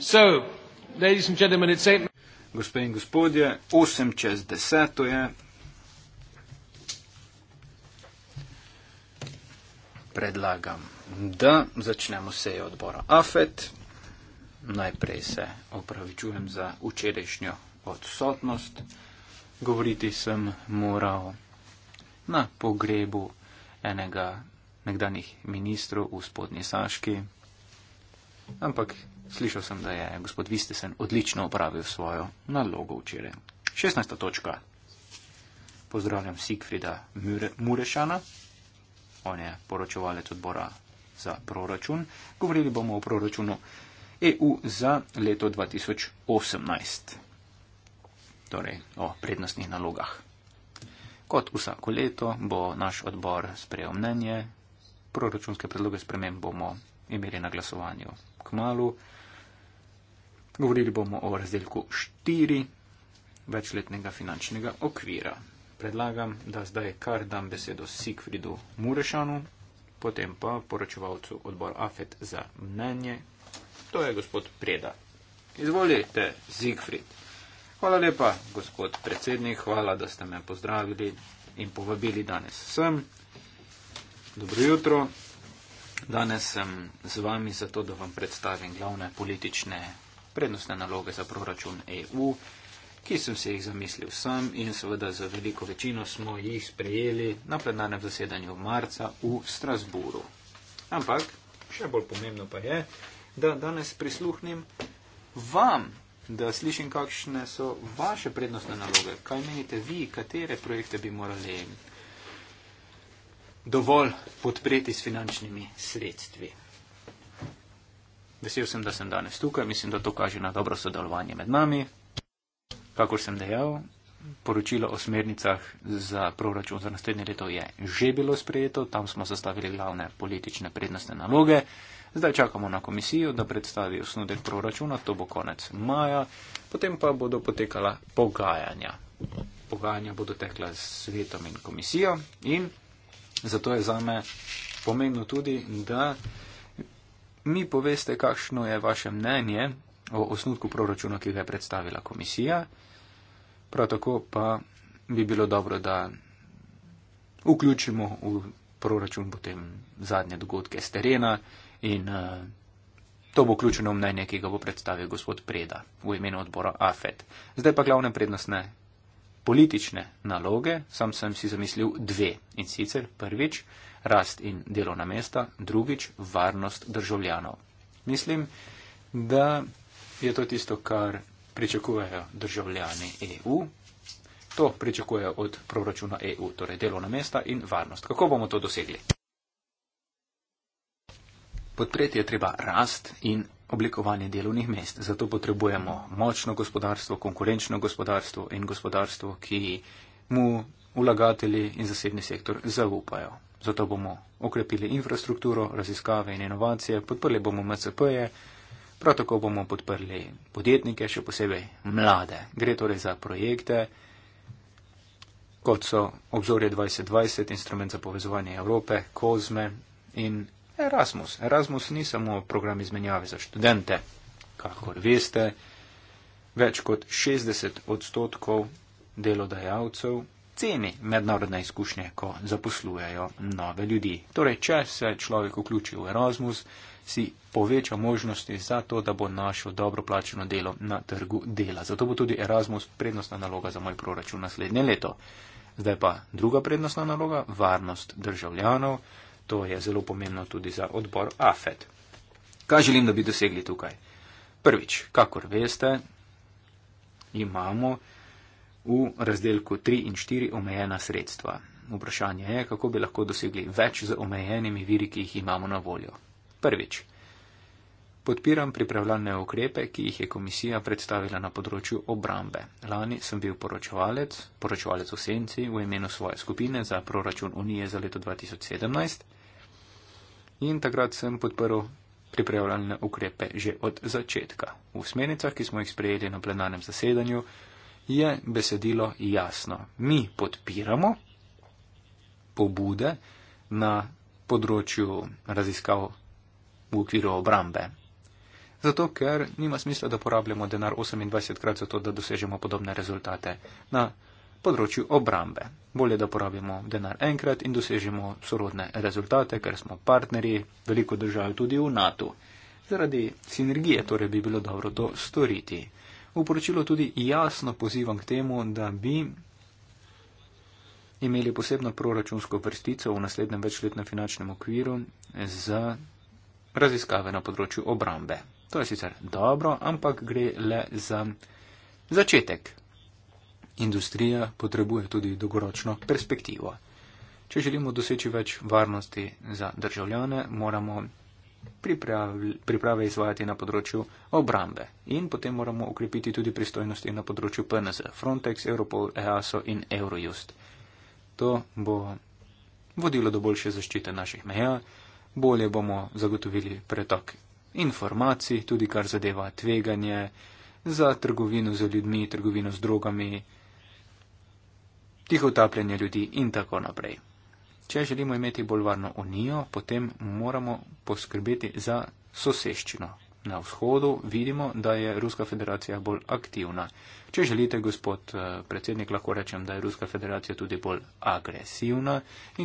So, Gospe in gospodje, 8 čez 10 je. Predlagam, da začnemo sejo odbora AFET. Najprej se opravičujem za včerajšnjo odsotnost. Govoriti sem moral na pogrebu enega nekdanjih ministrov v spodnji Saški. Ampak slišal sem, da je gospod Vistesen odlično upravil svojo nalogo včeraj. 16. točka. Pozdravljam Sigfrida Murešana, on je poročevalec odbora za proračun. Govorili bomo o proračunu EU za leto 2018, torej o prednostnih nalogah. Kot vsako leto bo naš odbor sprejel mnenje, proračunske predloge sprememb bomo imeli na glasovanju k malu. Govorili bomo o razdelku 4 večletnega finančnega okvira. Predlagam, da zdaj kar dam besedo Sigfridu Murešanu, potem pa poročevalcu odbor AFET za mnenje. To je gospod Preda. Izvolite, Sigfrid. Hvala lepa, gospod predsednik, hvala, da ste me pozdravili in povabili danes sem. Dobro jutro. Danes sem z vami zato, da vam predstavim glavne politične prednostne naloge za proračun EU, ki sem se jih zamislil sam in seveda za veliko večino smo jih sprejeli na plenarnem zasedanju v marca v Strasburu. Ampak še bolj pomembno pa je, da danes prisluhnim vam, da slišim, kakšne so vaše prednostne naloge, kaj menite vi, katere projekte bi morali dovolj podpreti s finančnimi sredstvi. Vesel sem, da sem danes tukaj, mislim, da to kaže na dobro sodelovanje med nami. Kakor sem dejal, poročilo o smernicah za proračun za naslednje leto je že bilo sprejeto, tam smo zastavili glavne politične prednostne naloge. Zdaj čakamo na komisijo, da predstavi osnudek proračuna, to bo konec maja, potem pa bodo potekala pogajanja. Pogajanja bodo tekla s svetom in komisijo in zato je zame pomembno tudi, da mi poveste, kakšno je vaše mnenje o osnutku proračuna, ki ga je predstavila komisija. Prav tako pa bi bilo dobro, da vključimo v proračun potem zadnje dogodke z terena in uh, to bo ključno mnenje, ki ga bo predstavil gospod Preda v imenu odbora AFED. Zdaj pa glavne prednostne politične naloge, sam sem si zamislil dve in sicer prvič, uh, rast in delovna mesta, drugič varnost državljanov. Mislim, da je to tisto, kar pričakujejo državljani EU. To pričakujejo od proračuna EU, torej delovna mesta in varnost. Kako bomo to dosegli? Podpreti je treba rast in oblikovanje delovnih mest. Zato potrebujemo močno gospodarstvo, konkurenčno gospodarstvo in gospodarstvo, ki mu vlagatelji in zasebni sektor zaupajo. Zato bomo okrepili infrastrukturo, raziskave in inovacije, podprli bomo MCP-je, prav tako bomo podprli podjetnike, še posebej mlade. Gre torej za projekte, kot so obzorje 2020, instrument za povezovanje Evrope, Kozme in Erasmus. Erasmus ni samo program izmenjave za študente, kakor veste, več kot 60 odstotkov delodajalcev ceni mednarodne izkušnje, ko zaposlujejo nove ljudi. Torej, če se človek vključi v Erasmus, si poveča možnosti za to, da bo našel dobro plačeno delo na trgu dela. Zato bo tudi Erasmus prednostna naloga za moj proračun naslednje leto. Zdaj pa druga prednostna naloga, varnost državljanov. To je zelo pomembno tudi za odbor AFED. Kaj želim, da bi dosegli tukaj? Prvič, kakor veste, imamo v razdelku 3 in 4 omejena sredstva. Vprašanje je, kako bi lahko dosegli več z omejenimi viri, ki jih imamo na voljo. Prvič. Podpiram pripravljalne ukrepe, ki jih je komisija predstavila na področju obrambe. Lani sem bil poročevalec, poročevalec v senci v imenu svoje skupine za proračun Unije za leto 2017 in takrat sem podprl pripravljalne ukrepe že od začetka. V smernicah, ki smo jih sprejeli na plenarnem zasedanju, je besedilo jasno. Mi podpiramo pobude na področju raziskav v okviru obrambe. Zato, ker nima smisla, da porabljamo denar 28 krat za to, da dosežemo podobne rezultate na področju obrambe. Bolje, da porabimo denar enkrat in dosežemo sorodne rezultate, ker smo partneri veliko držav tudi v NATO. Zaradi sinergije torej bi bilo dobro to storiti v poročilu tudi jasno pozivam k temu, da bi imeli posebno proračunsko prstico v naslednjem večletnem finančnem okviru za raziskave na področju obrambe. To je sicer dobro, ampak gre le za začetek. Industrija potrebuje tudi dolgoročno perspektivo. Če želimo doseči več varnosti za državljane, moramo priprave, priprave izvajati na področju obrambe. In potem moramo ukrepiti tudi pristojnosti na področju PNZ, Frontex, Europol, EASO in Eurojust. To bo vodilo do boljše zaščite naših meja, bolje bomo zagotovili pretok informacij, tudi kar zadeva tveganje za trgovino z ljudmi, trgovino z drogami, tihotapljanje ljudi in tako naprej. Če želimo imeti bolj varno unijo, potem moramo poskrbeti za soseščino. Na vzhodu vidimo, da je Ruska federacija bolj aktivna. Če želite, gospod eh, predsednik, lahko rečem, da je Ruska federacija tudi bolj agresivna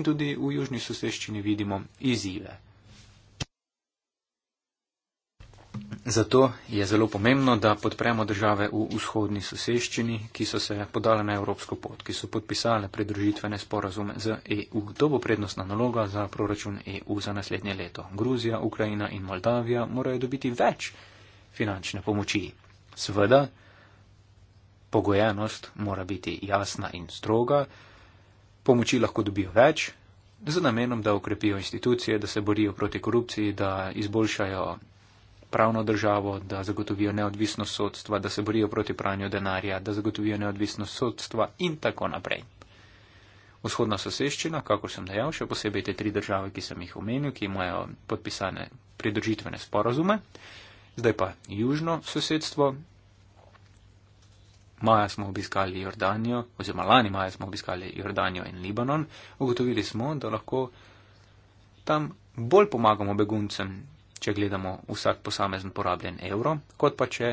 in tudi v južni soseščini vidimo izzive. Zato je zelo pomembno, da podpremo države v vzhodni soseščini, ki so se podale na evropsko pot, ki so podpisale pridružitvene sporazume z EU. To bo prednostna naloga za proračun EU za naslednje leto. Gruzija, Ukrajina in Moldavija morajo dobiti več finančne pomoči. Sveda, pogojenost mora biti jasna in stroga, pomoči lahko dobijo več, z namenom, da okrepijo institucije, da se borijo proti korupciji, da izboljšajo pravno državo, da zagotovijo neodvisnost sodstva, da se borijo proti pranju denarja, da zagotovijo neodvisnost sodstva in tako naprej. Vzhodna soseščina, kako sem dejal, še posebej te tri države, ki sem jih omenil, ki imajo podpisane pridržitvene sporazume. Zdaj pa južno sosedstvo. Maja smo obiskali Jordanijo, oziroma lani maja smo obiskali Jordanijo in Libanon. Ugotovili smo, da lahko tam bolj pomagamo beguncem, če gledamo vsak posamezen porabljen evro, kot pa če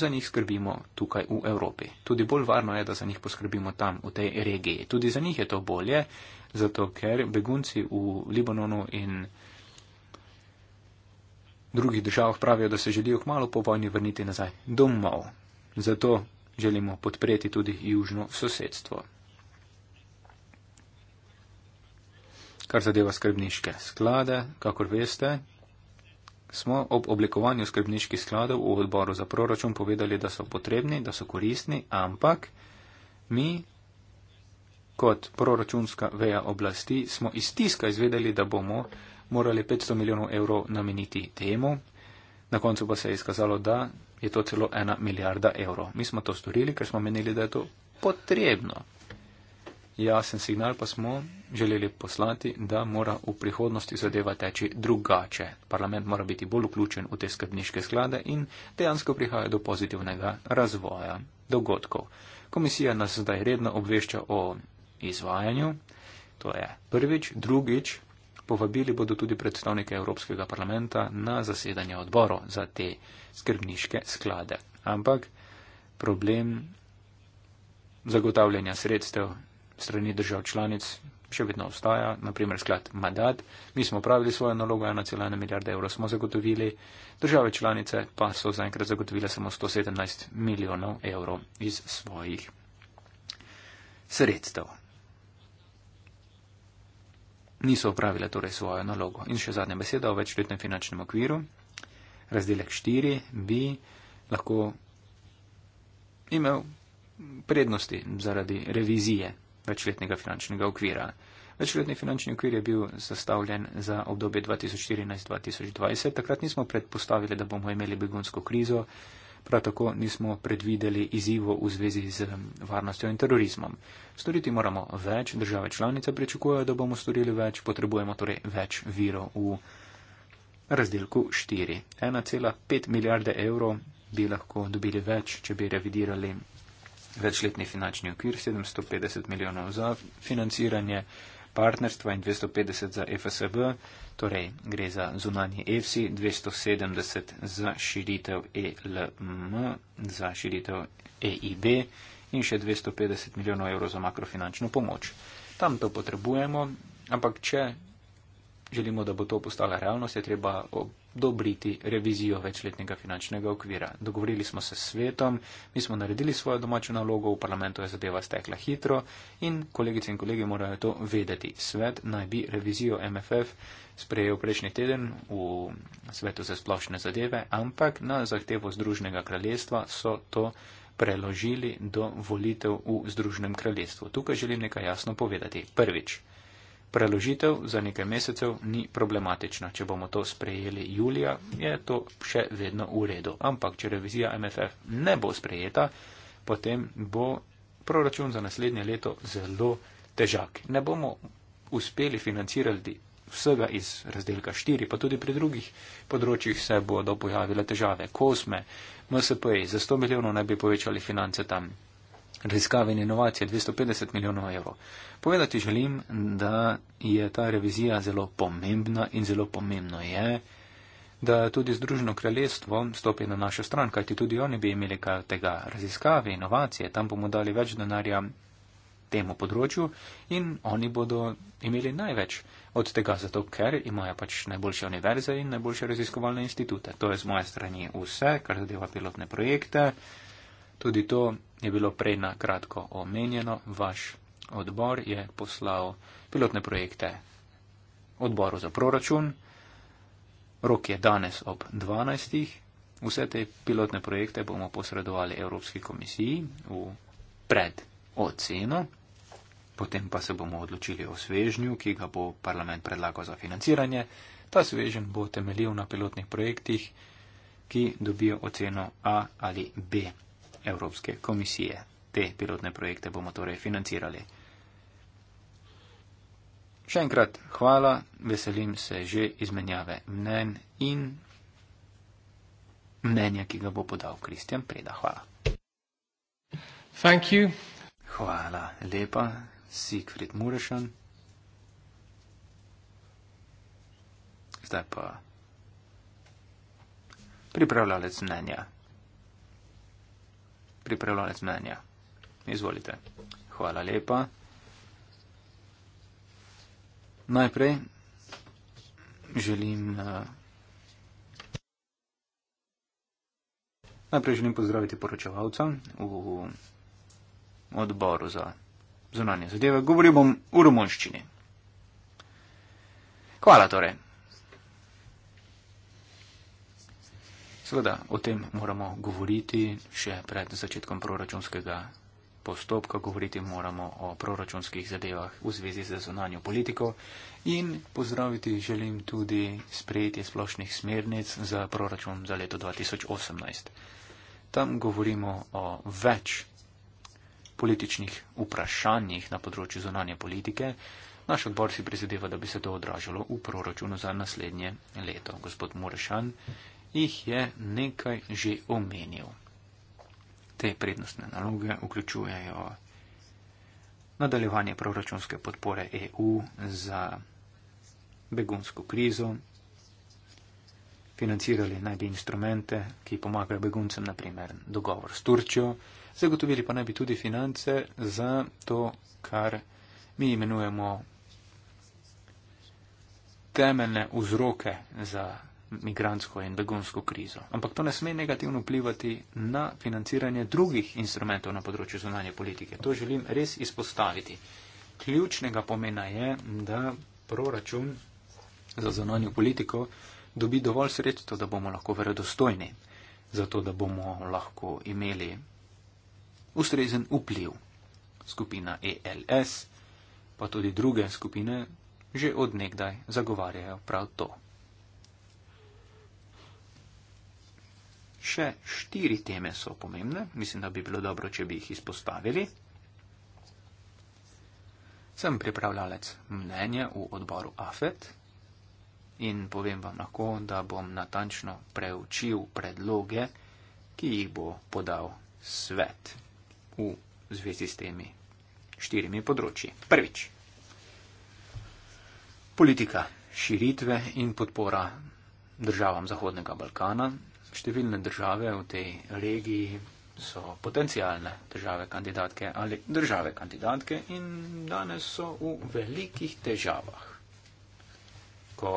za njih skrbimo tukaj v Evropi. Tudi bolj varno je, da za njih poskrbimo tam, v tej regiji. Tudi za njih je to bolje, zato ker begunci v Libanonu in drugih državah pravijo, da se želijo kmalo po vojni vrniti nazaj domov. Zato želimo podpreti tudi južno sosedstvo. Kar zadeva skrbniške sklade, kakor veste, smo ob oblikovanju skrbniških skladov v odboru za proračun povedali, da so potrebni, da so koristni, ampak mi kot proračunska veja oblasti smo iz tiska izvedeli, da bomo morali 500 milijonov evrov nameniti temu, na koncu pa se je izkazalo, da je to celo ena milijarda evrov. Mi smo to storili, ker smo menili, da je to potrebno jasen signal pa smo želeli poslati, da mora v prihodnosti zadeva teči drugače. Parlament mora biti bolj vključen v te skrbniške sklade in dejansko prihaja do pozitivnega razvoja dogodkov. Komisija nas zdaj redno obvešča o izvajanju, to je prvič, drugič, povabili bodo tudi predstavnike Evropskega parlamenta na zasedanje odboro za te skrbniške sklade. Ampak problem zagotavljanja sredstev strani držav članic še vedno ostaja, naprimer sklad Madad, mi smo pravili svojo nalogo, 1,1 milijarda evrov smo zagotovili, države članice pa so zaenkrat zagotovile samo 117 milijonov evrov iz svojih sredstev. Niso opravile torej svojo nalogo. In še zadnja beseda o večletnem finančnem okviru. Razdelek 4 bi lahko imel prednosti zaradi revizije večletnega finančnega okvira. Večletni finančni okvir je bil zastavljen za obdobje 2014-2020. Takrat nismo predpostavili, da bomo imeli begunsko krizo, prav tako nismo predvideli izzivo v zvezi z um, varnostjo in terorizmom. Storiti moramo več, države članice pričakujejo, da bomo storili več, potrebujemo torej več virov v razdelku 4. 1,5 milijarde evrov bi lahko dobili več, če bi revidirali večletni finančni okvir, 750 milijonov za financiranje partnerstva in 250 za e FSB, torej gre za zunanje EFSI, 270 za širitev ELM, za širitev EIB in še 250 milijonov evrov za makrofinančno pomoč. Tam to potrebujemo, ampak če želimo, da bo to postala realnost, je treba dobriti revizijo večletnega finančnega okvira. Dogovorili smo se s svetom, mi smo naredili svojo domačo nalogo, v parlamentu je zadeva stekla hitro in kolegice in kolege morajo to vedeti. Svet naj bi revizijo MFF sprejel prejšnji teden v svetu za splošne zadeve, ampak na zahtevo Združnega kraljestva so to preložili do volitev v Združnem kraljestvu. Tukaj želim nekaj jasno povedati. Prvič preložitev za nekaj mesecev ni problematična. Če bomo to sprejeli julija, je to še vedno v redu. Ampak, če revizija MFF ne bo sprejeta, potem bo proračun za naslednje leto zelo težak. Ne bomo uspeli financirati vsega iz razdelka 4, pa tudi pri drugih področjih se bodo pojavile težave. Kosme, MSP, e, za 100 milijonov naj bi povečali finance tam raziskave in inovacije 250 milijonov evrov. Povedati želim, da je ta revizija zelo pomembna in zelo pomembno je, da tudi Združeno kraljestvo stopi na našo stran, kajti tudi oni bi imeli kaj tega raziskave, inovacije, tam bomo dali več denarja temu področju in oni bodo imeli največ od tega, zato ker imajo pač najboljše univerze in najboljše raziskovalne institute. To je z moje strani vse, kar zadeva pilotne projekte. Tudi to je bilo prej na kratko omenjeno. Vaš odbor je poslal pilotne projekte odboru za proračun. Rok je danes ob 12. Vse te pilotne projekte bomo posredovali Evropski komisiji v pred oceno, potem pa se bomo odločili o svežnju, ki ga bo parlament predlagal za financiranje. Ta svežen bo temeljil na pilotnih projektih, ki dobijo oceno A ali B. Evropske komisije. Te pilotne projekte bomo torej financirali. Še enkrat hvala, veselim se že izmenjave mnen in mnenja, ki ga bo podal Kristjan Preda. Hvala. Thank you. Hvala lepa, Sigfrid Murešan. Zdaj pa pripravljalec mnenja pripravljalec mnenja. Izvolite. Hvala lepa. Najprej želim, eh, najprej želim pozdraviti poročevalca v odboru za zunanje zadeve. Govoril bom v romunščini. Hvala torej. Sveda, o tem moramo govoriti še pred začetkom proračunskega postopka, govoriti moramo o proračunskih zadevah v zvezi z zunanjo politiko in pozdraviti želim tudi sprejetje splošnih smernic za proračun za leto 2018. Tam govorimo o več političnih vprašanjih na področju zunanje politike. Naš odbor si prizadeva, da bi se to odražalo v proračunu za naslednje leto. Gospod Murešan jih je nekaj že omenil. Te prednostne naloge vključujejo nadaljevanje proračunske podpore EU za begunsko krizo, financirali naj bi instrumente, ki pomagajo beguncem, naprimer dogovor s Turčjo, zagotovili pa naj bi tudi finance za to, kar mi imenujemo temeljne vzroke za migransko in begonsko krizo. Ampak to ne sme negativno vplivati na financiranje drugih instrumentov na področju zunanje politike. To želim res izpostaviti. Ključnega pomena je, da proračun za zunanjo politiko dobi dovolj sredstva, da bomo lahko verodostojni, zato da bomo lahko imeli ustrezen vpliv. Skupina ELS, pa tudi druge skupine, že odnegdaj zagovarjajo prav to. Še štiri teme so pomembne, mislim, da bi bilo dobro, če bi jih izpostavili. Sem pripravljalec mnenja v odboru AFET in povem vam lahko, da bom natančno preučil predloge, ki jih bo podal svet v zvezi s temi štirimi področji. Prvič. Politika širitve in podpora državam Zahodnega Balkana številne države v tej regiji so potencijalne države kandidatke ali države kandidatke in danes so v velikih težavah. Ko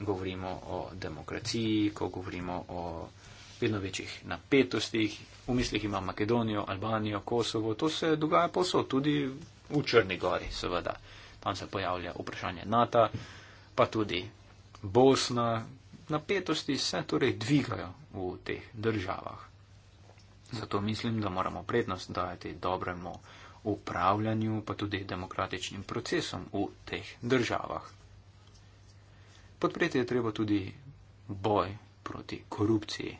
govorimo o demokraciji, ko govorimo o vedno večjih napetostih, v mislih ima Makedonijo, Albanijo, Kosovo, to se dogaja posod, tudi v Črni gori, seveda. Tam se pojavlja vprašanje NATO, pa tudi Bosna, Napetosti se torej dvigajo v teh državah. Zato mislim, da moramo prednost dajati dobremu upravljanju, pa tudi demokratičnim procesom v teh državah. Podpreti je treba tudi boj proti korupciji.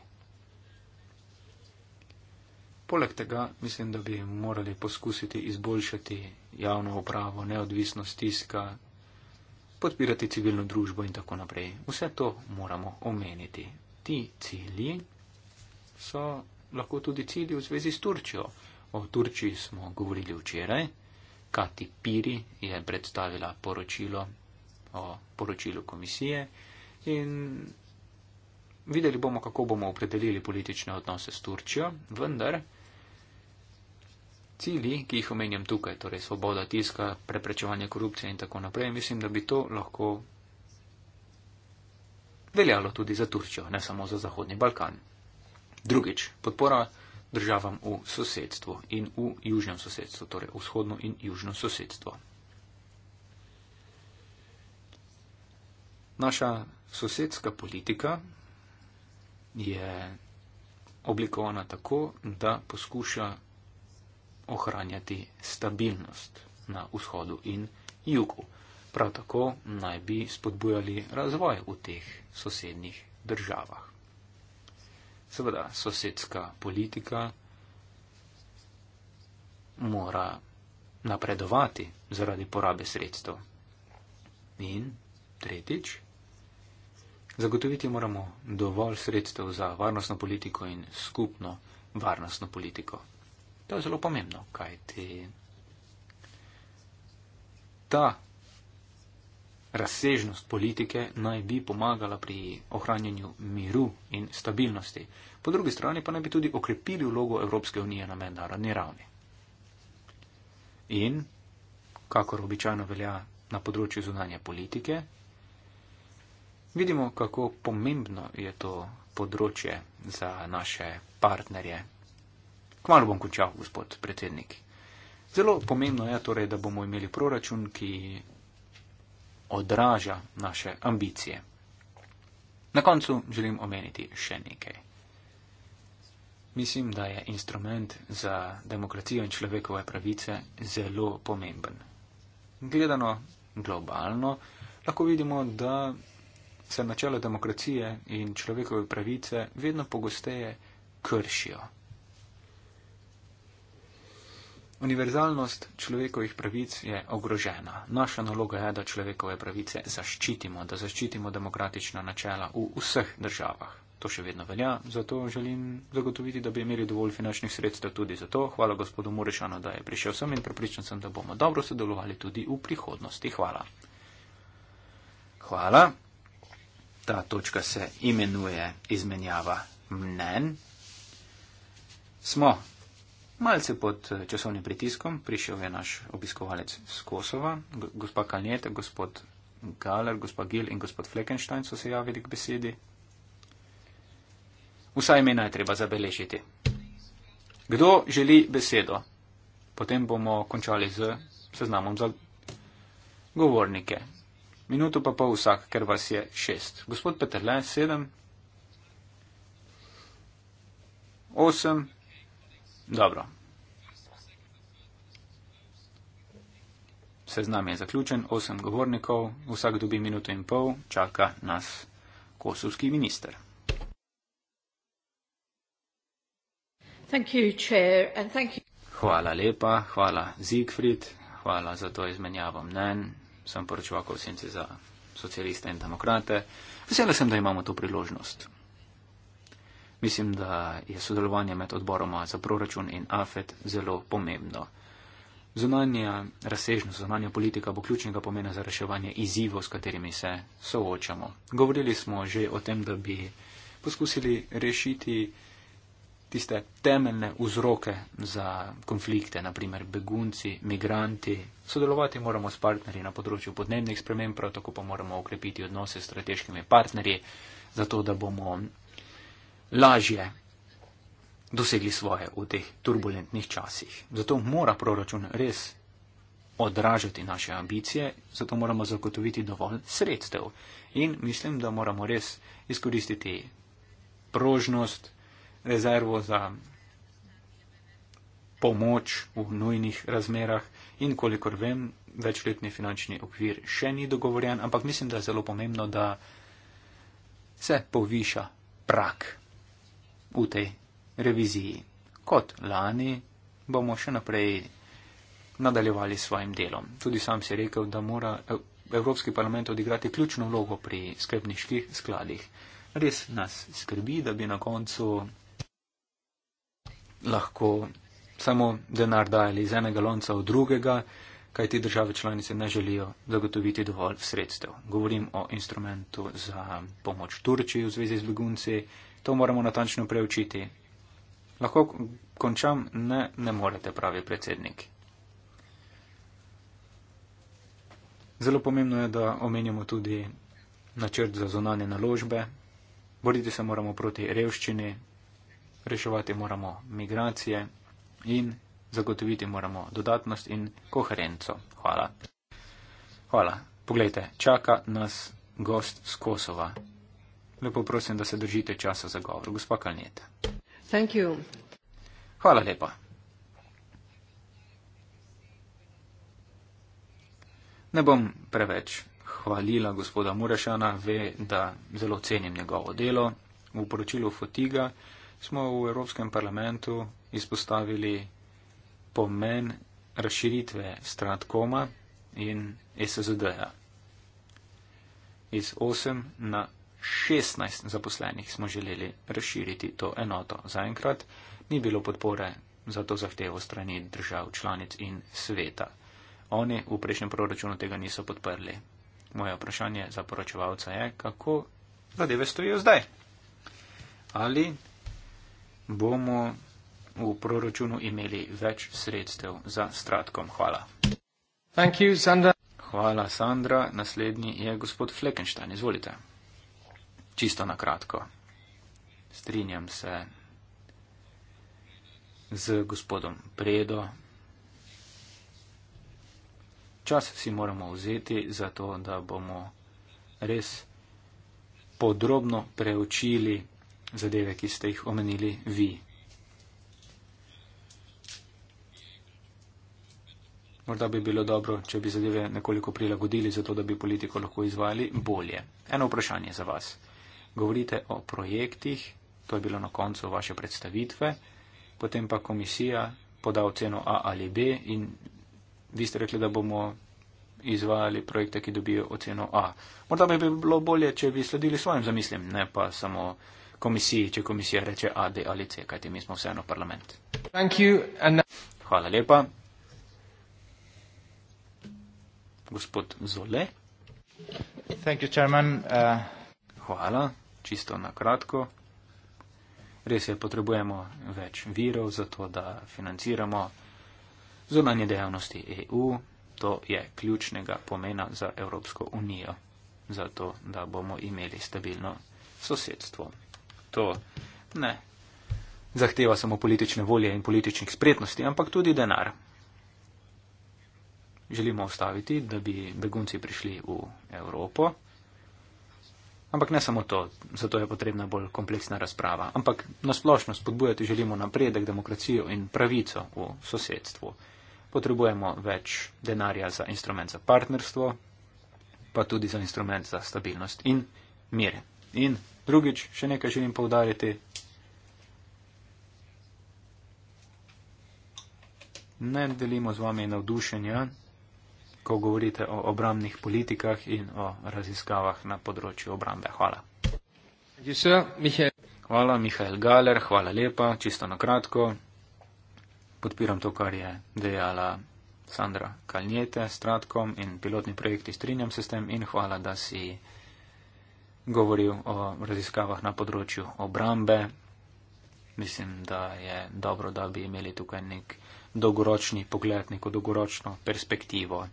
Poleg tega mislim, da bi morali poskusiti izboljšati javno upravo, neodvisnost tiska, podpirati civilno družbo in tako naprej. Vse to moramo omeniti. Ti cilji so lahko tudi cilji v zvezi s Turčijo. O Turčiji smo govorili včeraj. Kati Piri je predstavila poročilo o poročilu komisije in videli bomo, kako bomo opredelili politične odnose s Turčijo, vendar cilji, ki jih omenjam tukaj, torej svoboda tiska, preprečevanje korupcije in tako naprej, mislim, da bi to lahko veljalo tudi za Turčjo, ne samo za Zahodni Balkan. Drugič, podpora državam v sosedstvu in v južnem sosedstvu, torej vzhodno in južno sosedstvo. Naša sosedska politika je oblikovana tako, da poskuša ohranjati stabilnost na vzhodu in jugu. Prav tako naj bi spodbujali razvoj v teh sosednjih državah. Seveda, sosedska politika mora napredovati zaradi porabe sredstev. In tretjič, zagotoviti moramo dovolj sredstev za varnostno politiko in skupno varnostno politiko. To je zelo pomembno, kaj ti ta razsežnost politike naj bi pomagala pri ohranjanju miru in stabilnosti. Po drugi strani pa naj bi tudi okrepili vlogo Evropske unije na mednarodni ravni. In, kakor običajno velja na področju zunanje politike, vidimo, kako pomembno je to področje za naše partnerje Kmalo bom končal, gospod predsednik. Zelo pomembno je torej, da bomo imeli proračun, ki odraža naše ambicije. Na koncu želim omeniti še nekaj. Mislim, da je instrument za demokracijo in človekove pravice zelo pomemben. Gledano globalno, lahko vidimo, da se načela demokracije in človekove pravice vedno pogosteje kršijo. Univerzalnost človekovih pravic je ogrožena. Naša naloga je, da človekove pravice zaščitimo, da zaščitimo demokratična načela v vseh državah. To še vedno velja, zato želim zagotoviti, da bi imeli dovolj finančnih sredstev tudi za to. Hvala gospodu Murešanu, da je prišel sem in pripričan sem, da bomo dobro sodelovali tudi v prihodnosti. Hvala. Hvala. Ta točka se imenuje izmenjava mnen. Smo Malce pod eh, časovnim pritiskom prišel je naš obiskovalec z Kosova, gospa Kanjet, gospod Galer, gospa Gil in gospod Fleckenstein so se javili k besedi. Vsa imena je treba zabeležiti. Kdo želi besedo? Potem bomo končali z seznamom za govornike. Minuto pa pol vsak, ker vas je šest. Gospod Peterle, sedem. Osem. Dobro. Seznam je zaključen, osem govornikov, vsak dobi minuto in pol, čaka nas kosovski minister. Hvala lepa, hvala Zigfrid, hvala za to izmenjavo mnen, sem poročval kosinci za socialiste in demokrate. Vesela sem, da imamo to priložnost. Mislim, da je sodelovanje med odboroma za proračun in AFET zelo pomembno. Zunanja razsežnost, zunanja politika bo ključnega pomena za reševanje izzivov, s katerimi se soočamo. Govorili smo že o tem, da bi poskusili rešiti tiste temeljne vzroke za konflikte, naprimer begunci, migranti. Sodelovati moramo s partnerji na področju podnebnih sprememb, prav tako pa moramo okrepiti odnose s strateškimi partnerji, zato da bomo lažje dosegli svoje v teh turbulentnih časih. Zato mora proračun res odražati naše ambicije, zato moramo zagotoviti dovolj sredstev. In mislim, da moramo res izkoristiti prožnost, rezervo za pomoč v nujnih razmerah in kolikor vem, večletni finančni okvir še ni dogovorjen, ampak mislim, da je zelo pomembno, da se poviša prak v tej reviziji. Kot lani bomo še naprej nadaljevali s svojim delom. Tudi sam si rekel, da mora Evropski parlament odigrati ključno vlogo pri skrbniških skladih. Res nas skrbi, da bi na koncu lahko samo denar dajali iz enega lonca v drugega, kajti države članice ne želijo zagotoviti dovolj sredstev. Govorim o instrumentu za pomoč Turčiji v zvezi z begunci. To moramo natančno preučiti. Lahko končam, ne, ne morete, pravi predsednik. Zelo pomembno je, da omenjamo tudi načrt za zonanje naložbe. Boriti se moramo proti revščini, reševati moramo migracije in zagotoviti moramo dodatnost in koherenco. Hvala. Hvala. Poglejte, čaka nas gost z Kosova. Lepo prosim, da se držite časa za govor. Gospa Kalneta. Thank you. Hvala lepa. Ne bom preveč hvalila gospoda Murešana, ve, da zelo cenim njegovo delo. V poročilu Fotiga smo v Evropskem parlamentu izpostavili pomen razširitve Stratkoma in SZD-ja iz 8 na 16 zaposlenih smo želeli razširiti to enoto. Zaenkrat ni bilo podpore za to zahtevo strani držav članic in sveta. Oni v prejšnjem proračunu tega niso podprli. Moje vprašanje za poročevalca je, kako zadeve stojijo zdaj. Ali bomo v proračunu imeli več sredstev za stratkom? Hvala. Hvala, Sandra. Naslednji je gospod Fleckenstein. Izvolite čisto na kratko. Strinjam se z gospodom Predo. Čas si moramo vzeti za to, da bomo res podrobno preučili zadeve, ki ste jih omenili vi. Morda bi bilo dobro, če bi zadeve nekoliko prilagodili, zato da bi politiko lahko izvajali bolje. Eno vprašanje za vas govorite o projektih, to je bilo na koncu vaše predstavitve, potem pa komisija poda oceno A ali B in vi ste rekli, da bomo izvajali projekte, ki dobijo oceno A. Morda bi bilo bolje, če bi sledili svojim zamislim, ne pa samo komisiji, če komisija reče A, B ali C, kajti mi smo vseeno parlament. Hvala lepa. Gospod Zole. Thank you, Chairman. Uh... Hvala čisto na kratko. Res je, potrebujemo več virov za to, da financiramo zunanje dejavnosti EU. To je ključnega pomena za Evropsko unijo, zato da bomo imeli stabilno sosedstvo. To ne zahteva samo politične volje in političnih spretnosti, ampak tudi denar. Želimo ustaviti, da bi begunci prišli v Evropo. Ampak ne samo to, zato je potrebna bolj kompleksna razprava. Ampak nasplošno spodbujati želimo napredek, demokracijo in pravico v sosedstvu. Potrebujemo več denarja za instrument za partnerstvo, pa tudi za instrument za stabilnost in mir. In drugič, še nekaj želim povdariti. Ne delimo z vami navdušenja, ko govorite o obramnih politikah in o raziskavah na področju obrambe. Hvala. Hvala, Mihajl Galer, hvala lepa, čisto na kratko. Podpiram to, kar je dejala Sandra Kalnjete s Tratkom in pilotni projekti Strinjam se s tem in hvala, da si govoril o raziskavah na področju obrambe. Mislim, da je dobro, da bi imeli tukaj nek dolgoročni pogled, neko dolgoročno perspektivo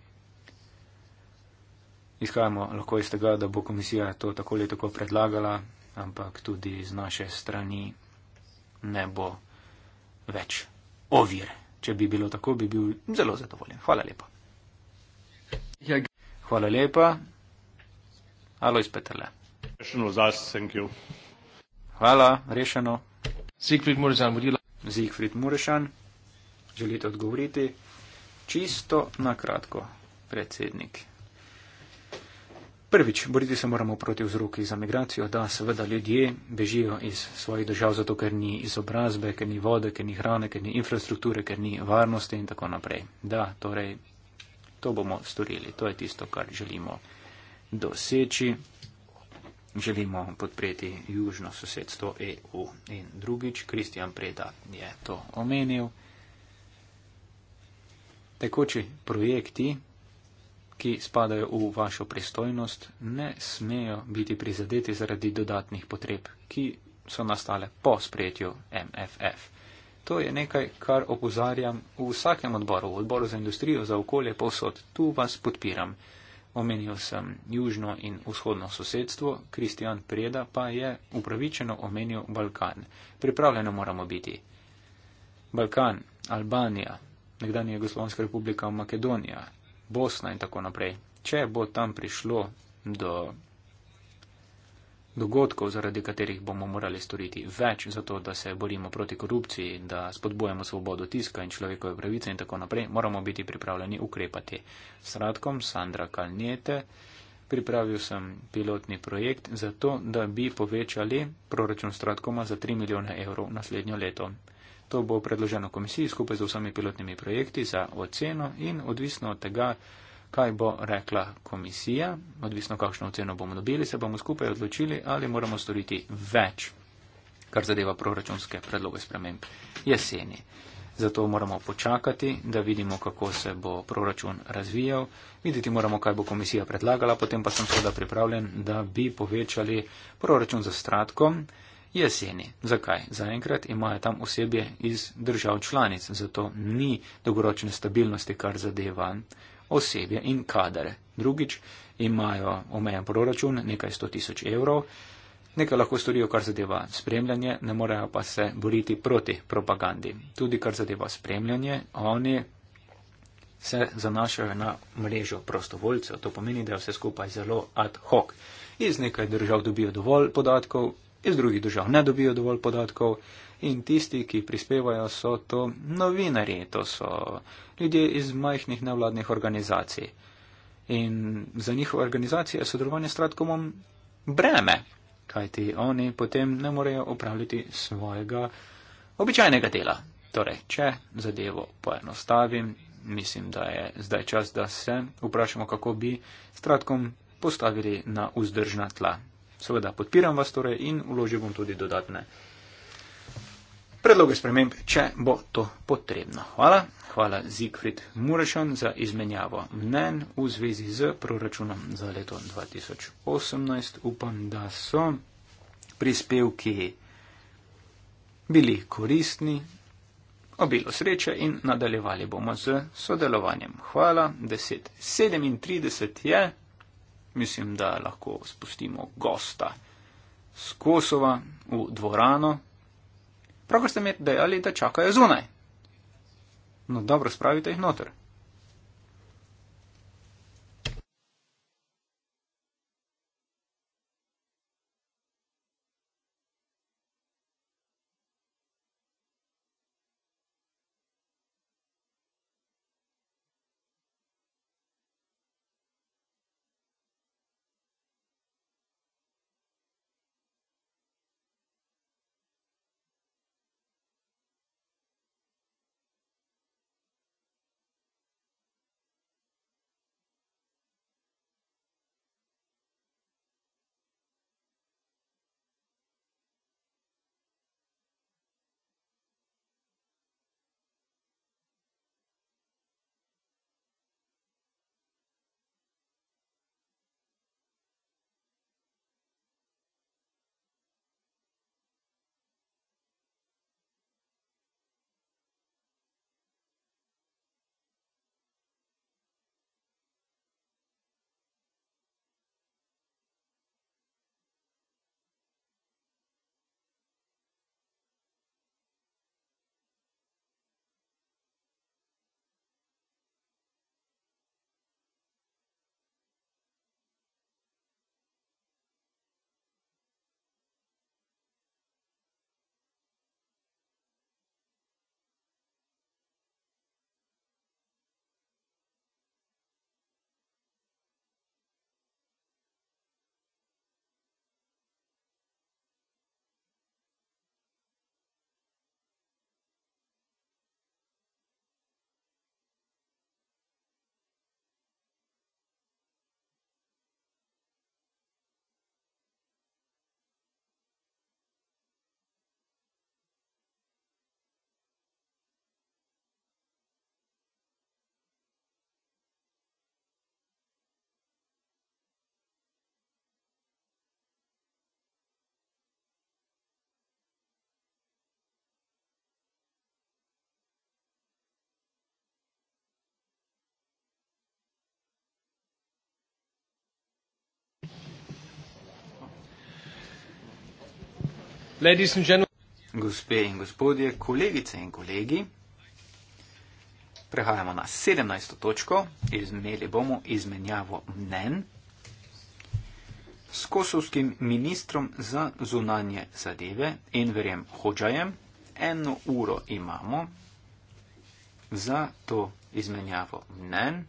izhajamo lahko iz tega, da bo komisija to tako ali tako predlagala, ampak tudi z naše strani ne bo več ovir. Če bi bilo tako, bi bil zelo zadovoljen. Hvala lepa. Ja, Hvala lepa. Alo iz Petele. Hvala, rešeno. Siegfried Murešan, Siegfried Murešan, želite odgovoriti? Čisto na kratko, predsednik. Prvič, boriti se moramo proti vzroki za migracijo, da seveda ljudje bežijo iz svojih držav, zato ker ni izobrazbe, ker ni vode, ker ni hrane, ker ni infrastrukture, ker ni varnosti in tako naprej. Da, torej, to bomo storili, to je tisto, kar želimo doseči. Želimo podpreti južno sosedstvo EU. In drugič, Kristjan Preda je to omenil. Tekoči projekti, ki spadajo v vašo pristojnost, ne smejo biti prizadeti zaradi dodatnih potreb, ki so nastale po sprejetju MFF. To je nekaj, kar opozarjam v vsakem odboru, v odboru za industrijo, za okolje, povsod. Tu vas podpiram. Omenil sem južno in vzhodno sosedstvo, Kristjan Preda pa je upravičeno omenil Balkan. Pripravljeno moramo biti. Balkan, Albanija, nekdanja Jugoslovanska republika, Makedonija, Bosna in tako naprej. Če bo tam prišlo do dogodkov, zaradi katerih bomo morali storiti več za to, da se borimo proti korupciji, da spodbujamo svobodo tiska in človekove pravice in tako naprej, moramo biti pripravljeni ukrepati. S radkom Sandra Kalnjete pripravil sem pilotni projekt za to, da bi povečali proračun s radkoma za 3 milijone evrov naslednjo leto. To bo predloženo komisiji skupaj z vsemi pilotnimi projekti za oceno in odvisno od tega, kaj bo rekla komisija, odvisno kakšno oceno bomo dobili, se bomo skupaj odločili, ali moramo storiti več, kar zadeva proračunske predloge sprememb jeseni. Zato moramo počakati, da vidimo, kako se bo proračun razvijal, videti moramo, kaj bo komisija predlagala, potem pa sem seveda pripravljen, da bi povečali proračun za stratkom jeseni. Zakaj? Zaenkrat imajo tam osebje iz držav članic, zato ni dolgoročne stabilnosti, kar zadeva osebje in kadre. Drugič, imajo omejen proračun, nekaj 100 tisoč evrov, nekaj lahko storijo, kar zadeva spremljanje, ne morejo pa se boriti proti propagandi. Tudi kar zadeva spremljanje, oni se zanašajo na mrežo prostovoljcev. To pomeni, da je vse skupaj zelo ad hoc. Iz nekaj držav dobijo dovolj podatkov, iz drugih držav ne dobijo dovolj podatkov in tisti, ki prispevajo, so to novinari, to so ljudje iz majhnih nevladnih organizacij. In za njihove organizacije je sodelovanje s Stratkomom breme, kajti oni potem ne morejo upravljati svojega običajnega dela. Torej, če zadevo poenostavim, mislim, da je zdaj čas, da se vprašamo, kako bi Stratkom postavili na vzdržna tla. Seveda, podpiram vas torej in vložil bom tudi dodatne predloge sprememb, če bo to potrebno. Hvala. Hvala Zigfrid Murešan za izmenjavo mnen v zvezi z proračunom za leto 2018. Upam, da so prispevki bili koristni. Obilo sreče in nadaljevali bomo z sodelovanjem. Hvala. 10.37 je mislim, da lahko spustimo gosta z Kosova v dvorano. Pravkar ste mi dejali, da čakajo zunaj. No dobro, spravite jih noter. Gospe in gospodje, kolegice in kolegi, prehajamo na 17. točko, izmeli bomo izmenjavo mnen s kosovskim ministrom za zunanje zadeve Enverjem Hođajem. Eno uro imamo za to izmenjavo mnen.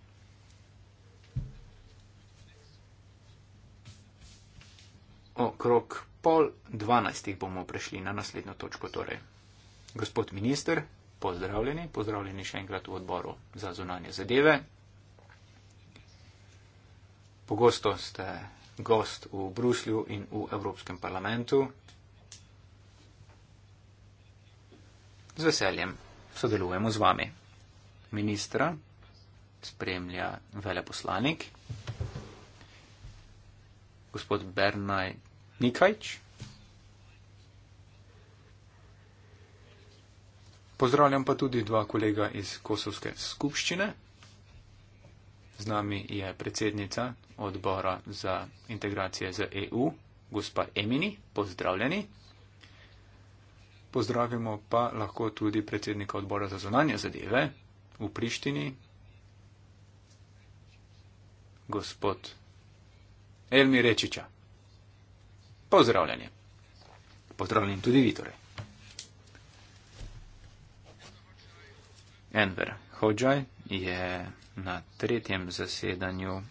Okrog pol dvanajstih bomo prešli na naslednjo točko. Torej. Gospod minister, pozdravljeni, pozdravljeni še enkrat v odboru za zunanje zadeve. Pogosto ste gost v Bruslju in v Evropskem parlamentu. Z veseljem sodelujemo z vami. Ministra spremlja veleposlanik, gospod Bernard Nikajč. Pozdravljam pa tudi dva kolega iz Kosovske skupščine. Z nami je predsednica odbora za integracije z EU, gospa Emini. Pozdravljeni. Pozdravimo pa lahko tudi predsednika odbora za zunanje zadeve v Prištini, gospod Elmi Rečiča. Pozdravljeni. Pozdravljeni tudi vi, torej. Enver Hodžaj je na tretjem zasedanju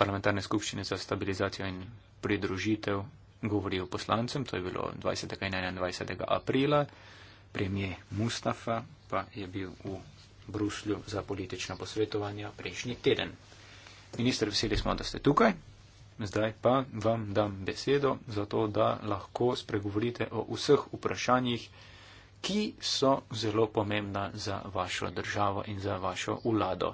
parlamentarne skupščine za stabilizacijo in pridružitev govoril poslancem, to je bilo 20. in 21. aprila, premijer Mustafa pa je bil v Bruslju za politično posvetovanje prejšnji teden. Minister, veseli smo, da ste tukaj. Zdaj pa vam dam besedo, zato da lahko spregovorite o vseh vprašanjih, ki so zelo pomembna za vašo državo in za vašo vlado.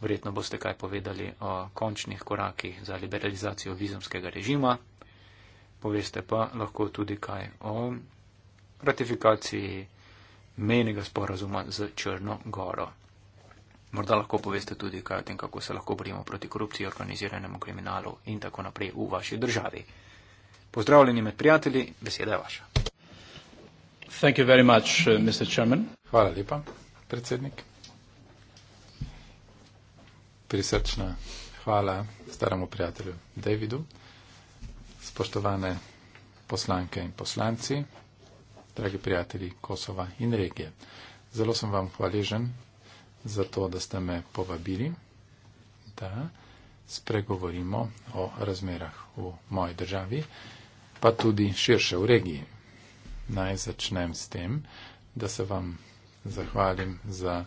Verjetno boste kaj povedali o končnih korakih za liberalizacijo vizumskega režima. Poveste pa lahko tudi kaj o ratifikaciji menjega sporazuma z Črno Goro. Morda lahko poveste tudi kaj o tem, kako se lahko borimo proti korupciji, organiziranemu kriminalu in tako naprej v vaši državi. Pozdravljeni med prijatelji, beseda je vaša. Much, uh, Hvala lepa, predsednik. Prisrčna. Hvala staremu prijatelju Davidu, spoštovane poslanke in poslanci, dragi prijatelji Kosova in regije. Zelo sem vam hvaležen za to, da ste me povabili, da spregovorimo o razmerah v moji državi, pa tudi širše v regiji. Naj začnem s tem, da se vam zahvalim za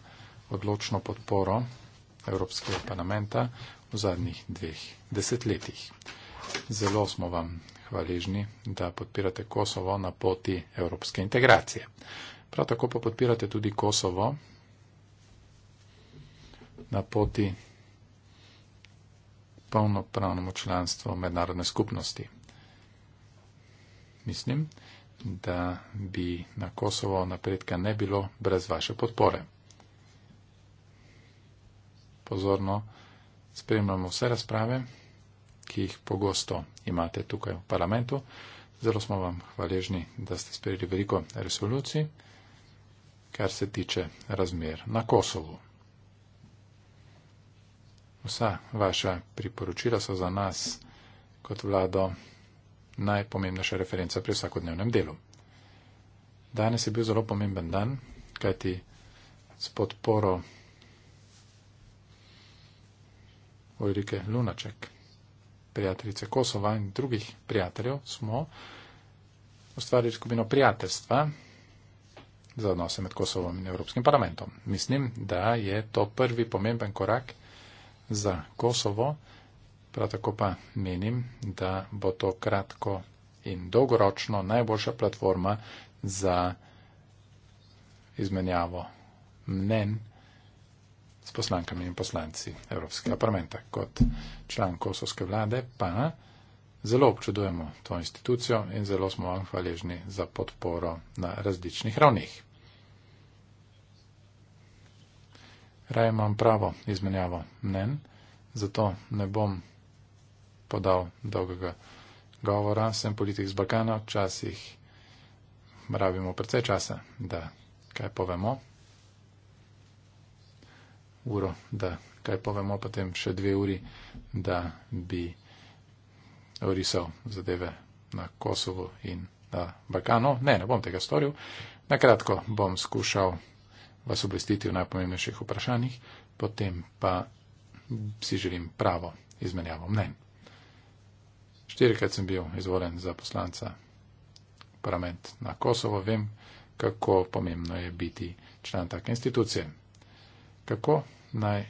odločno podporo Evropskega parlamenta v zadnjih dveh desetletjih. Zelo smo vam hvaležni, da podpirate Kosovo na poti evropske integracije. Prav tako pa podpirate tudi Kosovo na poti polnopravnemu članstvu mednarodne skupnosti. Mislim, da bi na Kosovo napredka ne bilo brez vaše podpore. Pozorno spremljamo vse razprave, ki jih pogosto imate tukaj v parlamentu. Zelo smo vam hvaležni, da ste sprejeli veliko resolucij, kar se tiče razmer na Kosovo. Vsa vaša priporočila so za nas kot vlado najpomembnejša referenca pri vsakodnevnem delu. Danes je bil zelo pomemben dan, kajti s podporo Ulrike Lunaček, prijateljice Kosova in drugih prijateljev smo ustvarili skupino prijateljstva za odnose med Kosovom in Evropskim parlamentom. Mislim, da je to prvi pomemben korak za Kosovo, prav tako pa menim, da bo to kratko in dolgoročno najboljša platforma za izmenjavo mnen s poslankami in poslanci Evropskega parlamenta. Kot član kosovske vlade pa zelo občudujemo to institucijo in zelo smo vam hvaležni za podporo na različnih ravnih. Raje imam pravo izmenjavo mnen, zato ne bom podal dolgega govora. Sem politik z Balkana, včasih rabimo precej časa, da kaj povemo. Uro, da kaj povemo, potem še dve uri, da bi orisal zadeve na Kosovo in na Balkano. Ne, ne bom tega storil. Na kratko bom skušal vas obvestiti o najpomembnejših vprašanjih, potem pa si želim pravo izmenjavo mnen. Štirikrat sem bil izvoljen za poslanca parlament na Kosovo, vem, kako pomembno je biti član take institucije. Kako naj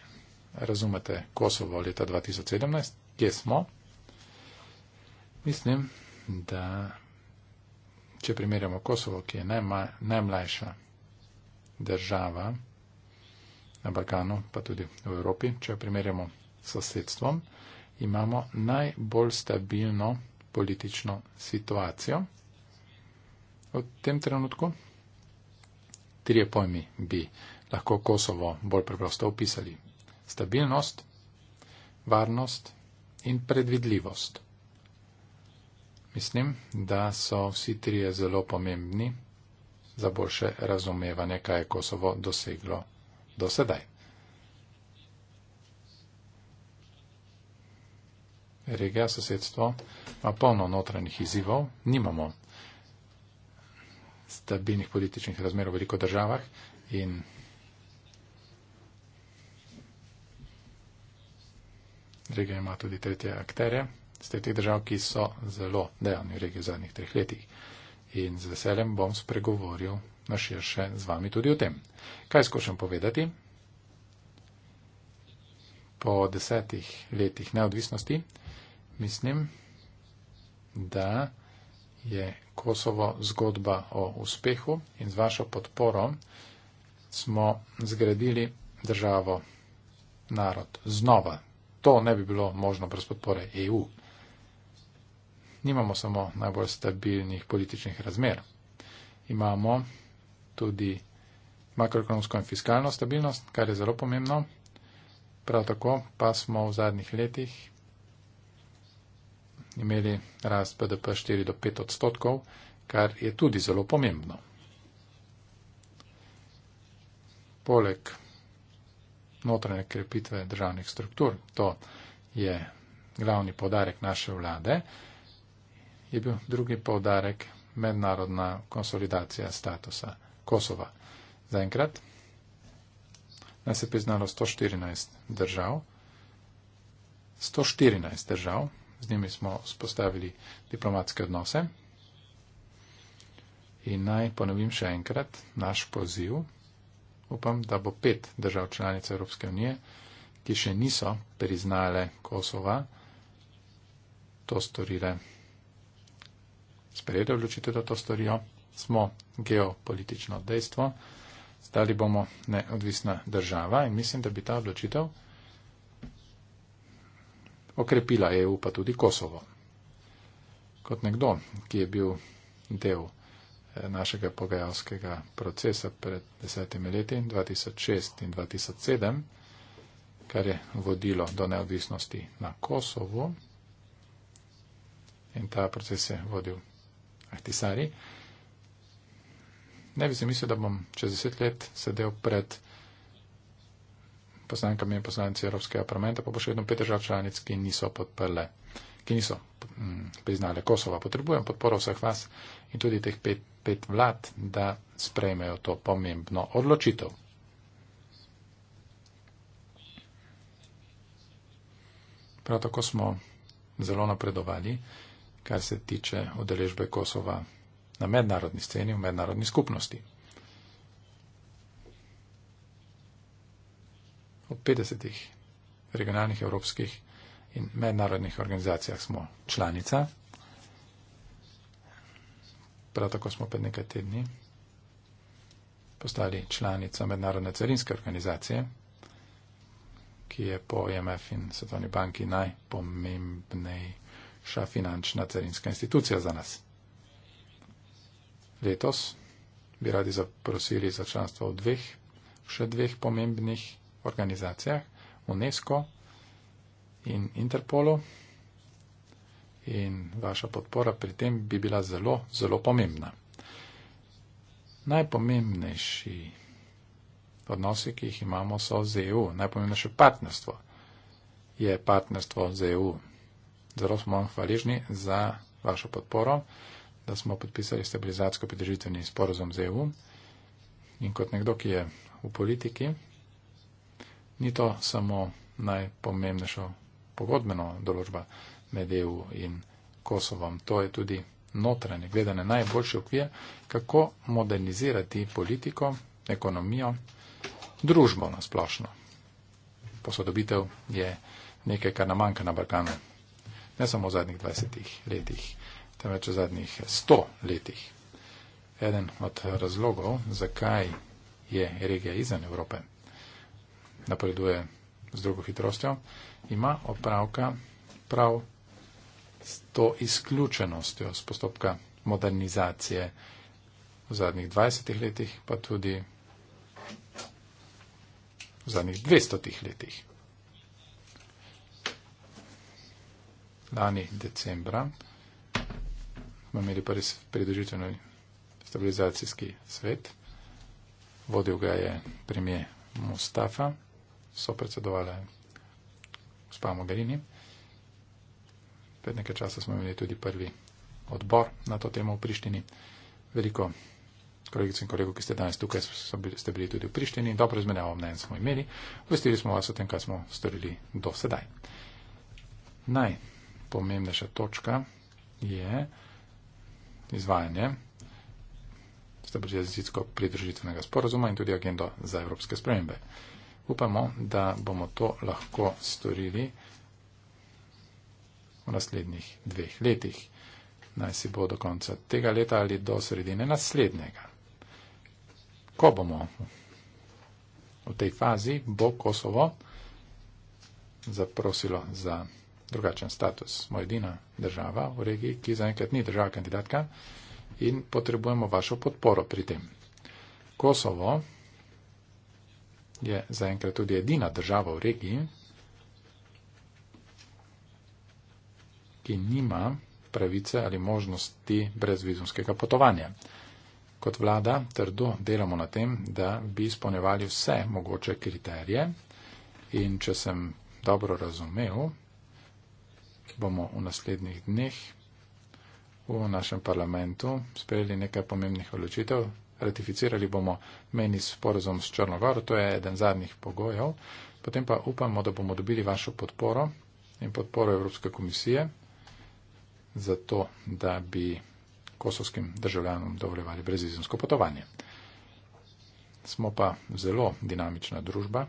razumete Kosovo leta 2017? Kje smo? Mislim, da če primerjamo Kosovo, ki je najma, najmlajša država na Balkanu, pa tudi v Evropi, če jo primerjamo s sosedstvom, imamo najbolj stabilno politično situacijo v tem trenutku. Trije pojmi bi lahko Kosovo bolj preprosto opisali. Stabilnost, varnost in predvidljivost. Mislim, da so vsi trije zelo pomembni za boljše razumevanje, kaj je Kosovo doseglo do sedaj. Regija sosedstvo ima polno notranjih izzivov, nimamo stabilnih političnih razmer v veliko državah in regija ima tudi tretje akterje z tretjih držav, ki so zelo dejavni v regiji v zadnjih treh letih in z veseljem bom spregovoril na širše z vami tudi o tem. Kaj skušam povedati? Po desetih letih neodvisnosti mislim, da je Kosovo zgodba o uspehu in z vašo podporo smo zgradili državo, narod, znova. To ne bi bilo možno brez podpore EU nimamo samo najbolj stabilnih političnih razmer. Imamo tudi makroekonomsko in fiskalno stabilnost, kar je zelo pomembno. Prav tako pa smo v zadnjih letih imeli rast BDP 4 do 5 odstotkov, kar je tudi zelo pomembno. Poleg notranje krepitve državnih struktur, to je glavni podarek naše vlade, je bil drugi povdarek mednarodna konsolidacija statusa Kosova. Zaenkrat nas je priznalo 114 držav. 114 držav, z njimi smo spostavili diplomatske odnose. In naj ponovim še enkrat naš poziv. Upam, da bo pet držav članic Evropske unije, ki še niso priznale Kosova, to storile sprejeli odločitev, da to storijo, smo geopolitično dejstvo, stali bomo neodvisna država in mislim, da bi ta odločitev okrepila EU pa tudi Kosovo. Kot nekdo, ki je bil del eh, našega pogajalskega procesa pred desetimi leti, 2006 in 2007, kar je vodilo do neodvisnosti na Kosovo. In ta proces je vodil Ahtisari. Ne bi si mislil, da bom čez deset let sedel pred poslankami in poslanci Evropskega parlamenta, pa bo še vedno pet držav članic, ki niso podprle, ki niso mm, priznale Kosova. Potrebujem podporo vseh vas in tudi teh pet, pet vlad, da sprejmejo to pomembno odločitev. Prav tako smo zelo napredovali kar se tiče odeležbe Kosova na mednarodni sceni, v mednarodni skupnosti. V 50 regionalnih evropskih in mednarodnih organizacijah smo članica. Prav tako smo pred nekaj tedni postali članica Mednarodne carinske organizacije, ki je po IMF e in Svetovni banki najpomembnejši najboljša finančna carinska institucija za nas. Letos bi radi zaprosili za članstvo v dveh, še dveh pomembnih organizacijah, UNESCO in Interpolu. In vaša podpora pri tem bi bila zelo, zelo pomembna. Najpomembnejši odnosi, ki jih imamo, so z EU. Najpomembnejše partnerstvo je partnerstvo z EU zelo smo vam hvaležni za vašo podporo, da smo podpisali stabilizacijsko pridržitveni sporozum z EU. In kot nekdo, ki je v politiki, ni to samo najpomembnejša pogodbena določba med EU in Kosovom. To je tudi notranje gledane najboljši okvir, kako modernizirati politiko, ekonomijo, družbo na splošno. Posodobitev je nekaj, kar nam manjka na Balkanu ne samo v zadnjih 20 letih, temveč v zadnjih 100 letih. Eden od razlogov, zakaj je regija izven Evrope napreduje z drugo hitrostjo, ima opravka prav s to izključenostjo z postopka modernizacije v zadnjih 20 letih, pa tudi v zadnjih 200 letih. lani decembra. Smo imeli prvi pridružitveni stabilizacijski svet. Vodil ga je premije Mustafa, so predsedovali gospa Mogherini. Pred nekaj časa smo imeli tudi prvi odbor na to temo v Prištini. Veliko kolegic in kolegov, ki ste danes tukaj, ste bili tudi v Prištini. Dobro izmenjavo mnen smo imeli. Vestili smo vas o tem, kaj smo storili do sedaj. Naj pomembnejša točka je izvajanje stabilizacijsko pridružitvenega sporazuma in tudi agendo za evropske spremembe. Upamo, da bomo to lahko storili v naslednjih dveh letih. Naj si bo do konca tega leta ali do sredine naslednjega. Ko bomo v tej fazi, bo Kosovo zaprosilo za drugačen status. Smo edina država v regiji, ki zaenkrat ni država kandidatka in potrebujemo vašo podporo pri tem. Kosovo je zaenkrat tudi edina država v regiji, ki nima pravice ali možnosti brezvizumskega potovanja. Kot vlada trdo delamo na tem, da bi izpolnjevali vse mogoče kriterije in če sem dobro razumev, ki bomo v naslednjih dneh v našem parlamentu sprejeli nekaj pomembnih odločitev. Ratificirali bomo meni sporozum s Črnogoro, to je eden zadnjih pogojev. Potem pa upamo, da bomo dobili vašo podporo in podporo Evropske komisije za to, da bi kosovskim državljanom dovoljevali brezizemsko potovanje. Smo pa zelo dinamična družba,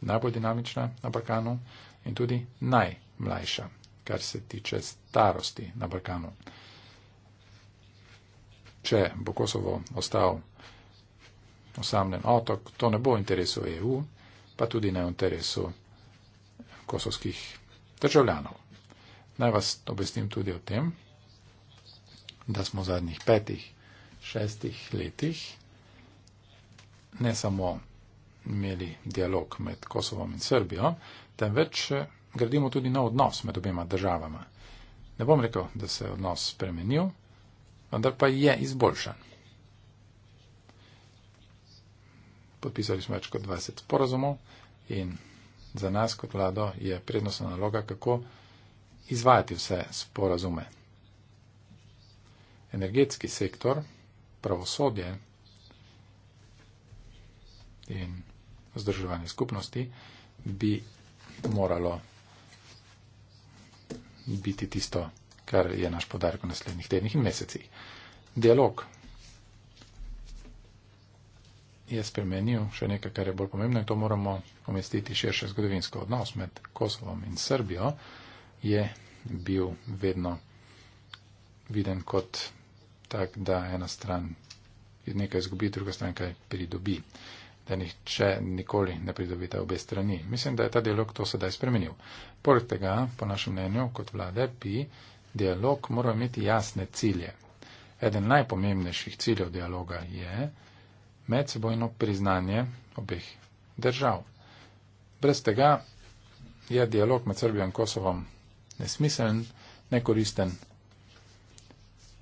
najbolj dinamična na Balkanu in tudi najmlajša kar se tiče starosti na Balkanu. Če bo Kosovo ostal osamljen otok, to ne bo v interesu EU, pa tudi ne v interesu kosovskih državljanov. Naj vas obvestim tudi o tem, da smo v zadnjih petih, šestih letih ne samo imeli dialog med Kosovom in Srbijo, temveč gradimo tudi nov odnos med obema državama. Ne bom rekel, da se je odnos spremenil, vendar pa je izboljšan. Podpisali smo več kot 20 sporazumov in za nas kot vlado je prednostna naloga, kako izvajati vse sporazume. Energetski sektor, pravosodje in vzdrževanje skupnosti bi moralo biti tisto, kar je naš podarek v naslednjih tednih in mesecih. Dialog je spremenil še nekaj, kar je bolj pomembno in to moramo umestiti širše zgodovinsko odnos med Kosovom in Srbijo, je bil vedno viden kot tak, da ena stran nekaj izgubi, druga stran kaj pridobi da nihče nikoli ne pridobita obe strani. Mislim, da je ta dialog to sedaj spremenil. Poleg tega, po našem mnenju, kot vlade, bi dialog moral imeti jasne cilje. Eden najpomembnejših ciljev dialoga je medsebojno priznanje obeh držav. Brez tega je dialog med Srbijo in Kosovom nesmiseln, nekoristen.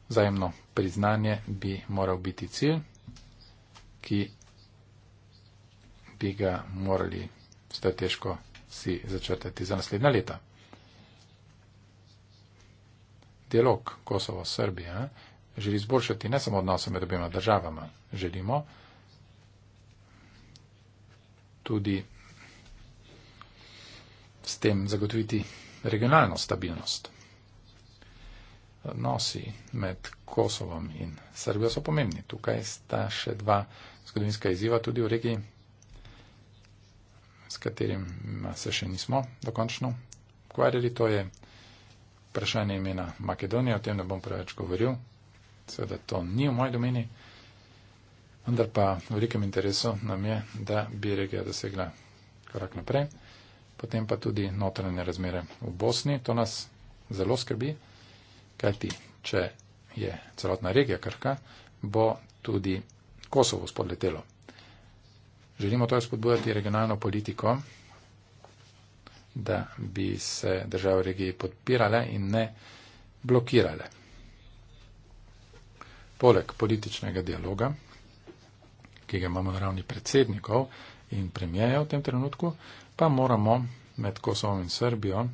Zajemno priznanje bi moral biti cilj, ki bi ga morali strateško si začrtati za naslednja leta. Dialog Kosovo-Srbija želi zboljšati ne samo odnose med obima državama, želimo tudi s tem zagotoviti regionalno stabilnost. Odnosi med Kosovom in Srbijo so pomembni. Tukaj sta še dva zgodovinska izziva tudi v regiji s katerim eh, se še nismo dokončno ukvarjali. To je vprašanje imena Makedonije, o tem ne bom preveč govoril, seveda to ni v moji domeni, vendar pa v velikem interesu nam je, da bi regija dosegla korak naprej, potem pa tudi notranje razmere v Bosni. To nas zelo skrbi, kajti če je celotna regija krka, bo tudi Kosovo spodletelo. Želimo torej spodbujati regionalno politiko, da bi se države v regiji podpirale in ne blokirale. Poleg političnega dialoga, ki ga imamo na ravni predsednikov in premijeja v tem trenutku, pa moramo med Kosovom in Srbijo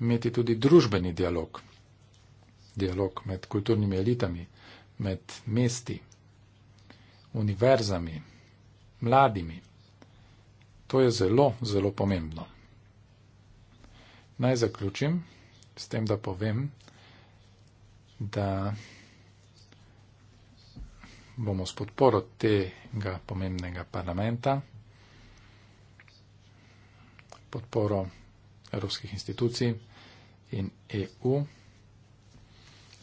imeti tudi družbeni dialog. Dialog med kulturnimi elitami, med mesti, univerzami mladimi. To je zelo, zelo pomembno. Naj zaključim s tem, da povem, da bomo s podporo tega pomembnega parlamenta, podporo evropskih institucij in EU,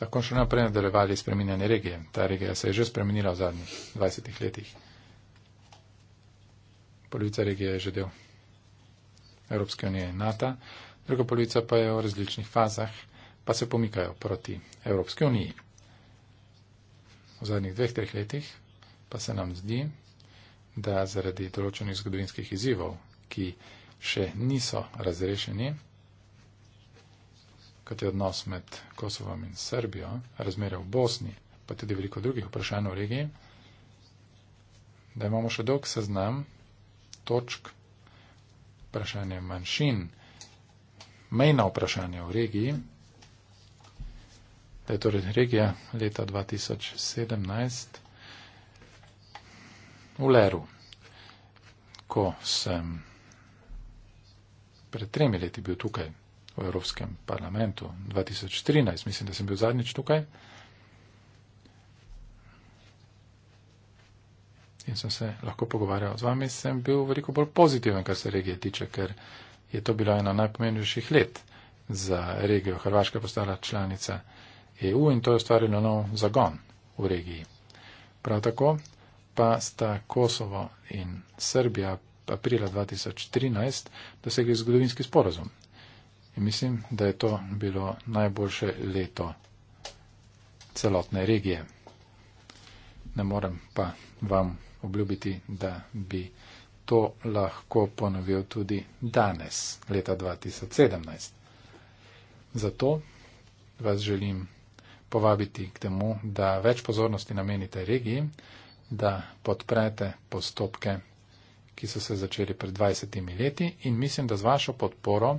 lahko še naprej nadaljevali spreminjanje regije. Ta regija se je že spremenila v zadnjih 20 letih polovica regije je že del Evropske unije in NATO, druga polovica pa je v različnih fazah, pa se pomikajo proti Evropske uniji. V zadnjih dveh, treh letih pa se nam zdi, da zaradi določenih zgodovinskih izzivov, ki še niso razrešeni, kot je odnos med Kosovom in Srbijo, razmere v Bosni, pa tudi veliko drugih vprašanj v regiji, da imamo še dolg seznam točk, vprašanje manjšin, mejna vprašanja v regiji, da je torej regija leta 2017 v Leru, ko sem pred tremi leti bil tukaj v Evropskem parlamentu, 2013 mislim, da sem bil zadnjič tukaj. in sem se lahko pogovarjal z vami, sem bil veliko bolj pozitiven, kar se regije tiče, ker je to bila ena najpomembnejših let za regijo. Hrvaška postala članica EU in to je ustvarilo nov zagon v regiji. Prav tako pa sta Kosovo in Srbija aprila 2013 dosegli zgodovinski sporozum. In mislim, da je to bilo najboljše leto celotne regije. Ne morem pa vam obljubiti, da bi to lahko ponovil tudi danes, leta 2017. Zato vas želim povabiti k temu, da več pozornosti namenite regiji, da podprete postopke, ki so se začeli pred 20 leti in mislim, da z vašo podporo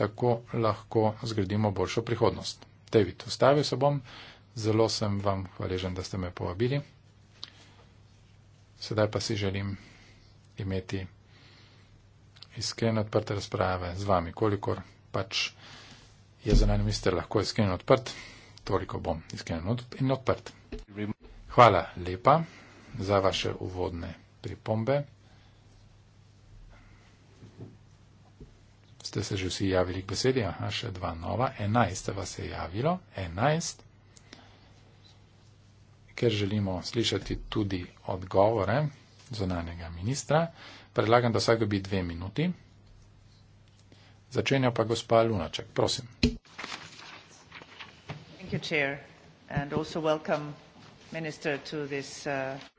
tako lahko zgradimo boljšo prihodnost. David, ustavil se bom. Zelo sem vam hvaležen, da ste me povabili. Sedaj pa si želim imeti iskreno odprte razprave z vami, kolikor pač je za nami mister lahko iskreno odprt, toliko bom iskreno in odprt. Hvala lepa za vaše uvodne pripombe. Ste se že vsi javili k besedi? Aha, še dva nova. Enajst se vas je javilo. Enajst ker želimo slišati tudi odgovore zunanjega ministra, predlagam, da vsaj dobi dve minuti. Začenja pa gospa Lunaček, prosim. Uh,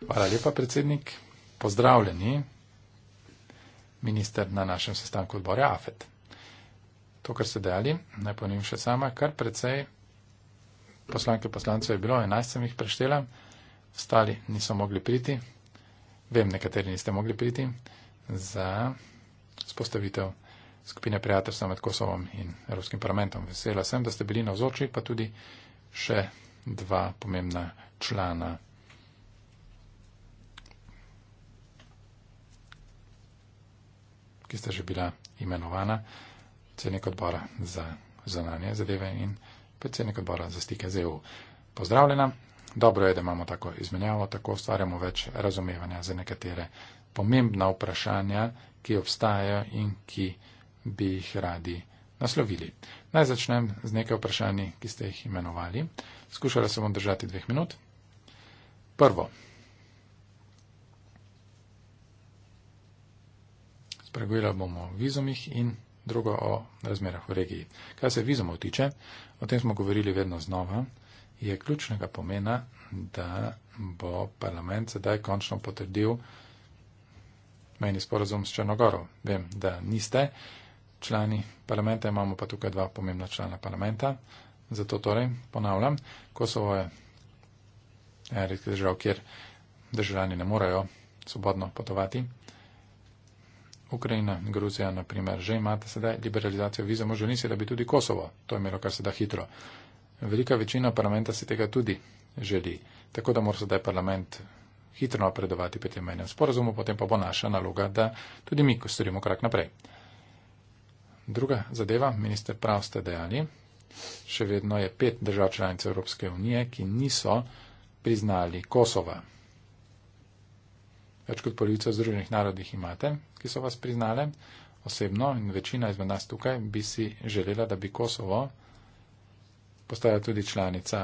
Hvala lepa, predsednik. Pozdravljeni, minister na našem sestanku odbora AFET. To, kar ste dejali, naj ponovim še sama, kar precej poslanke poslancev je bilo, 11 sem jih preštela, ostali niso mogli priti, vem, nekateri niste mogli priti za spostavitev skupine prijateljstva med Kosovom in Evropskim parlamentom. Vesela sem, da ste bili na vzoči, pa tudi še dva pomembna člana. ki sta že bila imenovana, cenik odbora za zanje zadeve in predsednik odbora za stike z EU. Pozdravljena. Dobro je, da imamo tako izmenjavo, tako ustvarjamo več razumevanja za nekatere pomembna vprašanja, ki obstajajo in ki bi jih radi naslovili. Naj začnem z nekaj vprašanji, ki ste jih imenovali. Skušala sem vam držati dveh minut. Prvo. Spregovila bomo o vizumih in drugo o razmerah v regiji. Kaj se vizumov tiče, o tem smo govorili vedno znova, je ključnega pomena, da bo parlament sedaj končno potrdil meni sporozum s Črnogoro. Vem, da niste člani parlamenta, imamo pa tukaj dva pomembna člana parlamenta. Zato torej ponavljam, Kosovo je ena redkih držav, kjer državljani ne morejo svobodno potovati, Ukrajina, Gruzija, naprimer, že imate sedaj liberalizacijo vize, možno nisi, da bi tudi Kosovo to imelo kar sedaj hitro. Velika večina parlamenta si tega tudi želi, tako da mora sedaj parlament hitro napredovati pri tem menjem sporazumu, potem pa bo naša naloga, da tudi mi storimo korak naprej. Druga zadeva, minister prav ste dejali, še vedno je pet držav članic Evropske unije, ki niso priznali Kosova. Več kot polovico Združenih narodih imate, ki so vas priznale, osebno in večina izmed nas tukaj bi si želela, da bi Kosovo postala tudi članica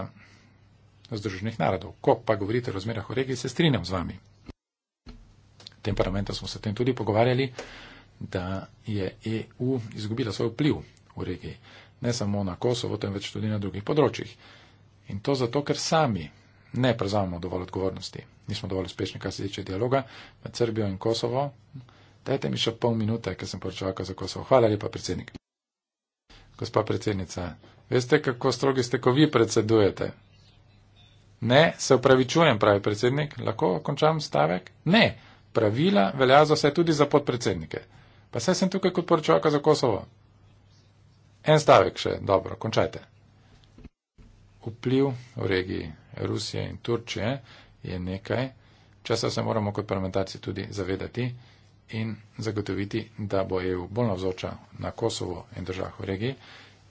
Združenih narodov. Ko pa govorite o razmerah v regiji, se strinjam z vami. V tem parlamentu smo se o tem tudi pogovarjali, da je EU izgubila svoj vpliv v regiji, ne samo na Kosovo, temveč tudi na drugih področjih. In to zato, ker sami ne prevzamemo dovolj odgovornosti. Nismo dovolj uspešni, kar se tiče dialoga med Srbijo in Kosovo. Dajte mi še pol minute, ker sem počakal za Kosovo. Hvala lepa, predsednik. Gospa predsednica, veste, kako strogi ste, ko vi predsedujete? Ne, se upravičujem, pravi predsednik. Lahko končam stavek? Ne, pravila velja za vse tudi za podpredsednike. Pa saj sem tukaj kot poročevalka za Kosovo. En stavek še, dobro, končajte. Vpliv v regiji Rusije in Turčije je nekaj, česar se moramo kot parlamentarci tudi zavedati in zagotoviti, da bo EU bolj navzoča na Kosovo in držav v regiji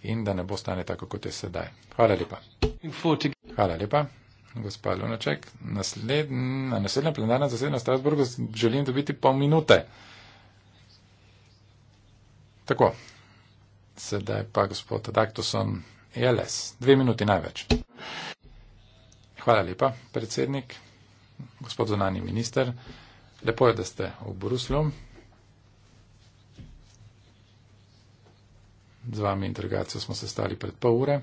in da ne bo stane tako, kot je sedaj. Hvala lepa. Hvala lepa, gospa Lunaček. Na naslednjem plenarnem zasedanju v Strasburgu želim dobiti pol minute. Tako, sedaj pa gospod Adaktuson, e LS, dve minuti največ. Hvala lepa, predsednik, gospod zunani minister. Lepo je, da ste v Bruslju. Z vami in delegacijo smo se stali pred pol ure,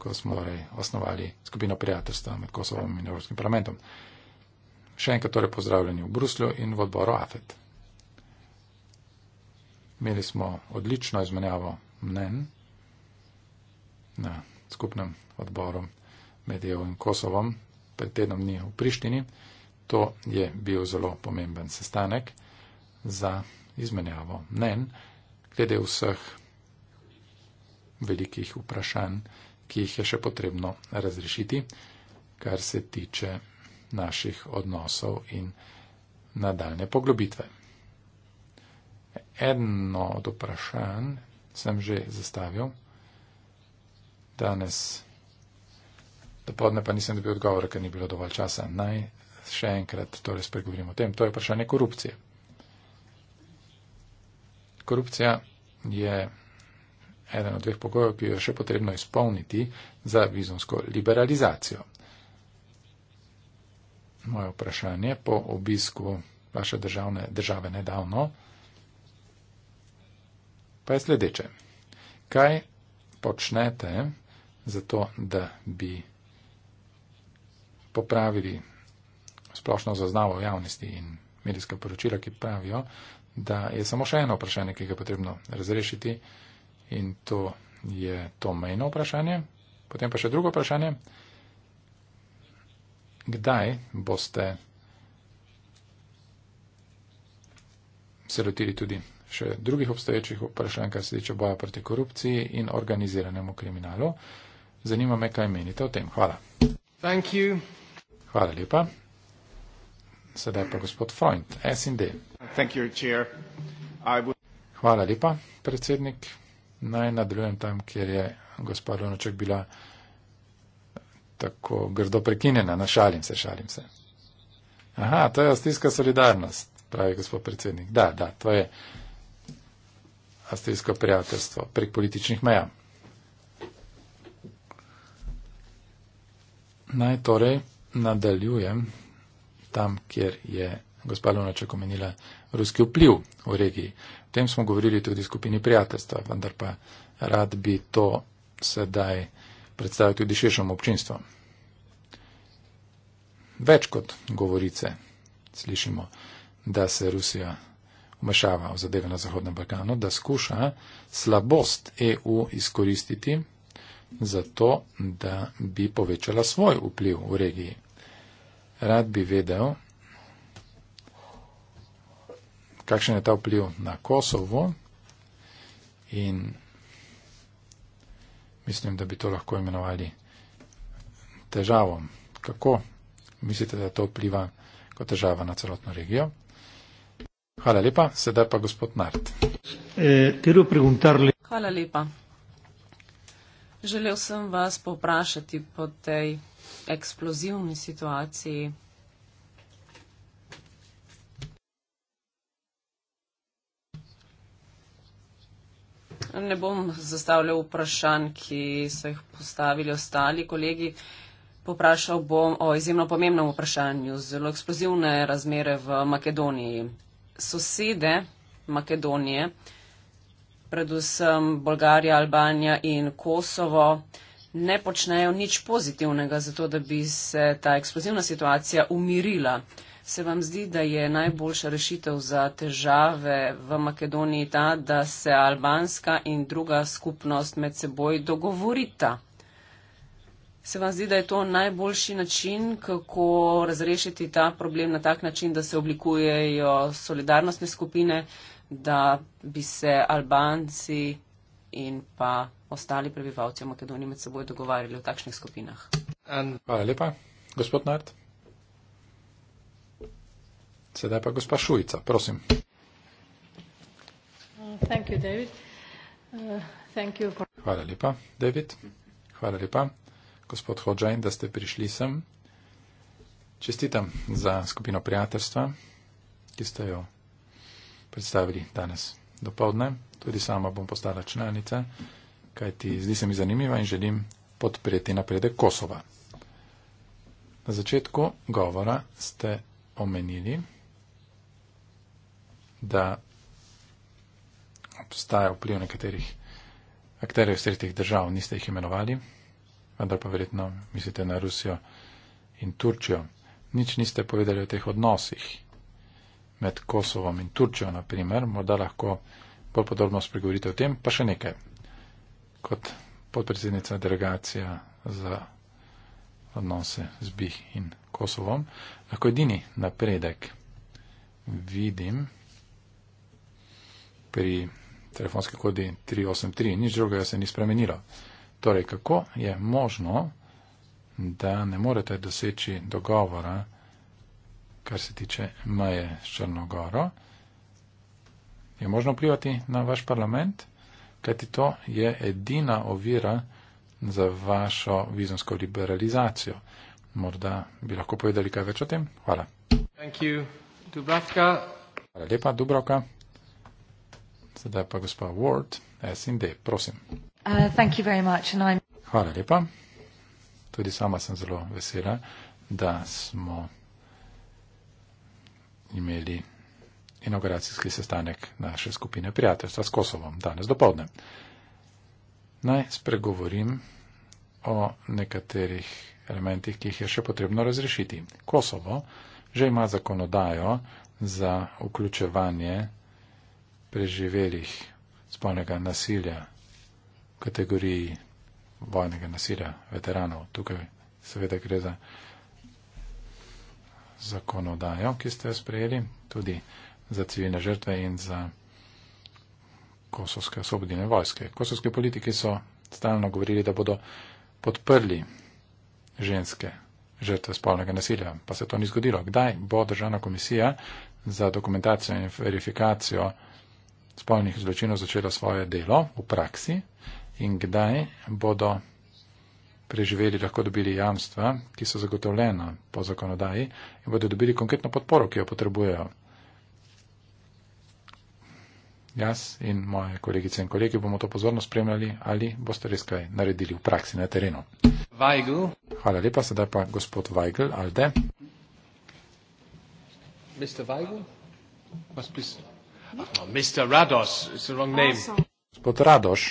ko smo torej osnovali skupino prijateljstva med Kosovom in Evropskim parlamentom. Še enkrat torej pozdravljeni v Bruslju in v odboru AFET. Imeli smo odlično izmenjavo mnen na skupnem odboru med EU in Kosovom pred tednom dni v Prištini to je bil zelo pomemben sestanek za izmenjavo mnen, glede vseh velikih vprašanj, ki jih je še potrebno razrešiti, kar se tiče naših odnosov in nadaljne poglobitve. Eno od vprašanj sem že zastavil danes, da podne pa nisem dobil odgovora, ker ni bilo dovolj časa. Naj še enkrat torej spregovorimo o tem, to je vprašanje korupcije. Korupcija je eden od dveh pogojev, ki jo je še potrebno izpolniti za vizumsko liberalizacijo. Moje vprašanje po obisku vaše državne, države nedavno pa je sledeče. Kaj počnete za to, da bi popravili splošno zaznavo v javnosti in medijska poročila, ki pravijo, da je samo še eno vprašanje, ki ga je potrebno razrešiti in to je to mejno vprašanje. Potem pa še drugo vprašanje. Kdaj boste se lotili tudi še drugih obstoječih vprašanj, kar se tiče boja proti korupciji in organiziranemu kriminalu? Zanima me, kaj menite o tem. Hvala. Hvala lepa. Sedaj pa gospod Freund, SND. Hvala lepa, predsednik. Naj nadaljujem tam, kjer je gospod Lonoček bila tako grdo prekinjena. Na no, šalim se, šalim se. Aha, to je avstrijska solidarnost, pravi gospod predsednik. Da, da, to je avstrijsko prijateljstvo prek političnih meja. Naj torej nadaljujem tam, kjer je gospa Lunaček omenila ruski vpliv v regiji. O tem smo govorili tudi v skupini prijateljstva, vendar pa rad bi to sedaj predstavil tudi širšemu občinstvu. Več kot govorice slišimo, da se Rusija vmešava v zadeve na Zahodnem Balkanu, da skuša slabost EU izkoristiti za to, da bi povečala svoj vpliv v regiji rad bi vedel, kakšen je ta vpliv na Kosovo in mislim, da bi to lahko imenovali težavo. Kako mislite, da to vpliva kot težava na celotno regijo? Hvala lepa, sedaj pa gospod Nart. Eh, Hvala lepa. Želel sem vas poprašati po tej eksplozivni situaciji. Ne bom zastavljal vprašanj, ki so jih postavili ostali kolegi. Poprašal bom o izjemno pomembnem vprašanju, zelo eksplozivne razmere v Makedoniji. Sosede Makedonije, predvsem Bolgarija, Albanija in Kosovo, ne počnejo nič pozitivnega za to, da bi se ta eksplozivna situacija umirila. Se vam zdi, da je najboljša rešitev za težave v Makedoniji ta, da se albanska in druga skupnost med seboj dogovorita? Se vam zdi, da je to najboljši način, kako razrešiti ta problem na tak način, da se oblikujejo solidarnostne skupine, da bi se Albanci in pa ostali prebivalci Makedonije med seboj dogovarjali v takšnih skupinah. Hvala lepa, gospod Nart. Sedaj pa gospa Šujica, prosim. Thank you, David. Uh, thank you for... Hvala lepa, David. Hvala lepa, gospod Hodžajn, da ste prišli sem. Čestitam za skupino prijateljstva, ki ste jo predstavili danes do povdne. Tudi sama bom postala članica. Uh, kajti zdi se mi zanimiva in želim podpreti napredek Kosova. Na začetku govora ste omenili, da obstaja vpliv nekaterih akterjev iz tretjih držav, niste jih imenovali, vendar pa verjetno mislite na Rusijo in Turčijo. Nič niste povedali o teh odnosih med Kosovom in Turčijo, naprimer, morda lahko bolj podrobno spregovorite o tem, pa še nekaj kot podpredsednica delegacija za odnose z BiH in Kosovom. Lahko edini napredek vidim pri telefonski kodi 383, nič drugega se ni spremenilo. Torej, kako je možno, da ne morete doseči dogovora, kar se tiče meje s Črnogoro? Je možno vplivati na vaš parlament? Kajti to je edina ovira za vašo vizonsko liberalizacijo. Morda bi lahko povedali kaj več o tem? Hvala. You, Hvala lepa, Dubravka. Sedaj pa gospa Ward, SND, prosim. Uh, much, Hvala lepa. Tudi sama sem zelo vesela, da smo imeli inauguracijski sestanek naše skupine prijateljstva s Kosovom danes do povdne. Naj spregovorim o nekaterih elementih, ki jih je še potrebno razrešiti. Kosovo že ima zakonodajo za vključevanje preživelih spolnega nasilja v kategoriji vojnega nasilja veteranov. Tukaj seveda gre za zakonodajo, ki ste jo sprejeli, tudi za civilne žrtve in za kosovske osvobodine vojske. Kosovske politiki so stalno govorili, da bodo podprli ženske žrtve spolnega nasilja, pa se to ni zgodilo. Kdaj bo Državna komisija za dokumentacijo in verifikacijo spolnih zločinov začela svoje delo v praksi in kdaj bodo preživeli, lahko dobili jamstva, ki so zagotovljena po zakonodaji in bodo dobili konkretno podporo, ki jo potrebujejo jaz in moje kolegice in kolegi bomo to pozorno spremljali, ali boste res kaj naredili v praksi na terenu. Weigl. Hvala lepa, sedaj pa gospod Weigl, Alde. Ah, no, gospod Radoš.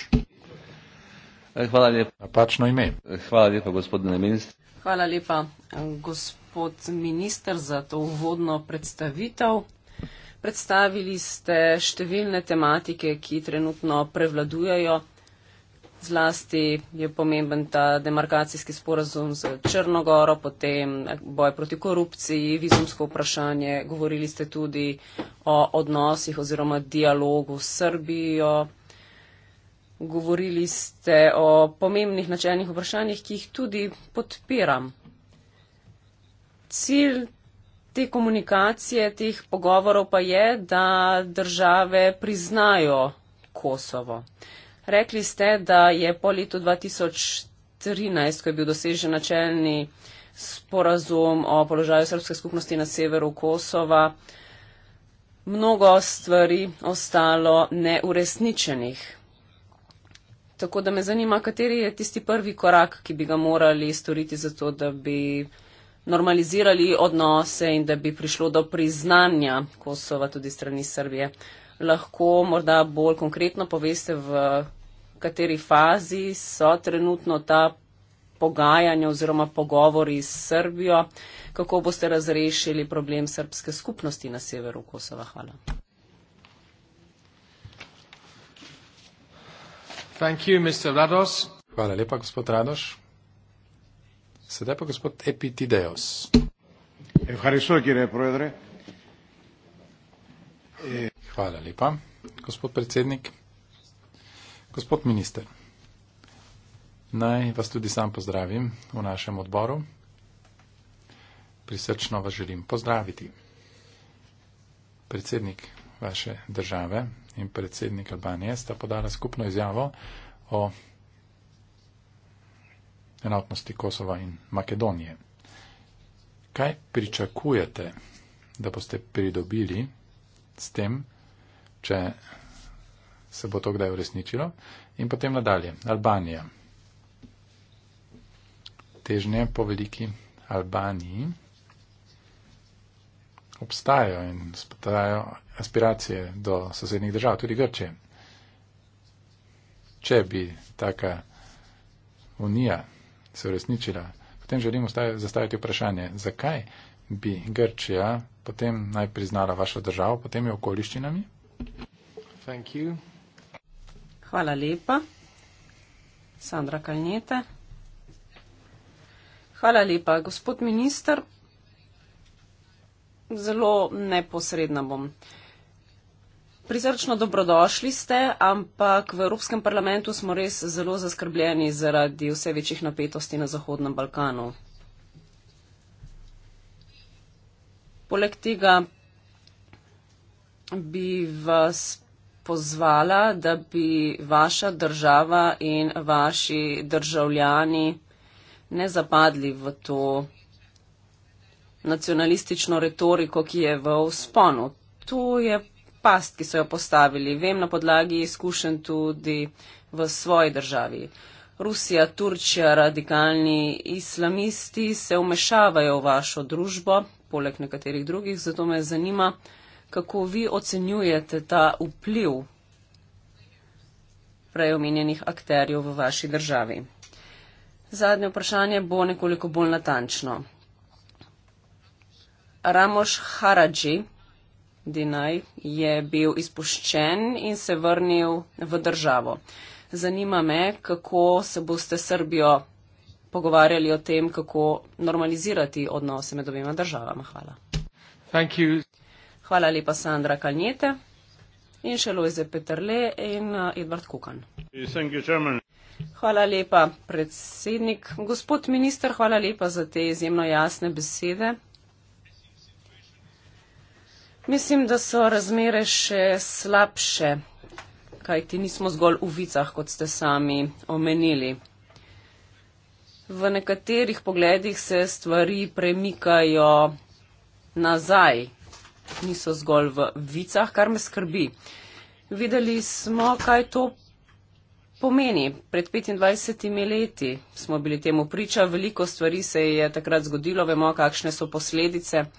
Eh, hvala lepa. Napačno ime. Eh, hvala lepa, gospodine ministr. Hvala lepa, gospod minister, za to uvodno predstavitev. Predstavili ste številne tematike, ki trenutno prevladujajo. Zlasti je pomemben ta demarkacijski sporazum z Črnogoro, potem boj proti korupciji, vizumsko vprašanje. Govorili ste tudi o odnosih oziroma dialogu s Srbijo. Govorili ste o pomembnih načeljnih vprašanjih, ki jih tudi podpiram. Cilj te komunikacije, teh pogovorov pa je, da države priznajo Kosovo. Rekli ste, da je po letu 2013, ko je bil dosežen načelni sporazum o položaju srpske skupnosti na severu Kosova, mnogo stvari ostalo neuresničenih. Tako da me zanima, kateri je tisti prvi korak, ki bi ga morali storiti za to, da bi normalizirali odnose in da bi prišlo do priznanja Kosova tudi strani Srbije. Lahko morda bolj konkretno poveste, v kateri fazi so trenutno ta pogajanja oziroma pogovori s Srbijo, kako boste razrešili problem srpske skupnosti na severu Kosova. Hvala. Hvala lepa, gospod Radoš. Sedaj pa gospod Epitideos. Hvala lepa, gospod predsednik. Gospod minister, naj vas tudi sam pozdravim v našem odboru. Prisrčno vas želim pozdraviti. Predsednik vaše države in predsednik Albanije sta podala skupno izjavo o enotnosti Kosova in Makedonije. Kaj pričakujete, da boste pridobili s tem, če se bo to kdaj uresničilo? In potem nadalje, Albanija. Težnje po veliki Albaniji obstajajo in spadajo aspiracije do sosednjih držav, tudi Grčije. Če bi taka unija se uresničila. Potem želim zastaviti vprašanje, zakaj bi Grčija potem naj priznala vašo državo, potem je okoliščinami? Hvala lepa. Sandra Kalnjete. Hvala lepa, gospod minister. Zelo neposredna bom. Uh, prizrčno dobrodošli ste, ampak v Evropskem parlamentu smo res zelo zaskrbljeni zaradi vse večjih napetosti na Zahodnem Balkanu. Poleg tega bi vas pozvala, da bi vaša država in vaši državljani ne zapadli v to nacionalistično retoriko, ki je v usponu. To je past, ki so jo postavili, vem na podlagi izkušen tudi v svoji državi. Rusija, Turčija, radikalni islamisti se umešavajo v vašo družbo, poleg nekaterih drugih, zato me zanima, kako vi ocenjujete ta vpliv prej omenjenih akterjev v vaši državi. Zadnje vprašanje bo nekoliko bolj natančno. Ramoš Haradži Dinaj je bil izpuščen in se vrnil v državo. Zanima me, kako se boste s Srbijo pogovarjali o tem, kako normalizirati odnose med obima državama. Hvala. Hvala lepa Sandra Kalnjete in še Lojze Petrle in eh, Edvard Kukan. Hvala lepa, predsednik. Gospod minister, hvala lepa za te izjemno jasne besede. Mislim, da so razmere še slabše, kajti nismo zgolj v vicah, kot ste sami omenili. V nekaterih pogledih se stvari premikajo nazaj, niso zgolj v vicah, kar me skrbi. Videli smo, kaj to pomeni. Pred 25 leti smo bili temu priča, veliko stvari se je takrat zgodilo, vemo, kakšne so posledice.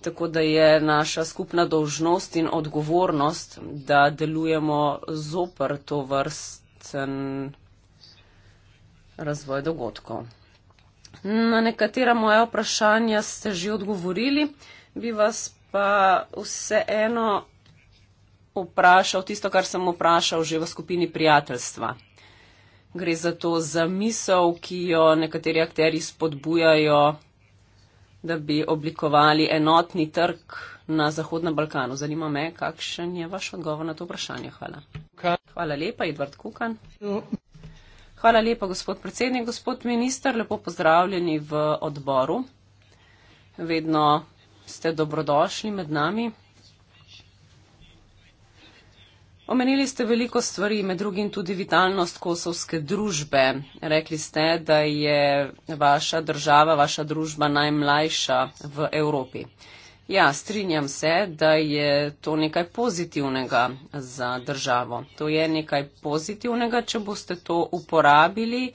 Tako da je naša skupna dolžnost in odgovornost, da delujemo zoper to vrsten razvoj dogodkov. Na nekatera moja vprašanja ste že odgovorili, bi vas pa vseeno vprašal tisto, kar sem vprašal že v skupini prijateljstva. Gre za to zamisel, ki jo nekateri akteri spodbujajo da bi oblikovali enotni trg na Zahodnem Balkanu. Zanima me, kakšen je vaš odgovor na to vprašanje. Hvala. Hvala lepa, Edvard Kukan. Hvala lepa, gospod predsednik, gospod minister. Lepo pozdravljeni v odboru. Vedno ste dobrodošli med nami. Omenili ste veliko stvari, med drugim tudi vitalnost kosovske družbe. Rekli ste, da je vaša država, vaša družba najmlajša v Evropi. Ja, strinjam se, da je to nekaj pozitivnega za državo. To je nekaj pozitivnega, če boste to uporabili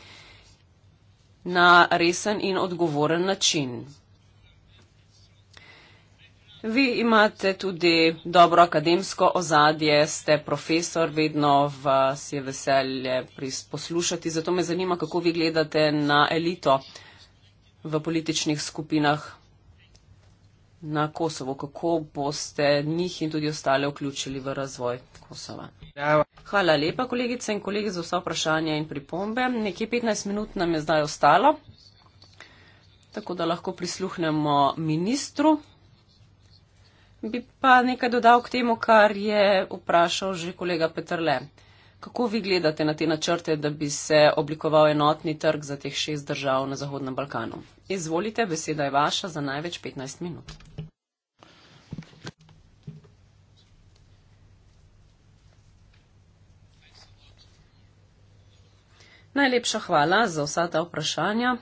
na resen in odgovoren način. Vi imate tudi dobro akademsko ozadje, ste profesor, vedno vas je veselje poslušati, zato me zanima, kako vi gledate na elito v političnih skupinah na Kosovo, kako boste njih in tudi ostale vključili v razvoj Kosova. Hvala lepa, kolegice in kolegi, za vsa vprašanja in pripombe. Nekje 15 minut nam je zdaj ostalo, tako da lahko prisluhnemo ministru. Bi pa nekaj dodal k temu, kar je vprašal že kolega Petrle. Kako vi gledate na te načrte, da bi se oblikoval enotni trg za teh šest držav na Zahodnem Balkanu? Izvolite, beseda je vaša za največ 15 minut. Najlepša hvala za vsa ta vprašanja.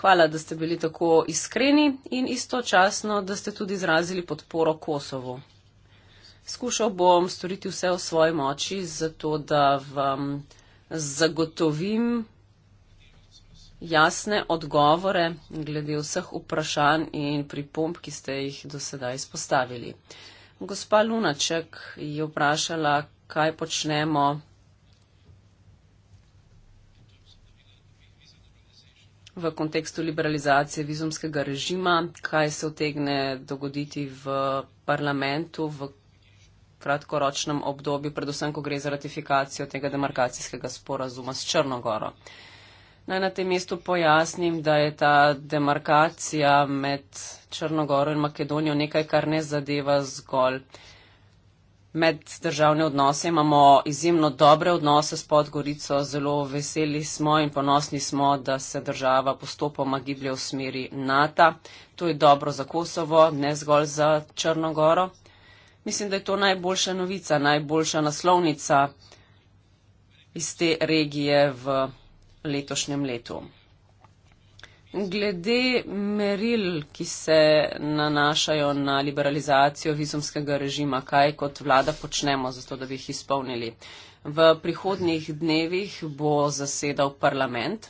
Hvala, da ste bili tako iskreni in istočasno, da ste tudi izrazili podporo Kosovo. Skušal bom storiti vse v svoji moči, zato da vam zagotovim jasne odgovore glede vseh vprašanj in pripomb, ki ste jih do sedaj izpostavili. Gospa Lunaček je vprašala, kaj počnemo v kontekstu liberalizacije vizumskega režima, kaj se otegne dogoditi v parlamentu v kratkoročnem obdobju, predvsem, ko gre za ratifikacijo tega demarkacijskega sporazuma s Črnogoro. Naj na tem mestu pojasnim, da je ta demarkacija med Črnogoro in Makedonijo nekaj, kar ne zadeva zgolj meddržavne odnose, imamo izjemno dobre odnose s Podgorico, zelo veseli smo in ponosni smo, da se država postopoma giblje v smeri NATO. To je dobro za Kosovo, ne zgolj za Črnogoro. Mislim, da je to najboljša novica, najboljša naslovnica iz te regije v letošnjem letu. Glede meril, ki se nanašajo na liberalizacijo vizumskega režima, kaj kot vlada počnemo za to, da bi jih izpolnili? V prihodnih dnevih bo zasedal parlament.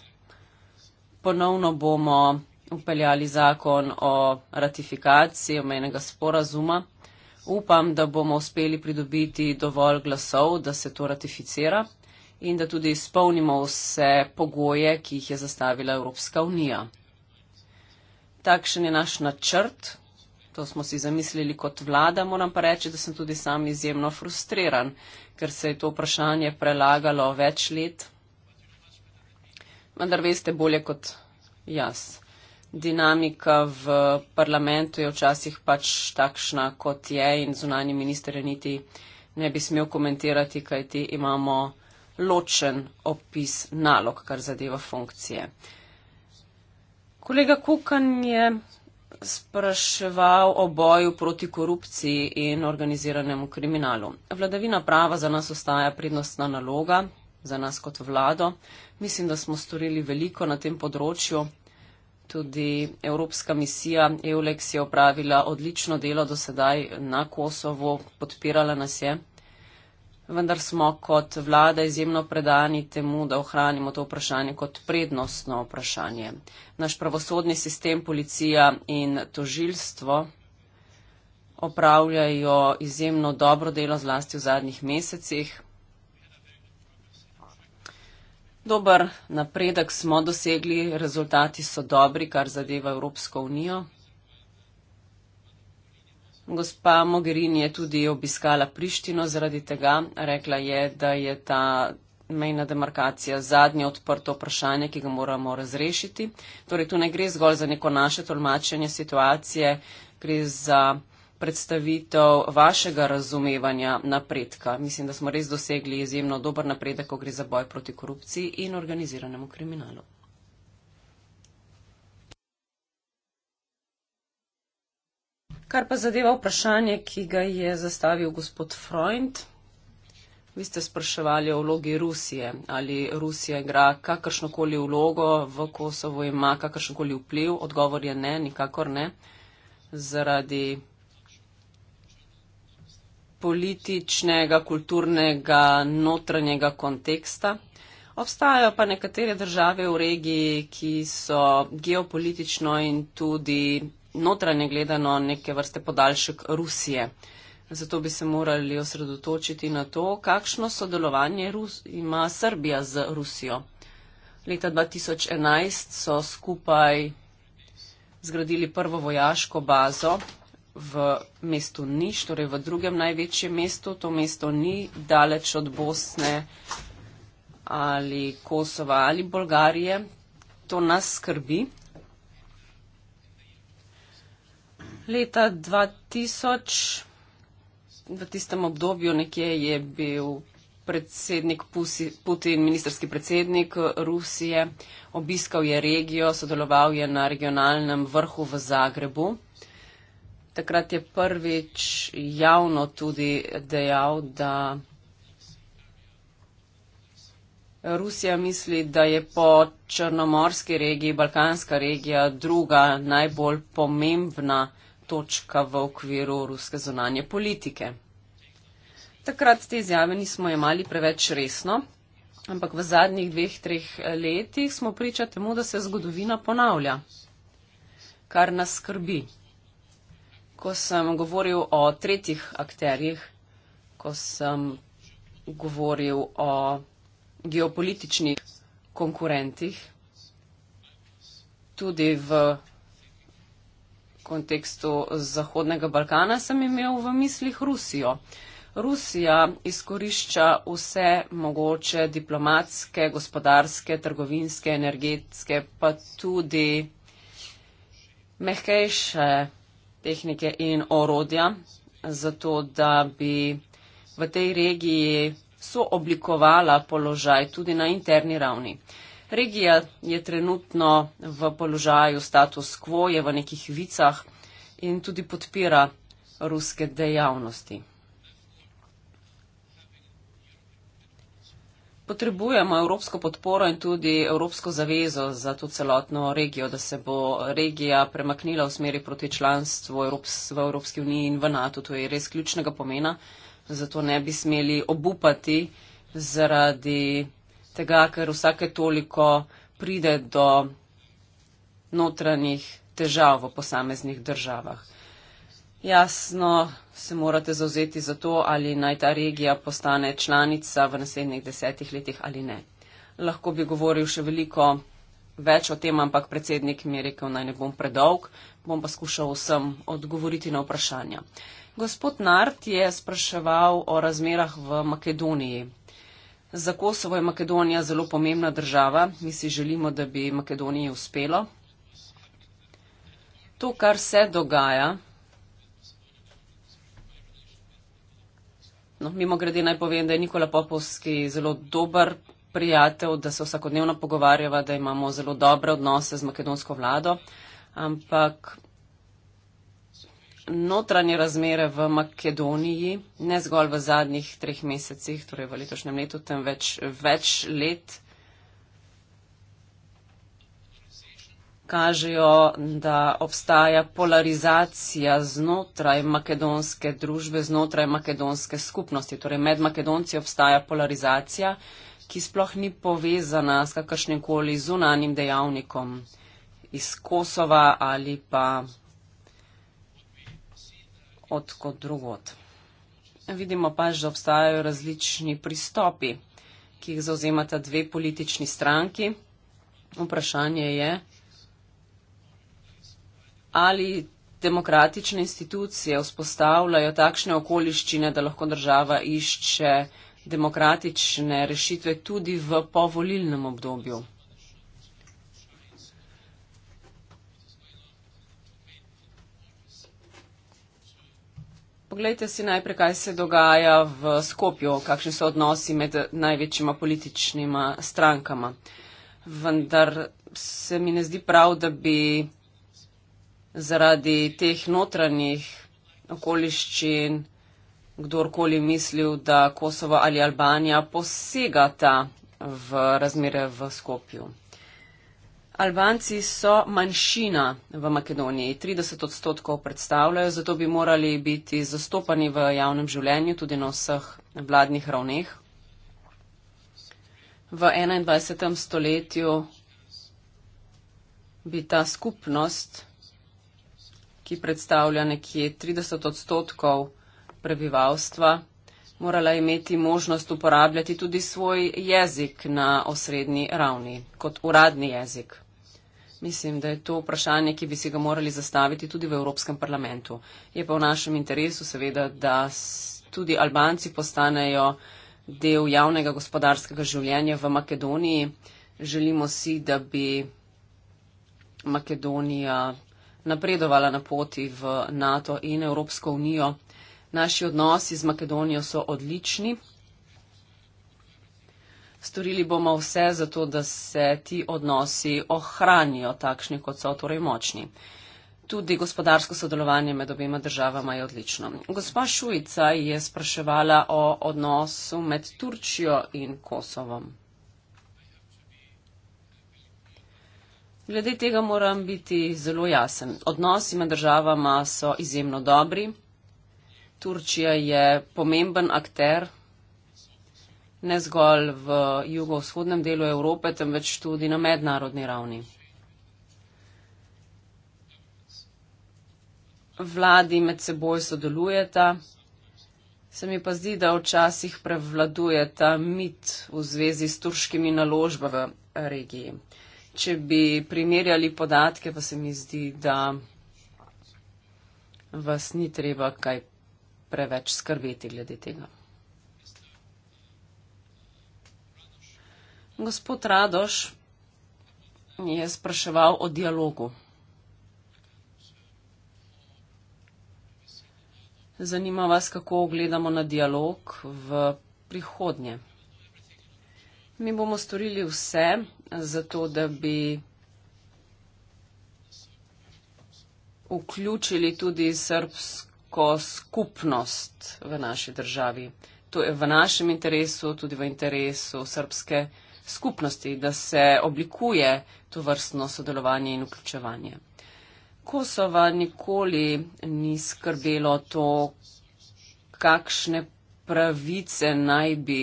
Ponovno bomo upeljali zakon o ratifikaciji omenjenega sporazuma. Upam, da bomo uspeli pridobiti dovolj glasov, da se to ratificira in da tudi izpolnimo vse pogoje, ki jih je zastavila Evropska unija. Takšen je naš načrt, to smo si zamislili kot vlada, moram pa reči, da sem tudi sam izjemno frustriran, ker se je to vprašanje prelagalo več let. Vendar veste bolje kot jaz. Dinamika v parlamentu je včasih pač takšna, kot je in zunani minister je niti ne bi smel komentirati, kajti imamo ločen opis nalog, kar zadeva funkcije. Kolega Kukan je spraševal o boju proti korupciji in organiziranemu kriminalu. Vladavina prava za nas ostaja prednostna naloga, za nas kot vlado. Mislim, da smo storili veliko na tem področju. Tudi Evropska misija EULEX je opravila odlično delo do sedaj na Kosovo, podpirala nas je vendar smo kot vlada izjemno predani temu, da ohranimo to vprašanje kot prednostno vprašanje. Naš pravosodni sistem, policija in tožilstvo opravljajo izjemno dobro delo zlasti v zadnjih mesecih. Dober napredek smo dosegli, rezultati so dobri, kar zadeva Evropsko unijo. Gospa Mogherini je tudi obiskala Prištino zaradi tega. Rekla je, da je ta mejna demarkacija zadnje odprto vprašanje, ki ga moramo razrešiti. Torej, tu ne gre zgolj za neko naše tolmačenje situacije, gre za predstavitev vašega razumevanja napredka. Mislim, da smo res dosegli izjemno dober napredek, ko gre za boj proti korupciji in organiziranemu kriminalu. Kar pa zadeva vprašanje, ki ga je zastavil gospod Freund, vi ste spraševali o vlogi Rusije, ali Rusija igra kakršnokoli vlogo v Kosovo, ima kakršnokoli vpliv. Odgovor je ne, nikakor ne, zaradi političnega, kulturnega, notranjega konteksta. Obstajajo pa nekatere države v regiji, ki so geopolitično in tudi notranje gledano neke vrste podaljšek Rusije. Zato bi se morali osredotočiti na to, kakšno sodelovanje Rus ima Srbija z Rusijo. Leta 2011 so skupaj zgradili prvo vojaško bazo v mestu Niš, torej v drugem največjem mestu. To mesto ni daleč od Bosne ali Kosova ali Bolgarije. To nas skrbi. leta 2000, v tistem obdobju nekje je bil predsednik Pusi, Putin, ministerski predsednik Rusije, obiskal je regijo, sodeloval je na regionalnem vrhu v Zagrebu. Takrat je prvič javno tudi dejal, da Rusija misli, da je po črnomorski regiji, balkanska regija druga najbolj pomembna točka v okviru ruske zunanje politike. Takrat te izjave nismo jemali preveč resno, ampak v zadnjih dveh, treh letih smo priča temu, da se zgodovina ponavlja, kar nas skrbi. Ko sem govoril o tretjih akterjih, ko sem govoril o geopolitičnih konkurentih, tudi v kontekstu Zahodnega Balkana sem imel v mislih Rusijo. Rusija izkorišča vse mogoče diplomatske, gospodarske, trgovinske, energetske, pa tudi mehkejše tehnike in orodja, zato da bi v tej regiji sooblikovala položaj tudi na interni ravni. Regija je trenutno v položaju status quo, je v nekih vicah in tudi podpira ruske dejavnosti. Potrebujemo evropsko podporo in tudi evropsko zavezo za to celotno regijo, da se bo regija premaknila v smeri proti članstvu v Evropski uniji in v NATO. To je res ključnega pomena, zato ne bi smeli obupati zaradi tega, ker vsake toliko pride do notranjih težav v posameznih državah. Jasno se morate zauzeti za to, ali naj ta regija postane članica v naslednjih desetih letih ali ne. Lahko bi govoril še veliko več o tem, ampak predsednik mi je rekel, naj ne bom predolg, bom pa skušal vsem odgovoriti na vprašanja. Gospod Nart je spraševal o razmerah v Makedoniji. Za Kosovo je Makedonija zelo pomembna država. Mi si želimo, da bi Makedoniji uspelo. To, kar se dogaja, no, mimo grede naj povem, da je Nikola Popovski zelo dober prijatelj, da se vsakodnevno pogovarjava, da imamo zelo dobre odnose z makedonsko vlado, ampak notranje razmere v Makedoniji, ne zgolj v zadnjih treh mesecih, torej v letošnjem letu, temveč več let, kažejo, da obstaja polarizacija znotraj makedonske družbe, znotraj makedonske skupnosti. Torej med Makedonci obstaja polarizacija, ki sploh ni povezana s kakršnim koli zunanim dejavnikom iz Kosova ali pa od kod drugot. Vidimo pač, da obstajajo različni pristopi, ki jih zauzemata dve politični stranki. Vprašanje je, ali demokratične institucije vzpostavljajo takšne okoliščine, da lahko država išče demokratične rešitve tudi v povolilnem obdobju. Poglejte si najprej, kaj se dogaja v Skopju, kakšni so odnosi med največjima političnima strankama. Vendar se mi ne zdi prav, da bi zaradi teh notranjih okoliščin kdorkoli mislil, da Kosovo ali Albanija posegata v razmere v Skopju. Albanci so manjšina v Makedoniji, 30 odstotkov predstavljajo, zato bi morali biti zastopani v javnem življenju tudi na vseh vladnih ravneh. V 21. stoletju bi ta skupnost, ki predstavlja nekje 30 odstotkov prebivalstva, morala imeti možnost uporabljati tudi svoj jezik na osrednji ravni kot uradni jezik. Mislim, da je to vprašanje, ki bi si ga morali zastaviti tudi v Evropskem parlamentu. Je pa v našem interesu seveda, da tudi Albanci postanejo del javnega gospodarskega življenja v Makedoniji. Želimo si, da bi Makedonija napredovala na poti v NATO in Evropsko unijo. Naši odnosi z Makedonijo so odlični. Storili bomo vse za to, da se ti odnosi ohranijo takšni, kot so torej močni. Tudi gospodarsko sodelovanje med obima državama je odlično. Gospa Šujica je spraševala o odnosu med Turčijo in Kosovom. Glede tega moram biti zelo jasen. Odnosi med državama so izjemno dobri. Turčija je pomemben akter ne zgolj v jugovzhodnem delu Evrope, temveč tudi na mednarodni ravni. Vladi med seboj sodelujeta, se mi pa zdi, da včasih prevladuje ta mit v zvezi s turškimi naložbami v regiji. Če bi primerjali podatke, pa se mi zdi, da vas ni treba kaj preveč skrbeti glede tega. Gospod Radoš je spraševal o dialogu. Zanima vas, kako gledamo na dialog v prihodnje. Mi bomo storili vse za to, da bi vključili tudi srpsko skupnost v naši državi. To je v našem interesu, tudi v interesu srpske države skupnosti, da se oblikuje to vrstno sodelovanje in vključevanje. Kosova nikoli ni skrbelo to, kakšne pravice naj bi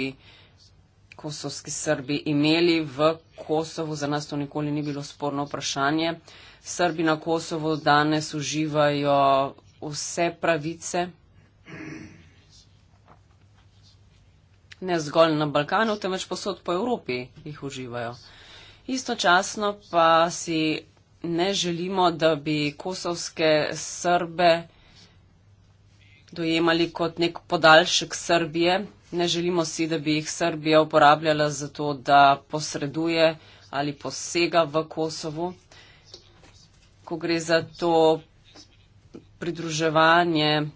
kosovski Srbi imeli v Kosovu. Za nas to nikoli ni bilo sporno vprašanje. Srbi na Kosovu danes uživajo vse pravice ne zgolj na Balkanu, temveč posod po Evropi jih uživajo. Istočasno pa si ne želimo, da bi kosovske Srbe dojemali kot nek podaljšek Srbije. Ne želimo si, da bi jih Srbija uporabljala za to, da posreduje ali posega v Kosovo. Ko gre za to pridruževanje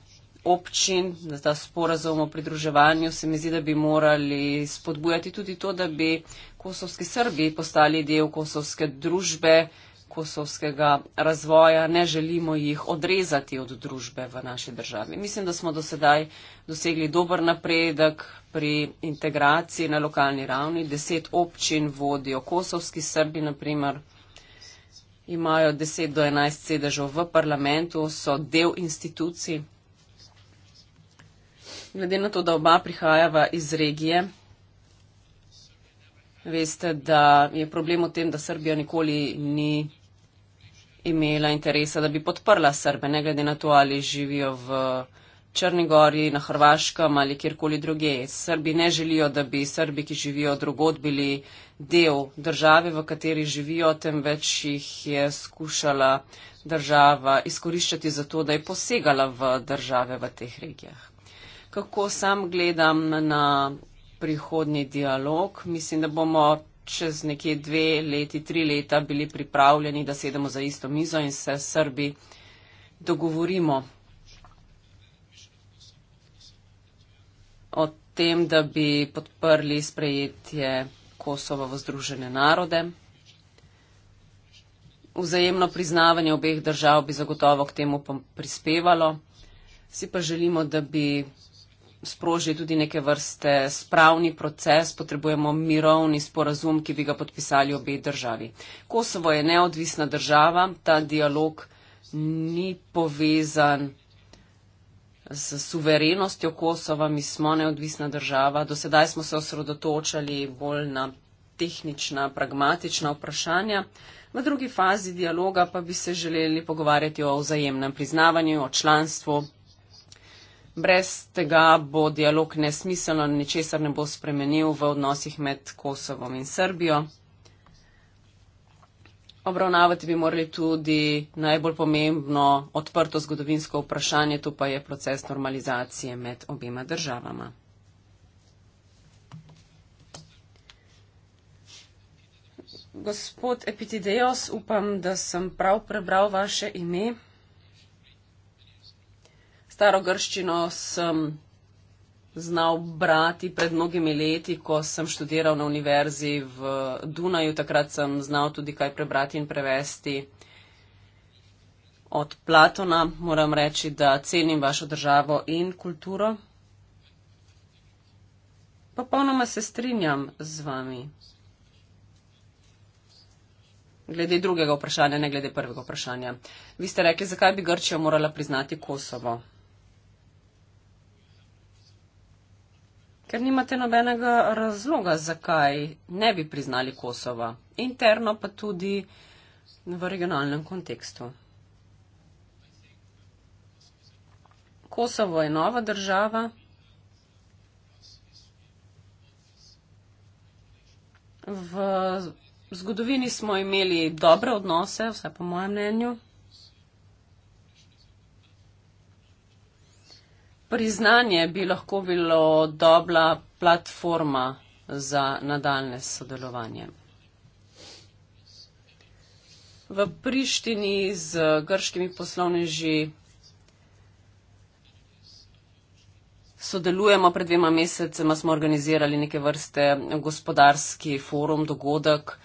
občin za ta sporazum o pridruževanju, se mi zdi, da bi morali spodbujati tudi to, da bi kosovski Srbi postali del kosovske družbe, kosovskega razvoja. Ne želimo jih odrezati od družbe v naši državi. Mislim, da smo do sedaj dosegli dober napredek pri integraciji na lokalni ravni. Deset občin vodijo kosovski Srbi, naprimer. Imajo 10 do 11 sedežev v parlamentu, so del institucij glede na to, da oba prihajava iz regije, veste, da je problem v tem, da Srbija nikoli ni imela interesa, da bi podprla Srbe, ne glede na to, ali živijo v Črnigori, na Hrvaškem ali kjerkoli druge. Srbi ne želijo, da bi Srbi, ki živijo drugod, bili del države, v kateri živijo, temveč jih je skušala država izkoriščati za to, da je posegala v države v teh regijah kako sam gledam na prihodni dialog. Mislim, da bomo čez nekje dve leti, tri leta bili pripravljeni, da sedemo za isto mizo in se Srbi dogovorimo o tem, da bi podprli sprejetje Kosova v Združene narode. Vzajemno priznavanje obeh držav bi zagotovo k temu prispevalo. Vsi pa želimo, da bi sproži tudi neke vrste spravni proces, potrebujemo mirovni sporazum, ki bi ga podpisali obe državi. Kosovo je neodvisna država, ta dialog ni povezan z suverenostjo Kosova, mi smo neodvisna država. Do sedaj smo se osredotočali bolj na tehnična, pragmatična vprašanja. V drugi fazi dialoga pa bi se želeli pogovarjati o vzajemnem priznavanju, o članstvu, Brez tega bo dialog nesmiselno, ničesar ne bo spremenil v odnosih med Kosovom in Srbijo. Obravnavati bi morali tudi najbolj pomembno odprto zgodovinsko vprašanje, to pa je proces normalizacije med obima državama. Gospod Epitideos, upam, da sem prav prebral vaše ime staro grščino sem znal brati pred mnogimi leti, ko sem študiral na univerzi v Dunaju. Takrat sem znal tudi kaj prebrati in prevesti od Platona. Moram reči, da cenim vašo državo in kulturo. Popolnoma se strinjam z vami. Glede drugega vprašanja, ne glede prvega vprašanja. Vi ste rekli, zakaj bi Grčija morala priznati Kosovo? ker nimate nobenega razloga, zakaj ne bi priznali Kosova, interno pa tudi v regionalnem kontekstu. Kosovo je nova država. V zgodovini smo imeli dobre odnose, vsaj po mojem mnenju. priznanje bi lahko bilo dobra platforma za nadaljne sodelovanje. V Prištini z grškimi poslovneži sodelujemo. Pred dvema mesecema smo organizirali neke vrste gospodarski forum, dogodek,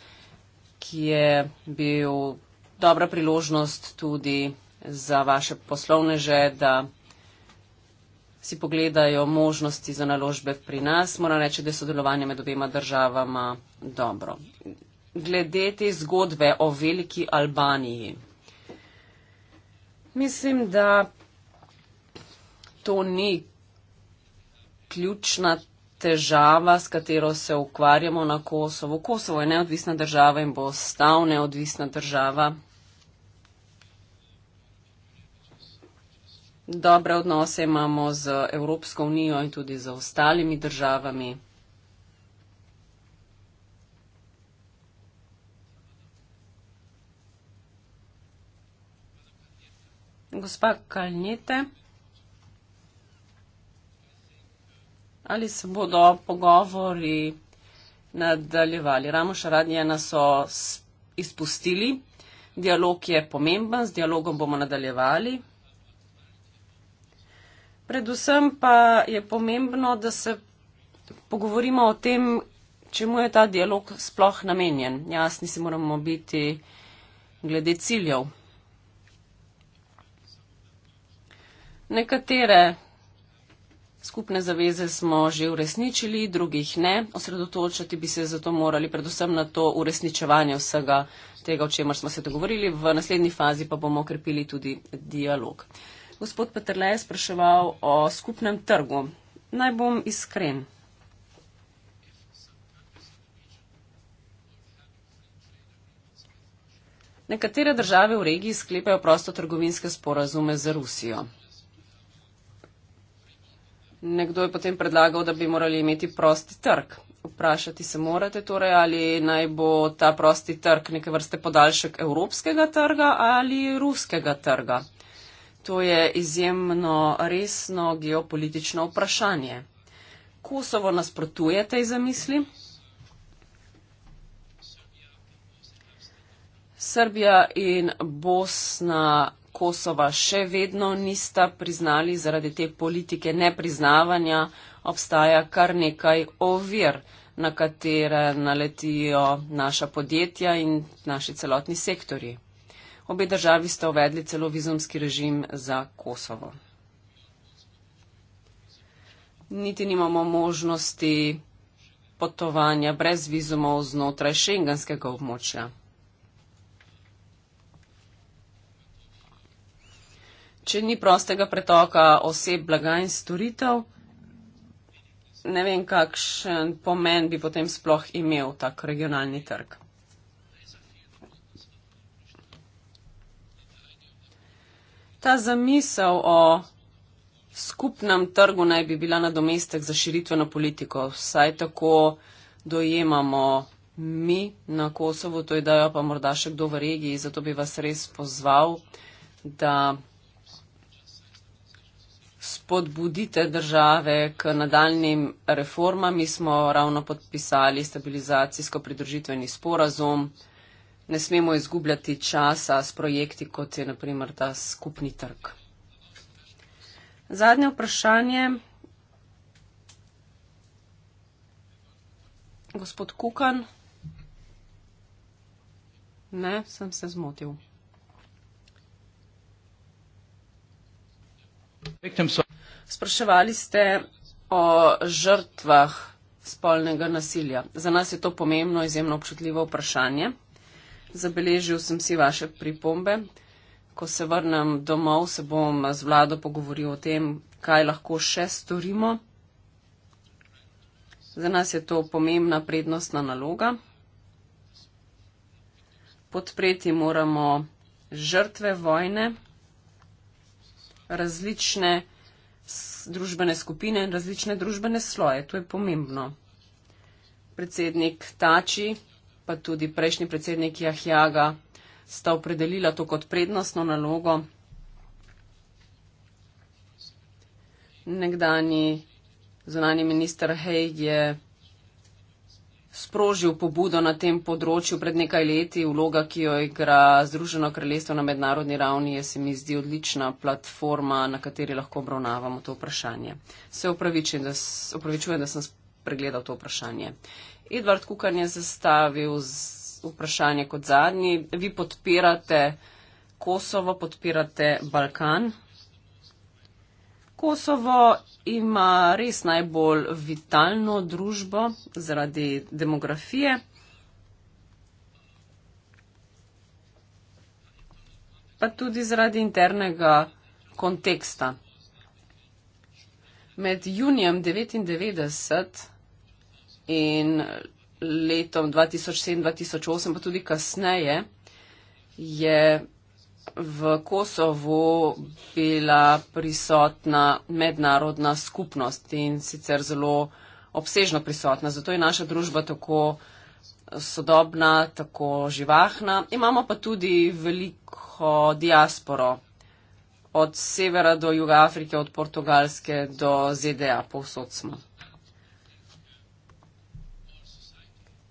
ki je bil dobra priložnost tudi za vaše poslovneže, da si pogledajo možnosti za naložbe pri nas. Moram reči, da je sodelovanje med obema državama dobro. Glede te zgodbe o Veliki Albaniji, mislim, da to ni ključna težava, s katero se ukvarjamo na Kosovo. Kosovo je neodvisna država in bo ostal neodvisna država. Dobre odnose imamo z Evropsko unijo in tudi z ostalimi državami. Gospa Kalnete, ali se bodo pogovori nadaljevali? Ramoš Radnje nas so izpustili. Dialog je pomemben, z dialogom bomo nadaljevali. Predvsem pa je pomembno, da se pogovorimo o tem, čemu je ta dialog sploh namenjen. Jasni si moramo biti glede ciljev. Nekatere skupne zaveze smo že uresničili, drugih ne. Osredotočati bi se zato morali predvsem na to uresničevanje vsega tega, o čemer smo se dogovorili. V naslednji fazi pa bomo okrepili tudi dialog gospod Petrle je spraševal o skupnem trgu. Naj bom iskren. Nekatere države v regiji sklepajo prostotrgovinske sporazume z Rusijo. Nekdo je potem predlagal, da bi morali imeti prosti trg. Vprašati se morate torej, ali naj bo ta prosti trg neke vrste podaljšek evropskega trga ali ruskega trga. To je izjemno resno geopolitično vprašanje. Kosovo nasprotuje tej zamisli. Srbija in Bosna Kosova še vedno nista priznali zaradi te politike nepriznavanja. Obstaja kar nekaj ovir, na katere naletijo naša podjetja in naši celotni sektori. Obe državi sta uvedli celo vizumski režim za Kosovo. Niti nimamo možnosti potovanja brez vizumov znotraj šengenskega območja. Če ni prostega pretoka oseb, blaga in storitev, ne vem, kakšen pomen bi potem sploh imel tak regionalni trg. ta zamisel o skupnem trgu naj bi bila nadomestek za širitveno politiko, vsaj tako dojemamo mi na Kosovo, to idejo pa morda še kdo v regiji, zato bi vas res pozval, da spodbudite države k nadaljnim reformam. Mi smo ravno podpisali stabilizacijsko pridružitveni sporazum ne smemo izgubljati časa s projekti, kot je naprimer ta skupni trg. Zadnje vprašanje. Gospod Kukan. Ne, sem se zmotil. Spraševali ste o žrtvah spolnega nasilja. Za nas je to pomembno, izjemno občutljivo vprašanje. Zabeležil sem si vaše pripombe. Ko se vrnem domov, se bom z vlado pogovoril o tem, kaj lahko še storimo. Za nas je to pomembna prednostna naloga. Podpreti moramo žrtve vojne, različne družbene skupine in različne družbene sloje. To je pomembno. Predsednik Tači pa tudi prejšnji predsednik Jahjaga sta opredelila to kot prednostno nalogo. Nekdani zunani minister Hej je sprožil pobudo na tem področju pred nekaj leti. Vloga, ki jo igra Združeno kraljestvo na mednarodni ravni, je se mi zdi odlična platforma, na kateri lahko obravnavamo to vprašanje. Se opravičujem, da, opravičujem, da sem pregledal to vprašanje. Edvard Kukan je zastavil vprašanje kot zadnji. Vi podpirate Kosovo, podpirate Balkan. Kosovo ima res najbolj vitalno družbo zaradi demografije. Pa tudi zaradi internega konteksta. Med junijem 1999 in letom 2007-2008, pa tudi kasneje, je v Kosovo bila prisotna mednarodna skupnost in sicer zelo obsežno prisotna. Zato je naša družba tako sodobna, tako živahna. Imamo pa tudi veliko diasporo od severa do juga Afrike, od portugalske do ZDA, povsod smo.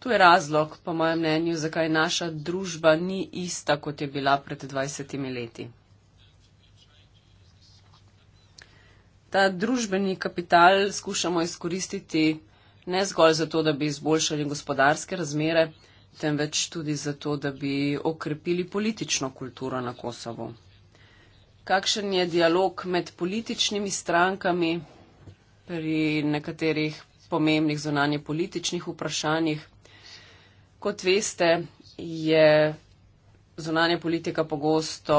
Tu je razlog, po mojem mnenju, zakaj naša družba ni ista, kot je bila pred 20 leti. Ta družbeni kapital skušamo izkoristiti ne zgolj zato, da bi izboljšali gospodarske razmere, temveč tudi zato, da bi okrepili politično kulturo na Kosovo. Kakšen je dialog med političnimi strankami pri nekaterih pomembnih zunanje političnih vprašanjih? Kot veste, je zunanja politika pogosto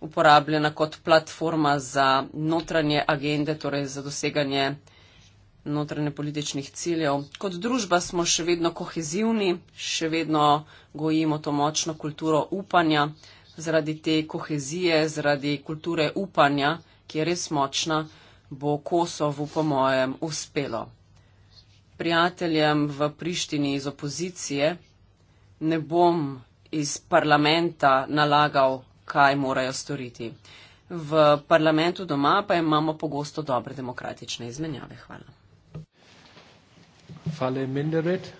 uporabljena kot platforma za notranje agende, torej za doseganje notranje političnih ciljev. Kot družba smo še vedno kohezivni, še vedno gojimo to močno kulturo upanja. Zaradi te kohezije, zaradi kulture upanja, ki je res močna, bo Kosovu, po mojem, uspelo prijateljem v Prištini iz opozicije, ne bom iz parlamenta nalagal, kaj morajo storiti. V parlamentu doma pa imamo pogosto dobre demokratične izmenjave. Hvala. Fale Minderet,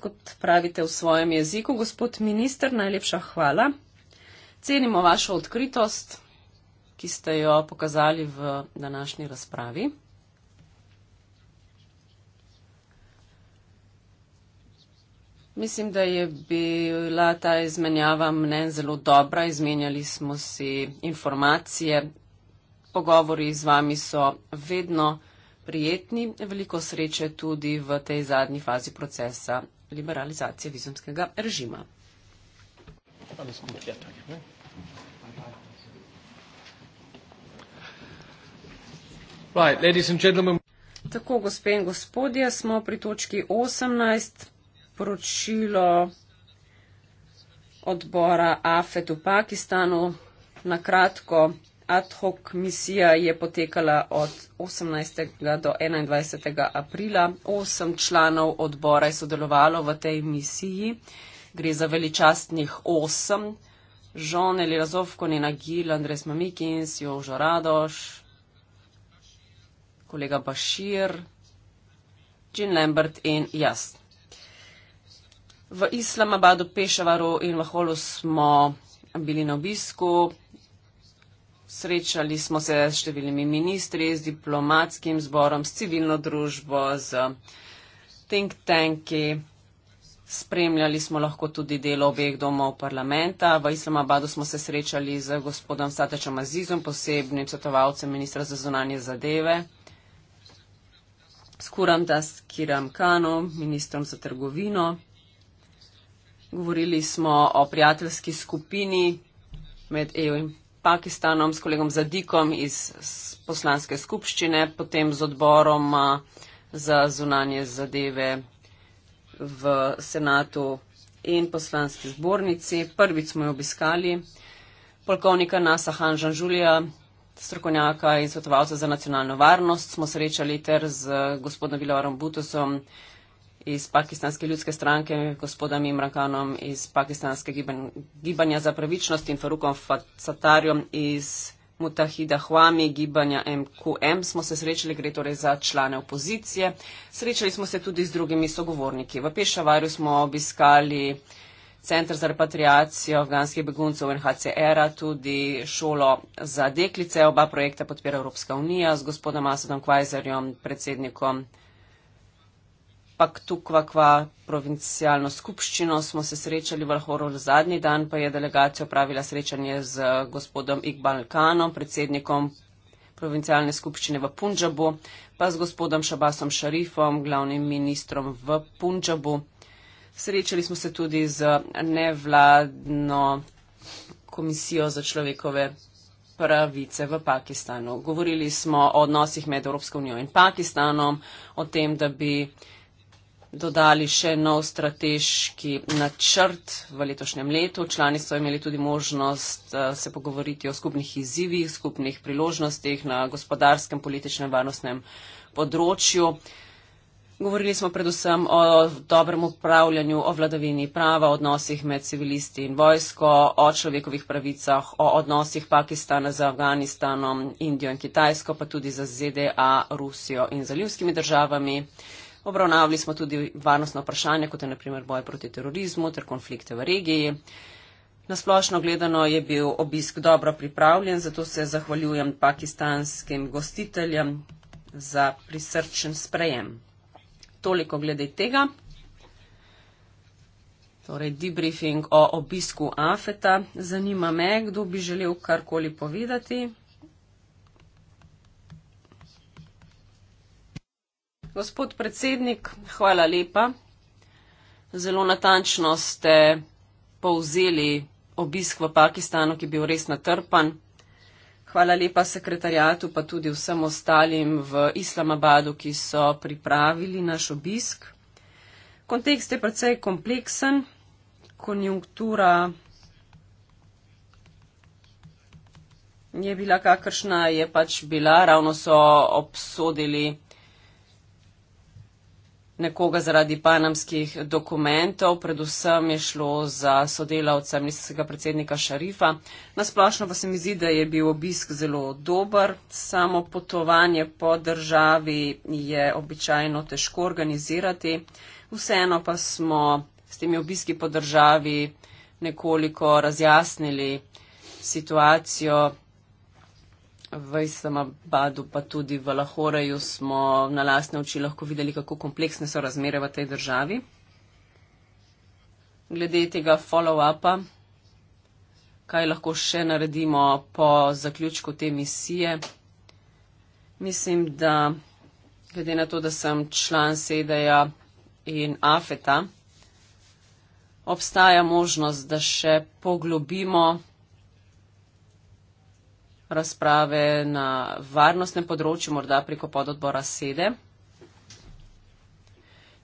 kot pravite v svojem jeziku, gospod minister, najlepša hvala. Cenimo vašo odkritost, ki ste jo pokazali v današnji razpravi. Mislim, da je bila ta izmenjava mnen zelo dobra. Izmenjali smo si informacije. Pogovori z vami so vedno prijetni. Veliko sreče tudi v tej zadnji fazi procesa liberalizacije vizumskega režima. Right, tako, gospe in gospodje, smo pri točki 18 poročilo odbora AFET v Pakistanu. Na kratko, ad hoc misija je potekala od 18. do 21. aprila. Osem članov odbora je sodelovalo v tej misiji. Gre za veličastnih osem. Žon Eli Razovko, Nena Gil, Andres Mamikins, Jožo Radoš, kolega Bašir, Jean Lambert in jaz. V Islamabadu, Pešavaru in Vaholu smo bili na obisku. Srečali smo se s številnimi ministri, z diplomatskim zborom, s civilno družbo, z think tanki. Spremljali smo lahko tudi delo obeh domov parlamenta. V Islamabadu smo se srečali z gospodom Satečom Azizom, posebnim svetovalcem ministra za zunanje zadeve, s Kuramdas Kiram Kano, ministrom za trgovino. Govorili smo o prijateljski skupini med EU in Pakistanom s kolegom Zadikom iz poslanske skupščine, potem z odborom za zunanje zadeve v senatu in poslanski zbornici. Prvič smo jo obiskali, polkovnika Nasa Hanžan Žulija, strokovnjaka in svetovalca za nacionalno varnost, smo srečali ter z gospodom Vilarom Butosom iz pakistanske ljudske stranke, gospodom Imrakanom iz pakistanske giban gibanja za pravičnost in Farukom Satarjom iz Mutahida Hwami gibanja MQM smo se srečali, gre torej za člane opozicije. Srečali smo se tudi z drugimi sogovorniki. V Pešavarju smo obiskali Centr za repatriacijo afganskih beguncov NHCR-a, tudi šolo za deklice, oba projekta podpira Evropska unija z gospodom Asadom Kvajzerjem, predsednikom pak tu kvakva provincialno skupščino. Smo se srečali v Alhoru zadnji dan, pa je delegacija opravila srečanje z gospodom Iqbal Kanom, predsednikom provincialne skupščine v Punjabu, pa z gospodom Šabasom Šarifom, glavnim ministrom v Punjabu. Srečali smo se tudi z nevladno komisijo za človekove pravice v Pakistanu. Govorili smo o odnosih med Evropsko unijo in Pakistanom, o tem, da bi dodali še nov strateški načrt v letošnjem letu. Člani so imeli tudi možnost eh, se pogovoriti o skupnih izzivih, skupnih priložnostih na gospodarskem, političnem, varnostnem področju. Govorili smo predvsem o dobrem upravljanju, o vladavini prava, o odnosih med civilisti in vojsko, o človekovih pravicah, o odnosih Pakistana z Afganistanom, Indijo in Kitajsko, pa tudi za ZDA, Rusijo in za ljudskimi državami. Obravnavali smo tudi varnostna vprašanja, kot je naprimer boj proti terorizmu ter konflikte v regiji. Nasplošno gledano je bil obisk dobro pripravljen, zato se zahvaljujem pakistanskim gostiteljem za prisrčen sprejem. Toliko glede tega. Torej, debriefing o obisku Afeta. Zanima me, kdo bi želel karkoli povedati. Gospod predsednik, hvala lepa. Zelo natančno ste povzeli obisk v Pakistanu, ki je bil res natrpan. Hvala lepa sekretarjatu, pa tudi vsem ostalim v Islamabadu, ki so pripravili naš obisk. Kontekst je precej kompleksen. Konjunktura je bila kakršna je pač bila. Ravno so obsodili nekoga zaradi panamskih dokumentov, predvsem je šlo za sodelavca ministrskega predsednika Šarifa. Nasplošno pa se mi zdi, da je bil obisk zelo dober. Samo potovanje po državi je običajno težko organizirati. Vseeno pa smo s temi obiski po državi nekoliko razjasnili situacijo v Islamabadu, pa tudi v Lahoreju smo na lastne oči lahko videli, kako kompleksne so razmere v tej državi. Glede tega follow-upa, kaj lahko še naredimo po zaključku te misije, mislim, da glede na to, da sem član sedeja in afeta, obstaja možnost, da še poglobimo razprave na varnostnem področju, morda preko pododbora sede.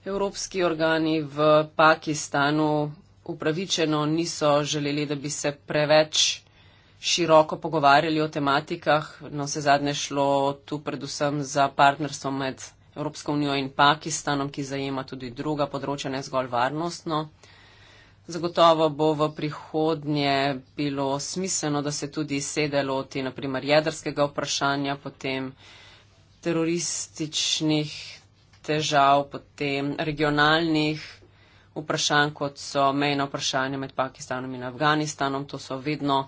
Evropski organi v Pakistanu upravičeno niso želeli, da bi se preveč široko pogovarjali o tematikah. No, se zadnje šlo tu predvsem za partnerstvo med Evropsko unijo in Pakistanom, ki zajema tudi druga področja, ne zgolj varnostno. No. Zagotovo bo v prihodnje bilo smiseno, da se tudi sede loti naprimer jedrskega vprašanja, potem terorističnih težav, potem regionalnih vprašanj, kot so mejna vprašanja med Pakistanom in Afganistanom. To so vedno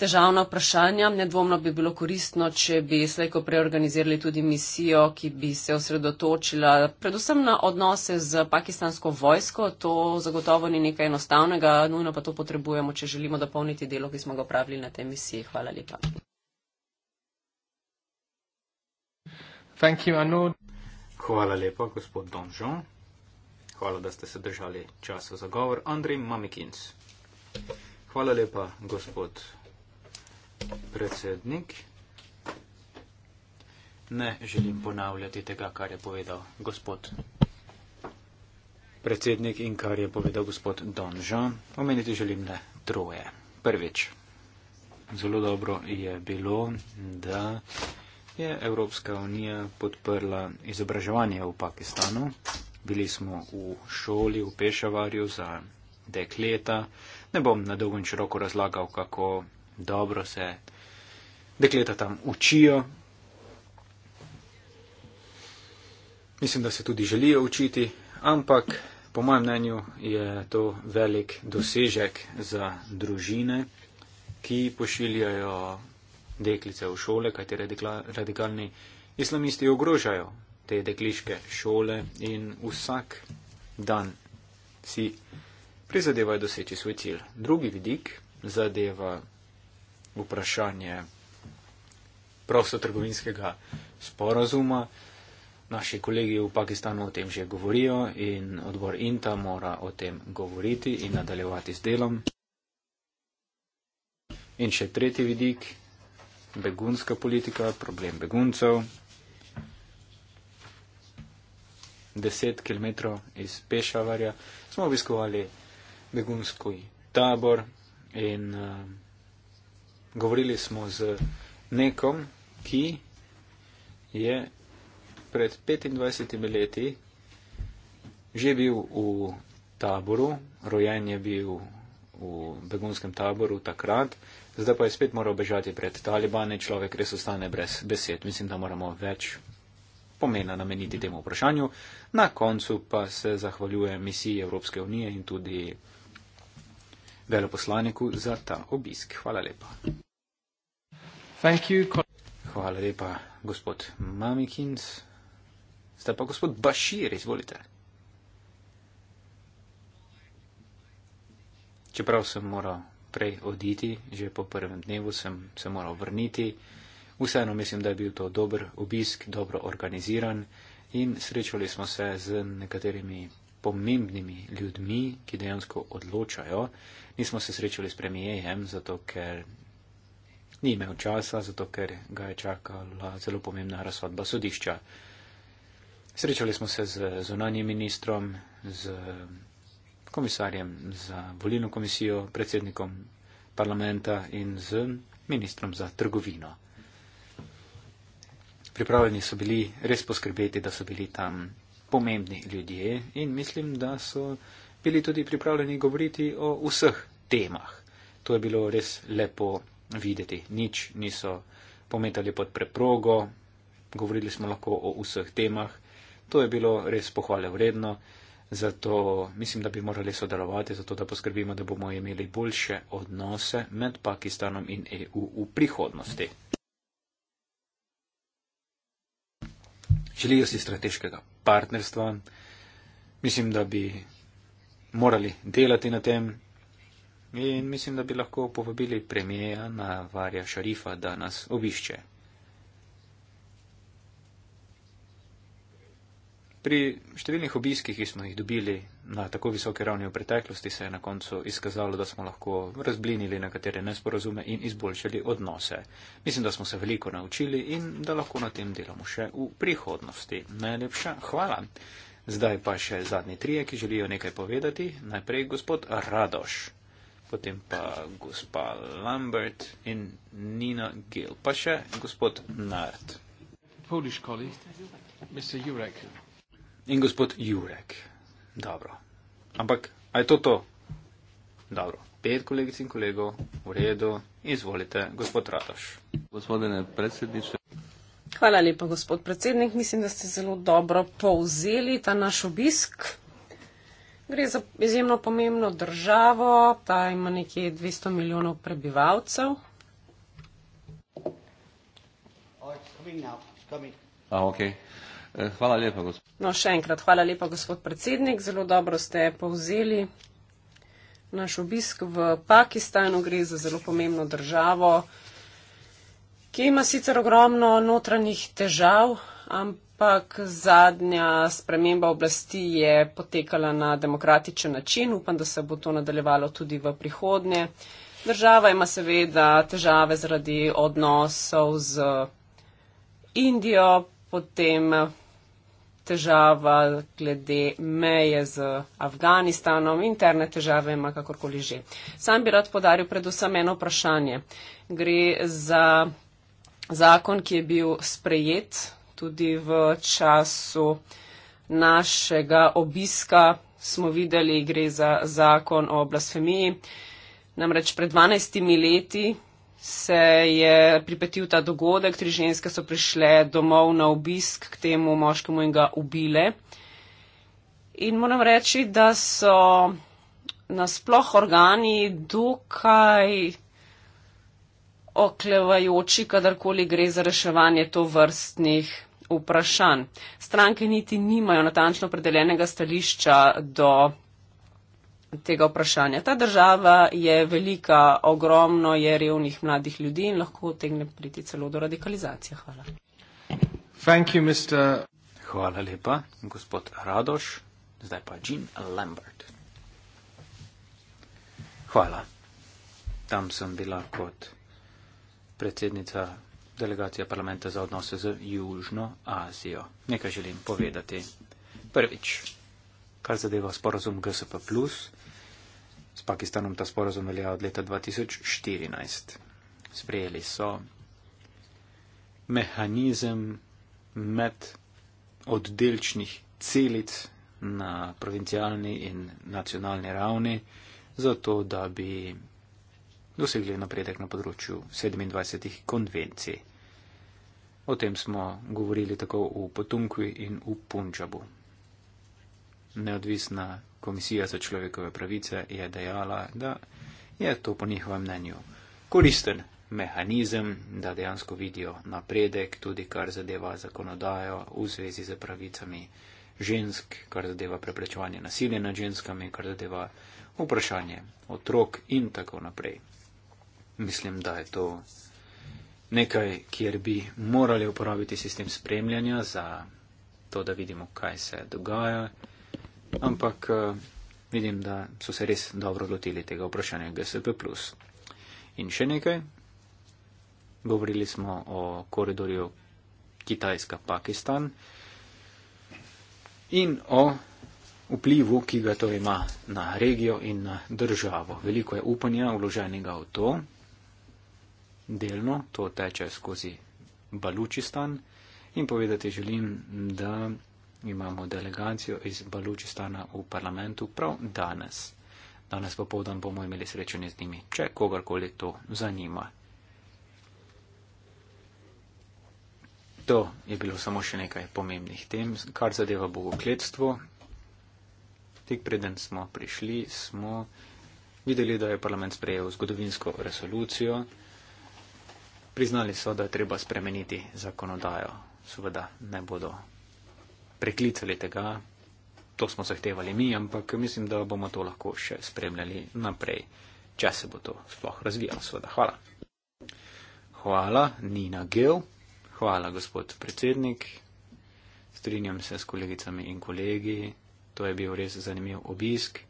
težavna vprašanja. Nedvomno bi bilo koristno, če bi slejko preorganizirali tudi misijo, ki bi se osredotočila predvsem na odnose z pakistansko vojsko. To zagotovo ni nekaj enostavnega, nujno pa to potrebujemo, če želimo dopolniti delo, ki smo ga opravili na tej misiji. Hvala lepa. Hvala lepa, gospod Donžon. Hvala, da ste se držali časa za govor. Andrej Mamikins. Hvala lepa, gospod Predsednik. Ne želim ponavljati tega, kar je povedal gospod predsednik in kar je povedal gospod Don Jean. Omeniti želim le troje. Prvič. Zelo dobro je bilo, da je Evropska unija podprla izobraževanje v Pakistanu. Bili smo v šoli v Pešavarju za dekleta. Ne bom na dolgo in široko razlagal, kako dobro se dekleta tam učijo. Mislim, da se tudi želijo učiti, ampak po mojem mnenju je to velik dosežek za družine, ki pošiljajo deklice v šole, kajti radikalni islamisti ogrožajo te dekliške šole in vsak dan si prizadevajo doseči svoj cilj. Drugi vidik zadeva vprašanje prostotrgovinskega sporazuma. Naši kolegi v Pakistanu o tem že govorijo in odbor INTA mora o tem govoriti in nadaljevati s delom. In še tretji vidik, begunska politika, problem beguncev. Deset kilometrov iz Pešavarja smo obiskovali begunski tabor in uh, govorili smo z nekom, ki je pred 25 leti že bil v taboru, rojen je bil v begunskem taboru takrat, zdaj pa je spet moral bežati pred talibane, človek res ostane brez besed. Mislim, da moramo več pomena nameniti temu vprašanju. Na koncu pa se zahvaljuje misiji Evropske unije in tudi veleposlaniku za ta obisk. Hvala lepa. You, Hvala lepa, gospod Mamikins. Zdaj pa gospod Bašir, izvolite. Čeprav sem moral prej oditi, že po prvem dnevu sem se moral vrniti, vseeno mislim, da je bil to dober obisk, dobro organiziran in srečali smo se z nekaterimi pomembnimi ljudmi, ki dejansko odločajo. Nismo se srečali s premijejem, zato ker ni imel časa, zato ker ga je čakala zelo pomembna razsodba sodišča. Srečali smo se z zunanjim ministrom, z komisarjem za volilno komisijo, predsednikom parlamenta in z ministrom za trgovino. Pripravljeni so bili res poskrbeti, da so bili tam pomembni ljudje in mislim, da so bili tudi pripravljeni govoriti o vseh temah. To je bilo res lepo videti. Nič niso pometali pod preprogo, govorili smo lahko o vseh temah. To je bilo res pohvale vredno, zato mislim, da bi morali sodelovati, zato da poskrbimo, da bomo imeli boljše odnose med Pakistanom in EU v prihodnosti. Želijo si strateškega partnerstva. Mislim, da bi morali delati na tem in mislim, da bi lahko povabili premijeja na Varja Šarifa, da nas obišče. Pri številnih obiskih, ki smo jih dobili na tako visoki ravni v preteklosti, se je na koncu izkazalo, da smo lahko razblinili nekatere nesporazume in izboljšali odnose. Mislim, da smo se veliko naučili in da lahko na tem delamo še v prihodnosti. Najlepša hvala. Zdaj pa še zadnji trije, ki želijo nekaj povedati. Najprej gospod Radoš, potem pa gospa Lambert in Nina Gil, pa še gospod Nart. In gospod Jurek. Dobro. Ampak, aj to to? Dobro. Pet kolegic in kolegov, v redu, izvolite, gospod Rataš. Gospodine predsedniče. Hvala lepa, gospod predsednik. Mislim, da ste zelo dobro povzeli ta naš obisk. Gre za izjemno pomembno državo, ta ima nekje 200 milijonov prebivalcev. Oh, ah, okay. Eh, hvala lepa, gospod. No, še enkrat hvala lepa, gospod predsednik. Zelo dobro ste povzeli naš obisk v Pakistanu. Gre za zelo pomembno državo, ki ima sicer ogromno notranjih težav, ampak zadnja sprememba oblasti je potekala na demokratičen način. Upam, da se bo to nadaljevalo tudi v prihodnje. Država ima seveda težave zaradi odnosov z Indijo, potem težava glede meje z Afganistanom, interne težave ima kakorkoli že. Sam bi rad podaril predvsem eno vprašanje. Gre za zakon, ki je bil sprejet tudi v času našega obiska. Smo videli, gre za zakon o blasfemiji. Namreč pred 12 leti se je pripetil ta dogodek, tri ženske so prišle domov na obisk k temu moškemu in ga ubile. In moram reči, da so nasploh organi dokaj oklevajoči, kadarkoli gre za reševanje to vrstnih vprašanj. Stranke niti nimajo natančno predeljenega stališča do tega vprašanja. Ta država je velika, ogromno je revnih mladih ljudi in lahko tegne priti celo do radikalizacije. Hvala. You, Mr... Hvala lepa, gospod Radoš. Zdaj pa Jean Lambert. Hvala. Tam sem bila kot predsednica delegacije parlamenta za odnose z Južno Azijo. Nekaj želim povedati. Prvič, kar zadeva sporozum GSP. S Pakistanom ta sporozum velja od leta 2014. Sprejeli so mehanizem med oddelčnih celic na provincialni in nacionalni ravni, zato da bi dosegli napredek na področju 27 konvencij. O tem smo govorili tako v Potunku in v Punjabu. Neodvisna Komisija za človekove pravice je dejala, da je to po njihovem mnenju koristen mehanizem, da dejansko vidijo napredek, tudi kar zadeva zakonodajo v zvezi z pravicami žensk, kar zadeva preprečevanje nasilja nad ženskami, kar zadeva vprašanje otrok in tako naprej. Mislim, da je to nekaj, kjer bi morali uporabiti sistem spremljanja za to, da vidimo, kaj se dogaja ampak eh, vidim, da so se res dobro lotili tega vprašanja GSP. In še nekaj, govorili smo o koridorju Kitajska-Pakistan in o vplivu, ki ga to ima na regijo in na državo. Veliko je upanja vloženega v to, delno to teče skozi Balučistan in povedati želim, da imamo delegacijo iz Balučistana v parlamentu prav danes. Danes popovdan bomo imeli srečanje z njimi, če kogarkoli to zanima. To je bilo samo še nekaj pomembnih tem, kar zadeva bogokletstvo. Tik preden smo prišli, smo videli, da je parlament sprejel zgodovinsko resolucijo. Priznali so, da je treba spremeniti zakonodajo. Seveda ne bodo preklicali tega. To smo zahtevali mi, ampak mislim, da bomo to lahko še spremljali naprej, če se bo to sploh razvijalo. Sveda. Hvala. Hvala, Nina Gil. Hvala, gospod predsednik. Strinjam se s kolegicami in kolegi. To je bil res zanimiv obisk.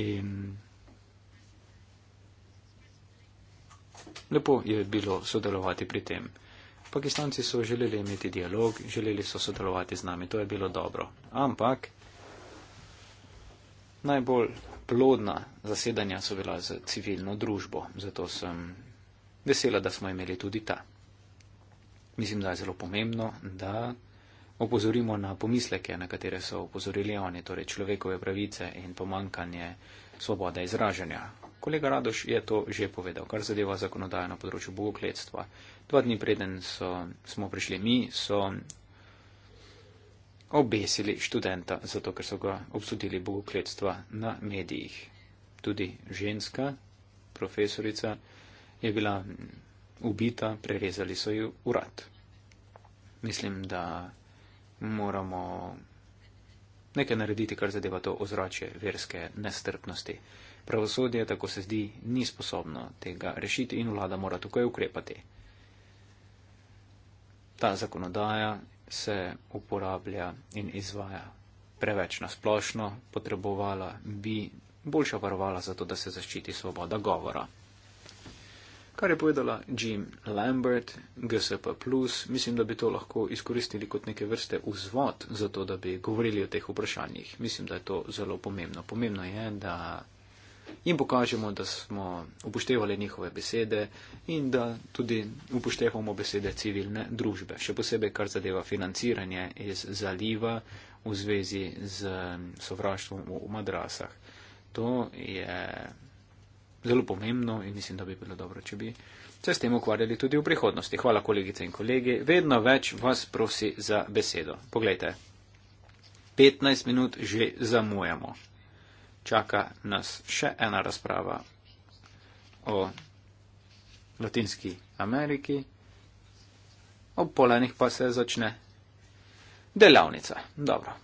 In lepo je bilo sodelovati pri tem. Pakistanci so želeli imeti dialog, želeli so sodelovati z nami, to je bilo dobro. Ampak najbolj plodna zasedanja so bila z civilno družbo, zato sem vesela, da smo imeli tudi ta. Mislim, da je zelo pomembno, da opozorimo na pomisleke, na katere so opozorili oni, torej človekove pravice in pomankanje svobode izražanja. Kolega Radoš je to že povedal, kar zadeva zakonodajo na področju bogokletstva dva dni preden so, smo prišli mi, so obesili študenta, zato ker so ga obsodili bogokletstva na medijih. Tudi ženska, profesorica, je bila ubita, prerezali so jo urad. Mislim, da moramo nekaj narediti, kar zadeva to ozračje verske nestrpnosti. Pravosodje, tako se zdi, ni sposobno tega rešiti in vlada mora tukaj ukrepati ta zakonodaja se uporablja in izvaja preveč nasplošno, potrebovala bi boljša varovala za to, da se zaščiti svoboda govora. Kar je povedala Jim Lambert, GSP, mislim, da bi to lahko izkoristili kot neke vrste vzvod za to, da bi govorili o teh vprašanjih. Mislim, da je to zelo pomembno. Pomembno je, da in pokažemo, da smo upoštevali njihove besede in da tudi upoštevamo besede civilne družbe. Še posebej, kar zadeva financiranje iz zaliva v zvezi z sovraštvom v madrasah. To je zelo pomembno in mislim, da bi bilo dobro, če bi se s tem ukvarjali tudi v prihodnosti. Hvala, kolegice in kolegi. Vedno več vas prosi za besedo. Poglejte, 15 minut že zamujamo čaka nas še ena razprava o Latinski Ameriki, ob polenih pa se začne delavnica. Dobro,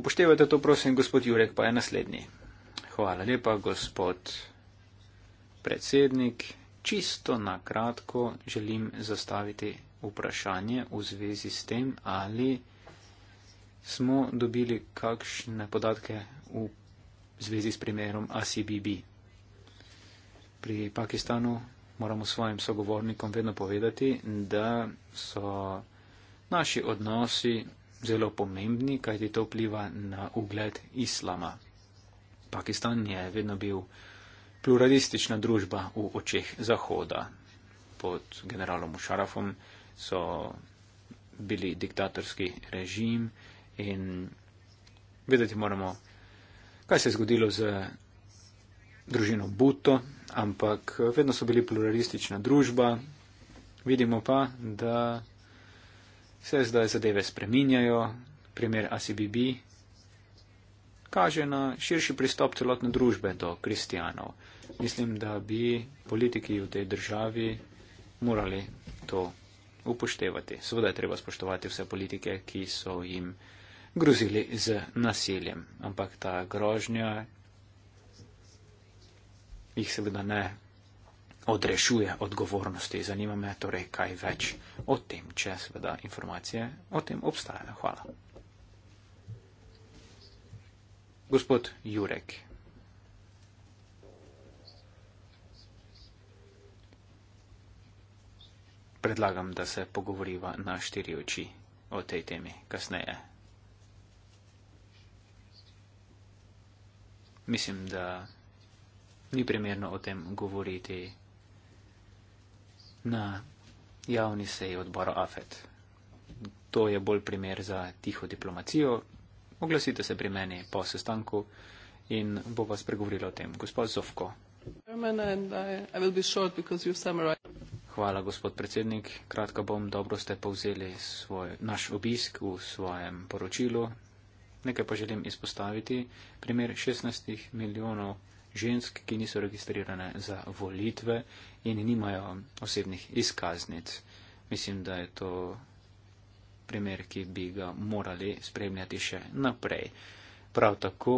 upoštevajte to, prosim, gospod Jurek, pa je naslednji. Hvala lepa, gospod predsednik. Čisto na kratko želim zastaviti vprašanje v zvezi s tem, ali smo dobili kakšne podatke v v zvezi s primerom ACBB. Pri Pakistanu moramo svojim sogovornikom vedno povedati, da so naši odnosi zelo pomembni, kajti to vpliva na ugled islama. Pakistan je vedno bil pluralistična družba v očeh Zahoda. Pod generalom Musharrafom so bili diktatorski režim in vedeti moramo, kaj se je zgodilo z družino Buto, ampak eh, vedno so bili pluralistična družba. Vidimo pa, da se zdaj zadeve spreminjajo. Primer ACBB kaže na širši pristop celotne družbe do kristijanov. Mislim, da bi politiki v tej državi morali to upoštevati. Seveda je treba spoštovati vse politike, ki so jim grozili z nasiljem. Ampak ta grožnja jih seveda ne odrešuje odgovornosti. Zanima me torej, kaj več o tem, če seveda informacije o tem obstajajo. Hvala. Gospod Jurek. Predlagam, da se pogovoriva na štiri oči o tej temi kasneje. mislim, da ni primerno o tem govoriti na javni seji odbora AFET. To je bolj primer za tiho diplomacijo. Oglasite se pri meni po sestanku in bo vas pregovorila o tem. Gospod Zovko. Hvala, gospod predsednik. Kratka bom, dobro ste povzeli svoj, naš obisk v svojem poročilu, Nekaj pa želim izpostaviti. Primer 16 milijonov žensk, ki niso registrirane za volitve in nimajo osebnih izkaznic. Mislim, da je to primer, ki bi ga morali spremljati še naprej. Prav tako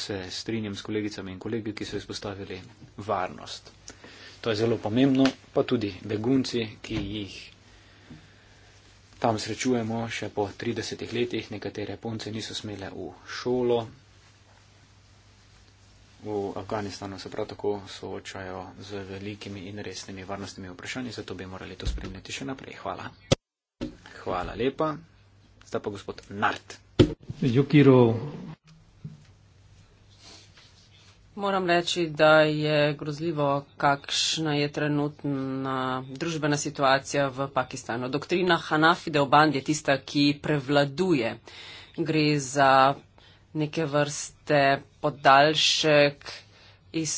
se strinjam s kolegicami in kolegi, ki so izpostavili varnost. To je zelo pomembno, pa tudi begunci, ki jih tam srečujemo še po 30 letih, nekatere punce niso smele v šolo. V Afganistanu se prav tako soočajo z velikimi in resnimi varnostnimi vprašanji, zato bi morali to spremljati še naprej. Hvala. Hvala lepa. Zdaj pa gospod Nart. Moram reči, da je grozljivo, kakšna je trenutna družbena situacija v Pakistanu. Doktrina Hanafi Deoband je tista, ki prevladuje. Gre za neke vrste podaljšek iz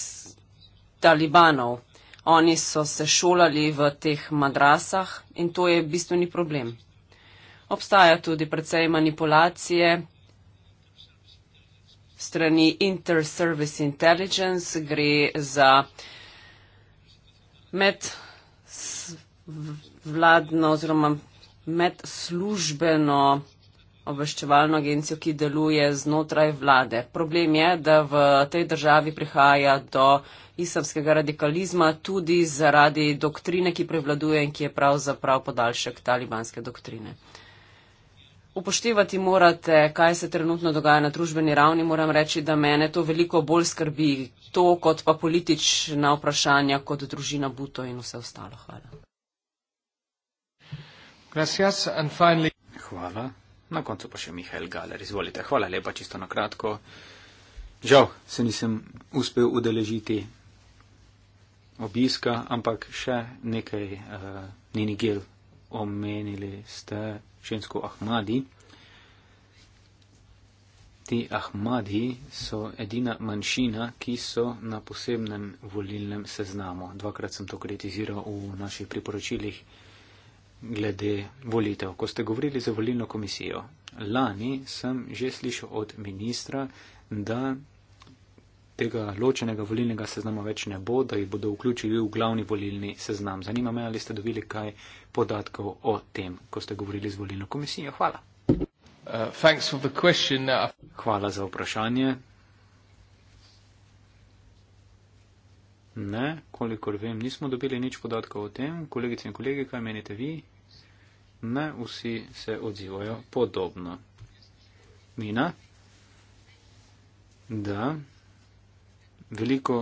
talibanov. Oni so se šolali v teh madrasah in to je bistveni problem. Obstaja tudi precej manipulacije strani Inter-Service Intelligence gre za med vladno oziroma med službeno obveščevalno agencijo, ki deluje znotraj vlade. Problem je, da v tej državi prihaja do islamskega radikalizma tudi zaradi doktrine, ki prevladuje in ki je pravzaprav podaljšek talibanske doktrine upoštevati morate, kaj se trenutno dogaja na družbeni ravni. Moram reči, da mene to veliko bolj skrbi, to kot pa politična vprašanja, kot družina Buto in vse ostalo. Hvala. Finally... Hvala. Na koncu pa še Mihajl Galer. Izvolite. Hvala lepa, čisto na kratko. Žal se nisem uspel udeležiti obiska, ampak še nekaj uh, Nini Gil omenili ste žensko Ahmadi. Ti Ahmadi so edina manjšina, ki so na posebnem volilnem seznamu. Dvakrat sem to kritiziral v naših priporočilih glede volitev. Ko ste govorili za volilno komisijo, lani sem že slišal od ministra, da tega ločenega volilnega seznama več ne bo, da jih bodo vključili v glavni volilni seznam. Zanima me, ali ste dobili kaj podatkov o tem, ko ste govorili z volilno komisijo. Hvala. Uh, uh Hvala za vprašanje. Ne, kolikor vem, nismo dobili nič podatkov o tem. Kolegice in kolege, kaj menite vi? Ne, vsi se odzivajo podobno. Mina? Da veliko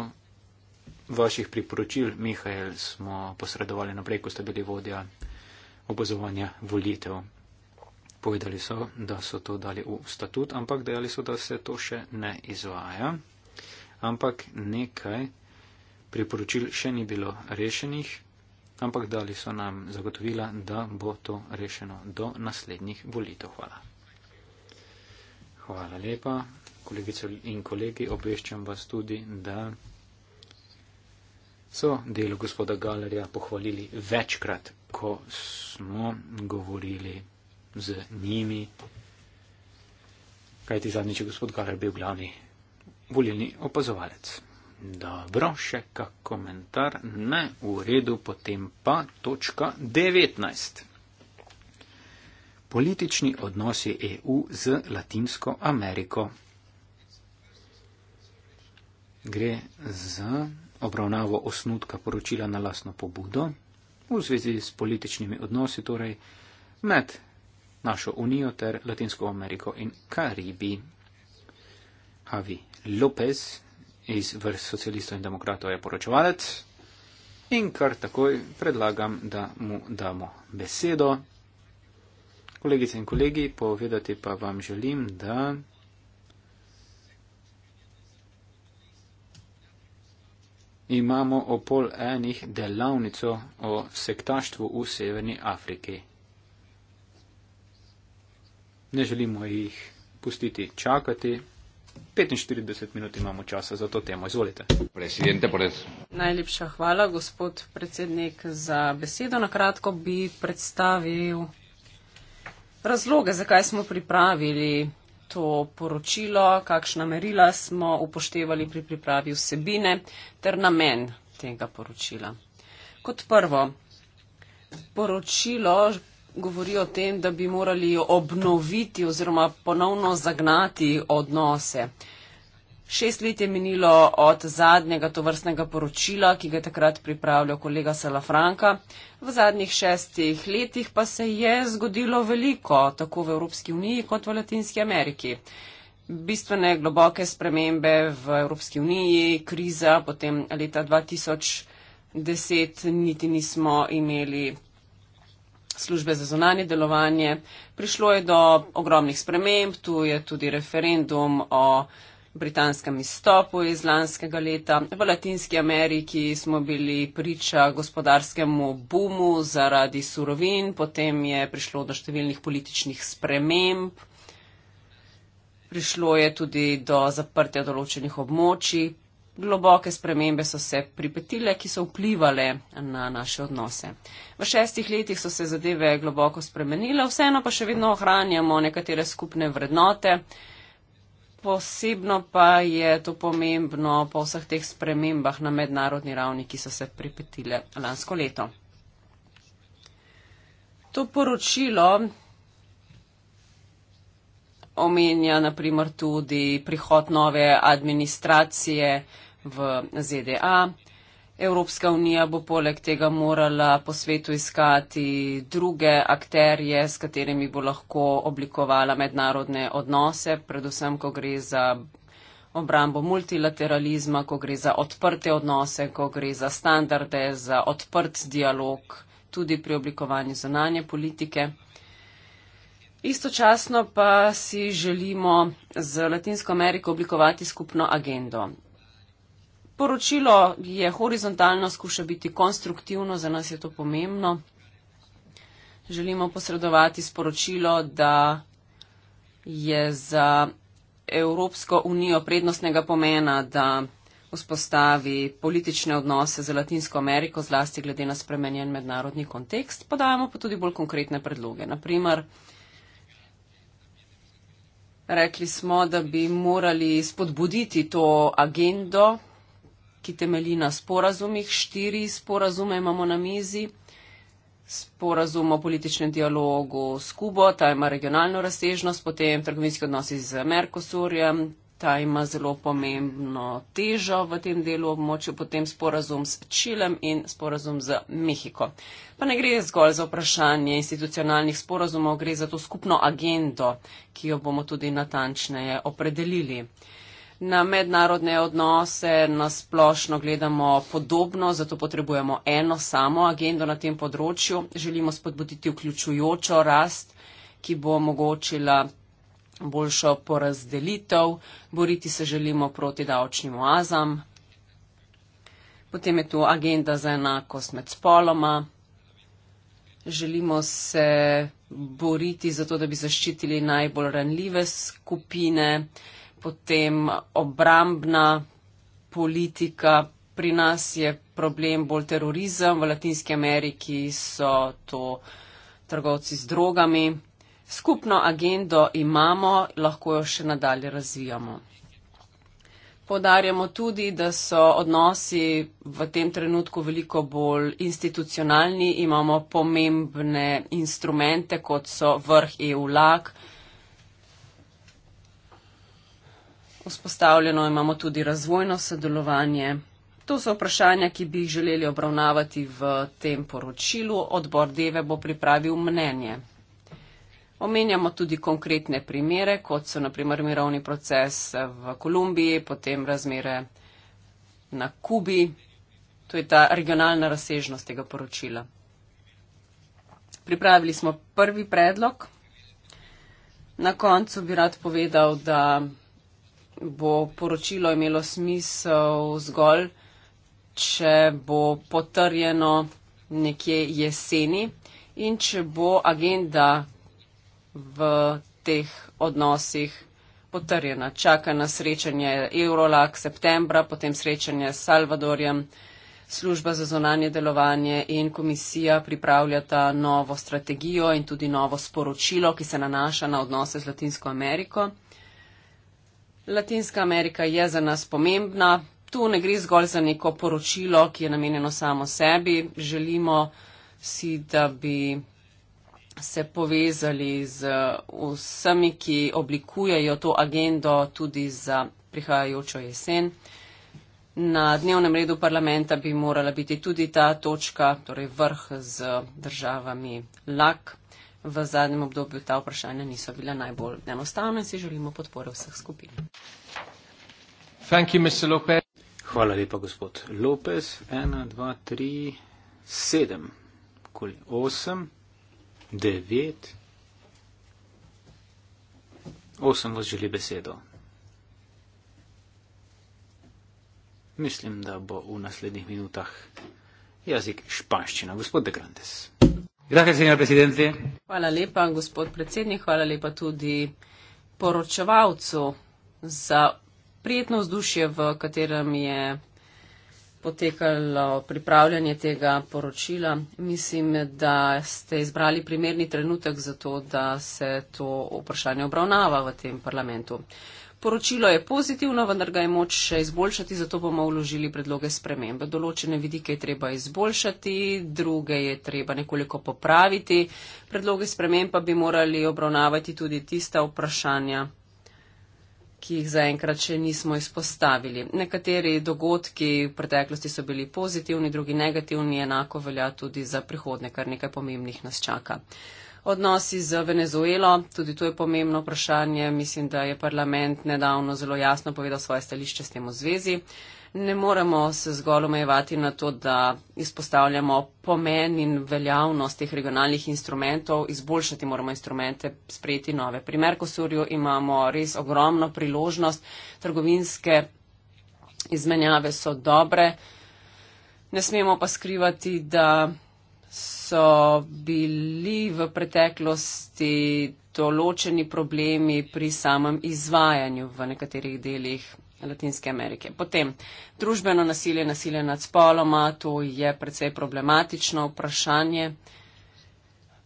vaših priporočil, Mihajl, smo posredovali naprej, ko ste bili vodja opozovanja volitev. Povedali so, da so to dali v statut, ampak dejali so, da se to še ne izvaja. Ampak nekaj priporočil še ni bilo rešenih, ampak dali so nam zagotovila, da bo to rešeno do naslednjih volitev. Hvala. Hvala lepa. Kolegice in kolegi, obveščam vas tudi, da so delo gospoda Galerja pohvalili večkrat, ko smo govorili z njimi. Kaj ti zadnjič je gospod Galer bil glavni volilni opazovalec? Dobro, še kak komentar? Ne, v redu, potem pa točka 19. Politični odnosi EU z Latinsko Ameriko. Gre za obravnavo osnutka poročila na lasno pobudo v zvezi s političnimi odnosi torej med našo unijo ter Latinsko Ameriko in Karibi. Javi Lopez iz vrst socialistov in demokratov je poročevalec in kar takoj predlagam, da mu damo besedo. Kolegice in kolegi, povedati pa vam želim, da imamo o pol enih delavnico o sektaštvu v Severni Afriki. Ne želimo jih pustiti čakati. 45 minut imamo časa za to temo. Izvolite. Najlepša hvala, gospod predsednik, za besedo. Na kratko bi predstavil razloge, zakaj smo pripravili to poročilo, kakšna merila smo upoštevali pri pripravi vsebine ter namen tega poročila. Kot prvo, poročilo govori o tem, da bi morali obnoviti oziroma ponovno zagnati odnose. Šest let je minilo od zadnjega tovrstnega poročila, ki ga je takrat pripravljal kolega Salafranka. V zadnjih šestih letih pa se je zgodilo veliko, tako v Evropski uniji kot v Latinski Ameriki. Bistvene globoke spremembe v Evropski uniji, kriza, potem leta 2010 niti nismo imeli službe za zonanje delovanje. Prišlo je do ogromnih sprememb, tu je tudi referendum o britanskem izstopu iz lanskega leta. V Latinski Ameriki smo bili priča gospodarskemu bumu zaradi surovin, potem je prišlo do številnih političnih sprememb, prišlo je tudi do zaprtja določenih območij. Globoke spremembe so se pripetile, ki so vplivale na naše odnose. V šestih letih so se zadeve globoko spremenile, vseeno pa še vedno ohranjamo nekatere skupne vrednote posebno pa je to pomembno po vseh teh spremembah na mednarodni ravni, ki so se pripetile lansko leto. To poročilo omenja naprimer tudi prihod nove administracije v ZDA, Evropska unija bo poleg tega morala po svetu iskati druge akterje, s katerimi bo lahko oblikovala mednarodne odnose, predvsem, ko gre za obrambo multilateralizma, ko gre za odprte odnose, ko gre za standarde, za odprt dialog tudi pri oblikovanju zonanje politike. Istočasno pa si želimo z Latinsko Ameriko oblikovati skupno agendo poročilo je horizontalno, skuša biti konstruktivno, za nas je to pomembno. Želimo posredovati sporočilo, da je za Evropsko unijo prednostnega pomena, da vzpostavi politične odnose z Latinsko Ameriko, zlasti glede na spremenjen mednarodni kontekst, podajamo pa tudi bolj konkretne predloge. Naprimer, rekli smo, da bi morali spodbuditi to agendo ki temelji na sporazumih. Štiri sporazume imamo na mizi. Sporazum o političnem dialogu s Kubo, ta ima regionalno razsežnost, potem trgovinski odnosi z Merkosurjem, ta ima zelo pomembno težo v tem delu območja, potem sporazum s Čilem in sporazum z Mehiko. Pa ne gre zgolj za vprašanje institucionalnih sporazumov, gre za to skupno agendo, ki jo bomo tudi natančneje opredelili na mednarodne odnose nasplošno gledamo podobno, zato potrebujemo eno samo agendo na tem področju. Želimo spodbuditi vključujočo rast, ki bo omogočila boljšo porazdelitev, boriti se želimo proti davčnim oazam. Potem je tu agenda za enakost med spoloma. Želimo se boriti za to, da bi zaščitili najbolj ranljive skupine potem obrambna politika. Pri nas je problem bolj terorizem, v Latinski Ameriki so to trgovci z drogami. Skupno agendo imamo, lahko jo še nadalje razvijamo. Podarjamo tudi, da so odnosi v tem trenutku veliko bolj institucionalni, imamo pomembne instrumente, kot so vrh EU-LAK, vzpostavljeno, imamo tudi razvojno sodelovanje. To so vprašanja, ki bi jih želeli obravnavati v tem poročilu. Odbor Deve bo pripravil mnenje. Omenjamo tudi konkretne primere, kot so naprimer mirovni proces v Kolumbiji, potem razmere na Kubi. To je ta regionalna razsežnost tega poročila. Pripravili smo prvi predlog. Na koncu bi rad povedal, da bo poročilo imelo smisel zgolj, če bo potrjeno nekje jeseni in če bo agenda v teh odnosih potrjena. Čaka na srečanje Eurolag septembra, potem srečanje s Salvadorjem, služba za zonanje delovanje in komisija pripravljata novo strategijo in tudi novo sporočilo, ki se nanaša na odnose z Latinsko Ameriko. Latinska Amerika je za nas pomembna. Tu ne gre zgolj za neko poročilo, ki je namenjeno samo sebi. Želimo si, da bi se povezali z vsemi, ki oblikujejo to agendo tudi za prihajajočo jesen. Na dnevnem redu parlamenta bi morala biti tudi ta točka, torej vrh z državami LAK v zadnjem obdobju ta vprašanja niso bila najbolj enostavna in si želimo podpore vseh skupin. Hvala lepa, gospod Lopez. 1, 2, 3, 7, 8, 9, 8 vas želi besedo. Mislim, da bo v naslednjih minutah jezik španščina, gospod De Grandes. Hvala lepa, gospod predsednik, hvala lepa tudi poročevalcu za prijetno vzdušje, v katerem je potekalo pripravljanje tega poročila. Mislim, da ste izbrali primerni trenutek za to, da se to vprašanje obravnava v tem parlamentu. Poročilo je pozitivno, vendar ga je moč še izboljšati, zato bomo vložili predloge spremembe. Določene vidike je treba izboljšati, druge je treba nekoliko popraviti. Predloge sprememb pa bi morali obravnavati tudi tista vprašanja ki jih zaenkrat še nismo izpostavili. Nekateri dogodki v preteklosti so bili pozitivni, drugi negativni, enako velja tudi za prihodne, kar nekaj pomembnih nas čaka. Odnosi z Venezuelo, tudi to je pomembno vprašanje. Mislim, da je parlament nedavno zelo jasno povedal svoje stališče s tem v zvezi. Ne moremo se zgolj omejevati na to, da izpostavljamo pomen in veljavnost teh regionalnih instrumentov, izboljšati moramo instrumente, sprejeti nove. Pri Merkosurju imamo res ogromno priložnost, trgovinske izmenjave so dobre. Ne smemo pa skrivati, da so bili v preteklosti določeni problemi pri samem izvajanju v nekaterih delih Latinske Amerike. Potem, družbeno nasilje, nasilje nad spoloma, to je precej problematično vprašanje,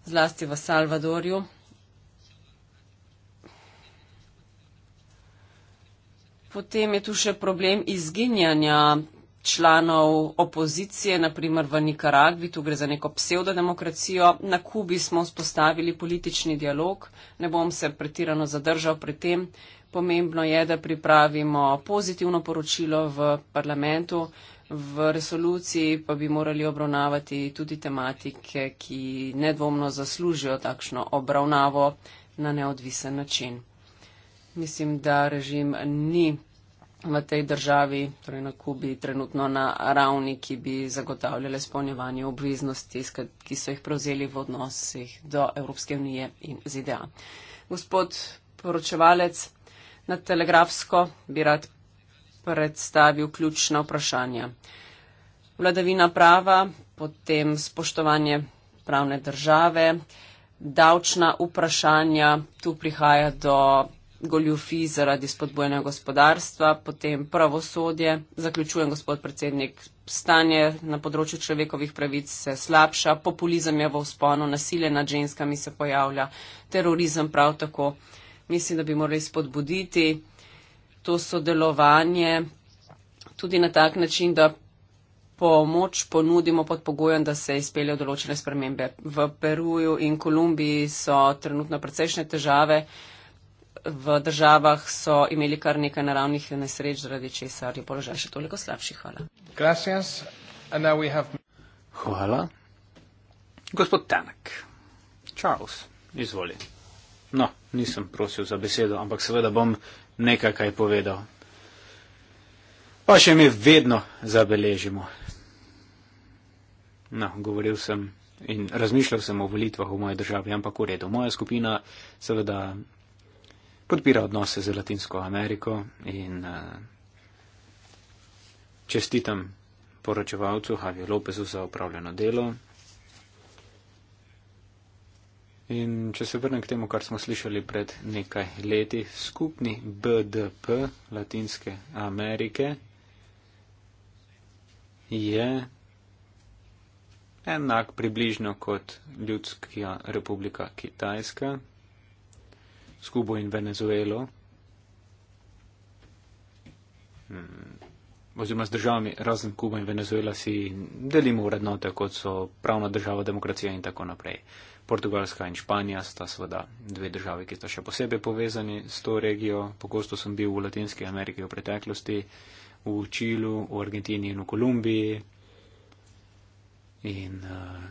zlasti v Salvadorju. Potem je tu še problem izginjanja članov opozicije, naprimer v Nikaragvi, tu gre za neko pseudodemokracijo. Na Kubi smo vzpostavili politični dialog, ne bom se pretirano zadržal pri tem. Pomembno je, da pripravimo pozitivno poročilo v parlamentu, v resoluciji pa bi morali obravnavati tudi tematike, ki nedvomno zaslužijo takšno obravnavo na neodvisen način. Mislim, da režim ni v tej državi, torej na Kubi, trenutno na ravni, ki bi zagotavljale spolnjevanje obveznosti, ki so jih prevzeli v odnosih do Evropske unije in ZDA. Gospod poročevalec, na telegrafsko bi rad predstavil ključna vprašanja. Vladavina prava, potem spoštovanje pravne države, davčna vprašanja, tu prihaja do goljufi zaradi spodbojene gospodarstva, potem pravosodje. Zaključujem, gospod predsednik, stanje na področju človekovih pravic se slabša, populizem je v vzponu, nasilje nad ženskami se pojavlja, terorizem prav tako. Mislim, da bi morali spodbuditi to sodelovanje tudi na tak način, da pomoč ponudimo pod pogojem, da se izpeljejo določene spremembe. V Peruju in Kolumbiji so trenutno precejšnje težave v državah so imeli kar nekaj naravnih nesreč, zaradi česar je položaj še toliko slabši. Hvala. Hvala. Gospod Tanek. Charles, izvoli. No, nisem prosil za besedo, ampak seveda bom nekaj kaj povedal. Pa še mi vedno zabeležimo. No, govoril sem in razmišljal sem o volitvah v moje državi, ampak v redu. Moja skupina seveda podpira odnose z Latinsko Ameriko in uh, čestitam poročevalcu Javiju Lopezu za upravljeno delo. In če se vrnem k temu, kar smo slišali pred nekaj leti, skupni BDP Latinske Amerike je enak približno kot Ljudska republika Kitajska, s Kubo in Venezuelo. Hmm. Oziroma z državami razen Kuba in Venezuela si delimo vrednote, kot so pravna država, demokracija in tako naprej. Portugalska in Španija sta seveda dve države, ki sta še posebej povezani s to regijo. Pogosto sem bil v Latinski Ameriki v preteklosti, v Čilu, v Argentini in v Kolumbiji. In uh,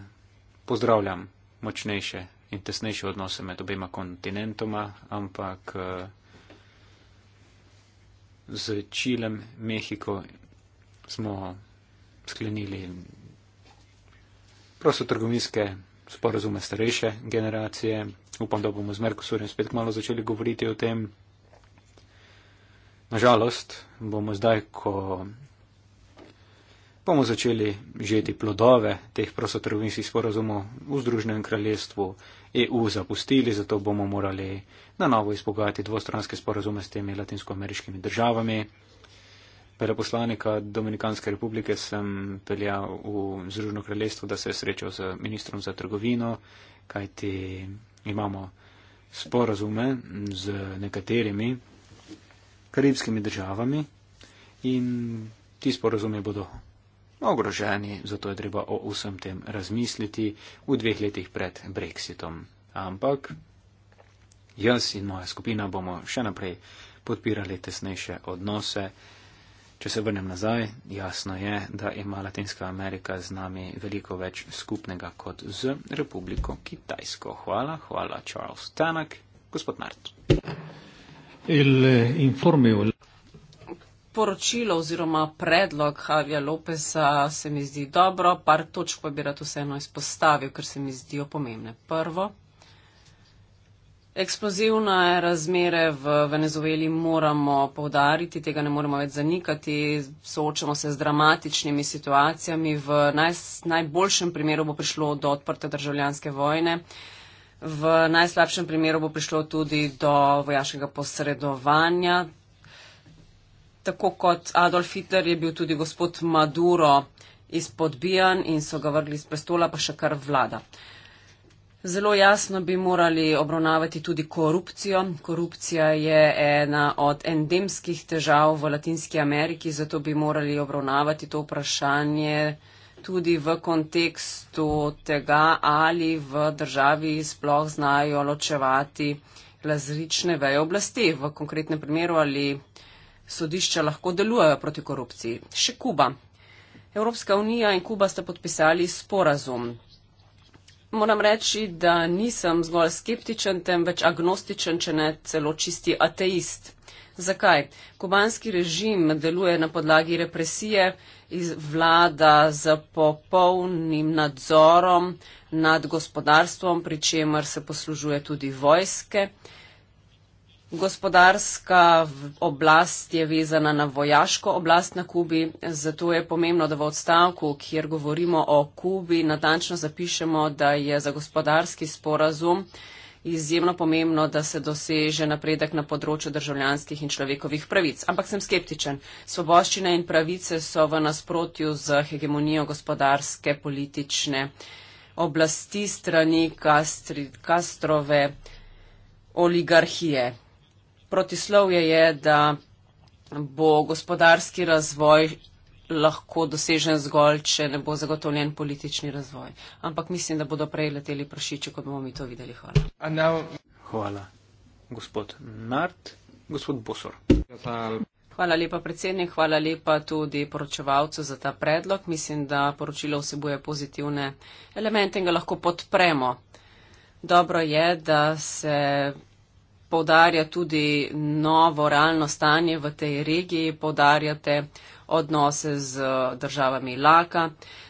pozdravljam močnejše in tesnejše odnose med obema kontinentoma, ampak eh, z Čilem, Mehiko smo sklenili prostotrgovinske sporozume starejše generacije. Upam, da bomo z Merkosurjem spet malo začeli govoriti o tem. Nažalost, bomo zdaj, ko bomo začeli žeti plodove teh prostotrovinskih sporazumov v Združenem kraljestvu EU zapustili, zato bomo morali na novo izpogajati dvostranske sporazume s temi latinskoameriškimi državami. Veleposlanika Dominikanske republike sem peljal v Združeno kraljestvo, da se je srečal z ministrom za trgovino, kajti imamo sporazume z nekaterimi karibskimi državami in ti sporazumi bodo ogroženi, zato je treba o vsem tem razmisliti v dveh letih pred Brexitom. Ampak jaz in moja skupina bomo še naprej podpirali tesnejše odnose. Če se vrnem nazaj, jasno je, da ima Latinska Amerika z nami veliko več skupnega kot z Republiko Kitajsko. Hvala, hvala Charles Tanak, gospod Nart. Il, eh, poročilo oziroma predlog Javija Lopesa se mi zdi dobro, par točk pa bi rad vseeno izpostavil, ker se mi zdijo pomembne. Prvo, eksplozivne razmere v Venezueli moramo povdariti, tega ne moremo več zanikati, soočamo se z dramatičnimi situacijami, v naj, najboljšem primeru bo prišlo do odprte državljanske vojne. V najslabšem primeru bo prišlo tudi do vojaškega posredovanja, tako kot Adolf Hitler je bil tudi gospod Maduro izpodbijan in so ga vrgli iz prestola, pa še kar vlada. Zelo jasno bi morali obravnavati tudi korupcijo. Korupcija je ena od endemskih težav v Latinski Ameriki, zato bi morali obravnavati to vprašanje tudi v kontekstu tega, ali v državi sploh znajo ločevati različne veje oblasti. V konkretnem primeru ali sodišča lahko delujejo proti korupciji. Še Kuba. Evropska unija in Kuba sta podpisali sporazum. Moram reči, da nisem zgolj skeptičen, temveč agnostičen, če ne celo čisti ateist. Zakaj? Kubanski režim deluje na podlagi represije, vlada z popolnim nadzorom nad gospodarstvom, pri čemer se poslužuje tudi vojske. Gospodarska oblast je vezana na vojaško oblast na Kubi, zato je pomembno, da v odstavku, kjer govorimo o Kubi, natančno zapišemo, da je za gospodarski sporazum izjemno pomembno, da se doseže napredek na področju državljanskih in človekovih pravic. Ampak sem skeptičen. Svoboščine in pravice so v nasprotju z hegemonijo gospodarske politične oblasti strani Kastri, Kastrove oligarhije protislovje je, da bo gospodarski razvoj lahko dosežen zgolj, če ne bo zagotovljen politični razvoj. Ampak mislim, da bodo prej leteli prašiči, kot bomo mi to videli. Hvala. Now... Hvala. Gospod Nart, gospod Bosor. Hvala lepa predsednik, hvala lepa tudi poročevalcu za ta predlog. Mislim, da poročilo vsebuje pozitivne elemente in ga lahko podpremo. Dobro je, da se Povdarja tudi novo realno stanje v tej regiji, povdarjate odnose z državami Laka.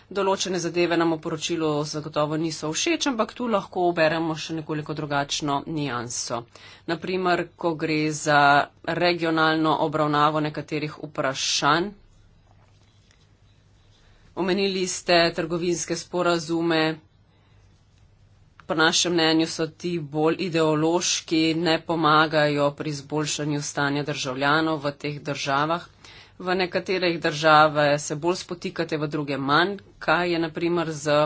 Določene zadeve nam v poročilu zagotovo niso všeč, ampak tu lahko oberemo še nekoliko drugačno nijanso. Naprimer, ko gre za regionalno obravnavo nekaterih vprašanj. Omenili ste trgovinske sporazume po našem mnenju so ti bolj ideološki, ne pomagajo pri izboljšanju stanja državljanov v teh državah. V nekaterih države se bolj spotikate, v druge manj. Kaj je naprimer z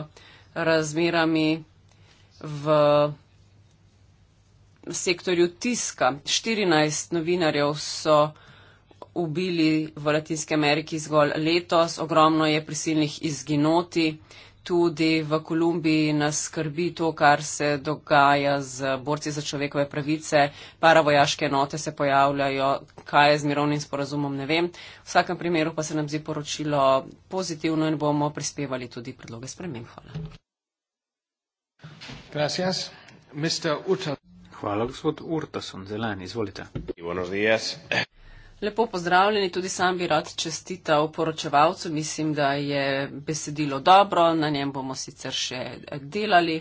razmerami v sektorju tiska? 14 novinarjev so ubili v Latinske Ameriki zgolj letos, ogromno je prisilnih izginoti tudi v Kolumbiji nas skrbi to, kar se dogaja z borci za človekove pravice. Paravojaške note se pojavljajo, kaj je z mirovnim sporazumom, ne vem. V vsakem primeru pa se nam zdi poročilo pozitivno in bomo prispevali tudi predloge sprememb. Hvala. Gracias. Mr. Hvala, gospod Urtason, zeleni, izvolite. Buenos días. Lepo pozdravljeni, tudi sam bi rad čestital poročevalcu. Mislim, da je besedilo dobro, na njem bomo sicer še delali.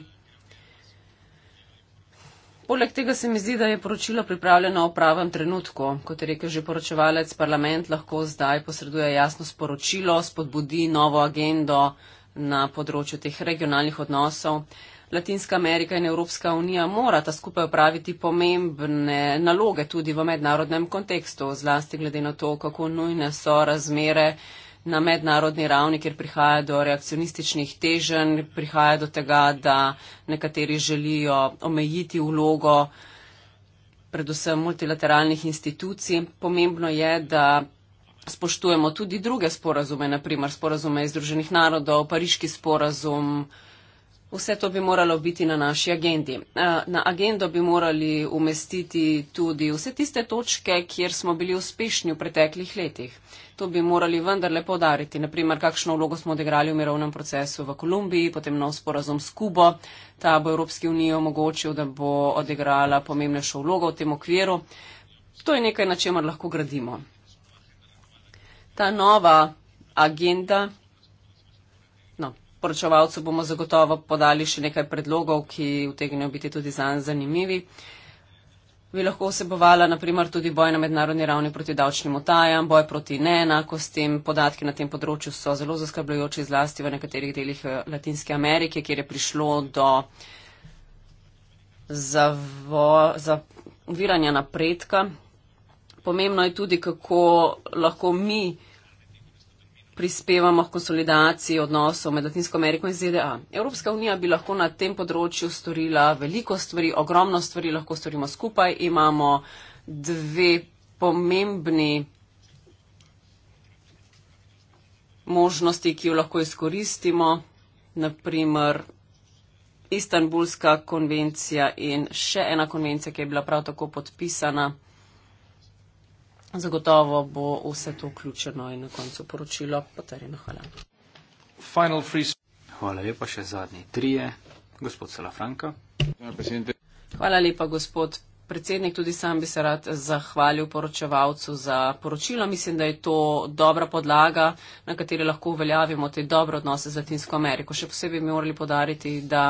Poleg tega se mi zdi, da je poročilo pripravljeno v pravem trenutku. Kot je rekel že poročevalec, parlament lahko zdaj posreduje jasno sporočilo, spodbudi novo agendo na področju teh regionalnih odnosov. Latinska Amerika in Evropska unija morata skupaj upraviti pomembne naloge tudi v mednarodnem kontekstu, zlasti glede na to, kako nujne so razmere na mednarodni ravni, kjer prihaja do reakcionističnih teženj, prihaja do tega, da nekateri želijo omejiti vlogo predvsem multilateralnih institucij. Pomembno je, da spoštujemo tudi druge sporazume, naprimer sporazume iz Združenih narodov, pariški sporazum, Vse to bi moralo biti na naši agendi. Eh, na agendo bi morali umestiti tudi vse tiste točke, kjer smo bili uspešni v preteklih letih. To bi morali vendarle podariti, naprimer, kakšno vlogo smo odigrali v mirovnem procesu v Kolumbiji, potem nov sporazum s Kubo. Ta bo Evropski uniji omogočil, da bo odigrala pomembnejšo vlogo v tem okviru. To je nekaj, na čemer lahko gradimo. Ta nova agenda poročevalcu bomo zagotovo podali še nekaj predlogov, ki vtegnejo biti tudi zanj zanimivi. Bi lahko vsebovala naprimer tudi boj na mednarodni ravni proti davčnim utajam, boj proti neenakostim. Podatki na tem področju so zelo zaskrbljujoči, zlasti v nekaterih delih eh, Latinske Amerike, kjer je prišlo do zaviranja napredka. Pomembno je tudi, kako lahko mi prispevamo k konsolidaciji odnosov med Latinsko Ameriko in ZDA. Evropska unija bi lahko na tem področju storila veliko stvari, ogromno stvari lahko storimo skupaj. Imamo dve pomembni možnosti, ki jo lahko izkoristimo, naprimer Istanbulska konvencija in še ena konvencija, ki je bila prav tako podpisana zagotovo bo vse to vključeno in na koncu poročilo potrjeno. Hvala. Hvala lepa še zadnji trije. Gospod Salafranka. Hvala lepa, gospod predsednik. Tudi sam bi se rad zahvalil poročevalcu za poročilo. Mislim, da je to dobra podlaga, na kateri lahko uveljavimo te dobre odnose z Latinsko Ameriko. Še posebej bi morali podariti, da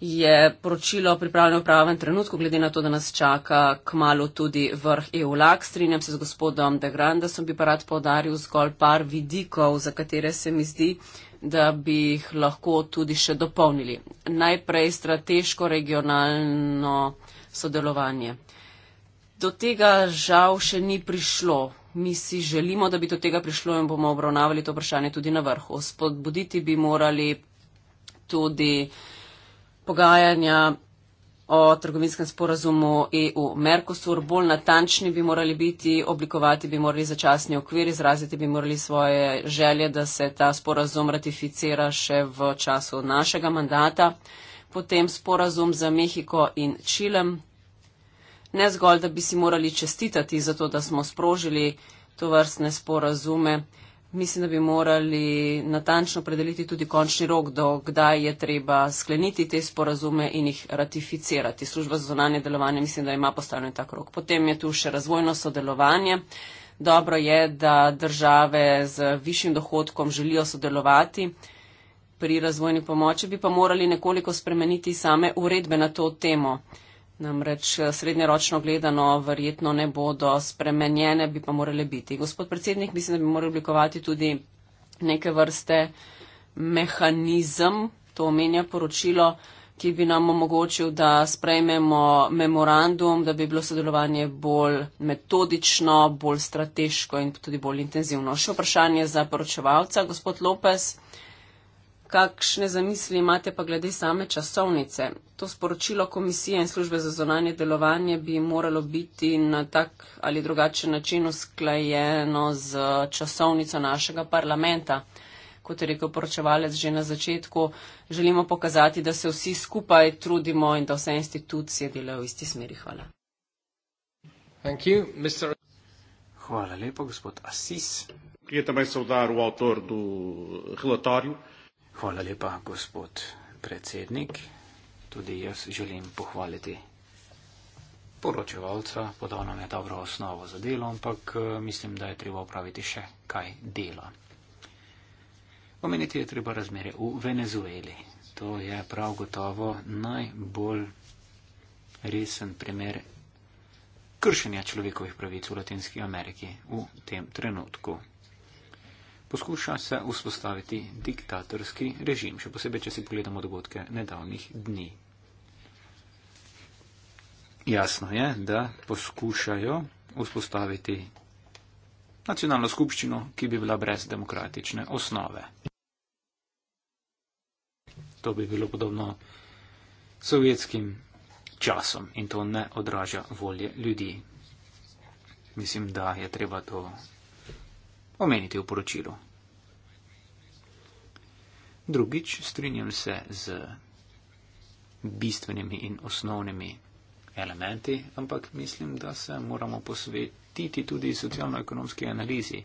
je poročilo pripravljeno v pravem trenutku, glede na to, da nas čaka k malu tudi vrh EU-lag. Strinjam se z gospodom De Grande, sem bi pa rad podaril zgolj par vidikov, za katere se mi zdi, da bi jih lahko tudi še dopolnili. Najprej strateško regionalno sodelovanje. Do tega žal še ni prišlo. Mi si želimo, da bi do tega prišlo in bomo obravnavali to vprašanje tudi na vrhu. Spodbuditi bi morali tudi uh, pogajanja o trgovinskem sporazumu EU-Merkosur. Bolj natančni bi morali biti, oblikovati bi morali začasni okvir, izraziti bi morali svoje želje, da se ta sporazum ratificira še v času našega mandata. Potem sporazum za Mehiko in Čilem. Ne zgolj, da bi si morali čestitati za to, da smo sprožili to vrstne sporazume mislim, da bi morali natančno predeliti tudi končni rok, do kdaj je treba skleniti te sporazume in jih ratificirati. Služba za zonanje delovanje mislim, da ima postavljen tak rok. Potem je tu še razvojno sodelovanje. Dobro je, da države z višjim dohodkom želijo sodelovati pri razvojni pomoči, bi pa morali nekoliko spremeniti same uredbe na to temo. Namreč eh, srednjeročno gledano verjetno ne bodo spremenjene, bi pa morale biti. Gospod predsednik, mislim, da bi morali oblikovati tudi neke vrste mehanizem, to omenja poročilo, ki bi nam omogočil, da sprejmemo memorandum, da bi bilo sodelovanje bolj metodično, bolj strateško in tudi bolj intenzivno. Še vprašanje za poročevalca, gospod Lopes kakšne zamisli imate pa glede same časovnice? To sporočilo komisije in službe za zonanje delovanje bi moralo biti na tak ali drugačen način usklajeno z časovnico našega parlamenta. Kot je rekel poročevalec že na začetku, želimo pokazati, da se vsi skupaj trudimo in da vse institucije delajo v isti smeri. Hvala. You, Mr... Hvala lepa, gospod Asis. Prijetno me je soudaril avtor do relatorju. Hvala lepa, gospod predsednik. Tudi jaz želim pohvaliti poročevalca, podal nam je dobro osnovo za delo, ampak eh, mislim, da je treba upraviti še kaj dela. Omeniti je treba razmere v Venezueli. To je prav gotovo najbolj resen primer kršenja človekovih pravic v Latinski Ameriki v tem trenutku poskuša se vzpostaviti diktatorski režim, še posebej, če si pogledamo dogodke nedavnih dni. Jasno je, da poskušajo vzpostaviti nacionalno skupščino, ki bi bila brez demokratične osnove. To bi bilo podobno sovjetskim časom in to ne odraža volje ljudi. Mislim, da je treba to omeniti v poročilu. Drugič, strinjam se z bistvenimi in osnovnimi elementi, ampak mislim, da se moramo posvetiti tudi socialno-ekonomski analizi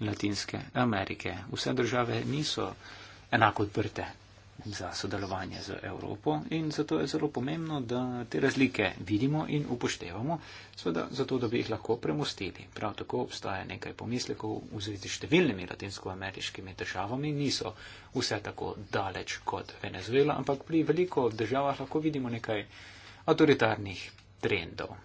Latinske Amerike. Vse države niso enako odprte za sodelovanje z Evropo in zato je zelo pomembno, da te razlike vidimo in upoštevamo, seveda zato, da bi jih lahko premostili. Prav tako obstaja nekaj pomislekov v zvezi s številnimi latinskoameriškimi državami, niso vse tako daleč kot Venezuela, ampak pri veliko državah lahko vidimo nekaj avtoritarnih trendov.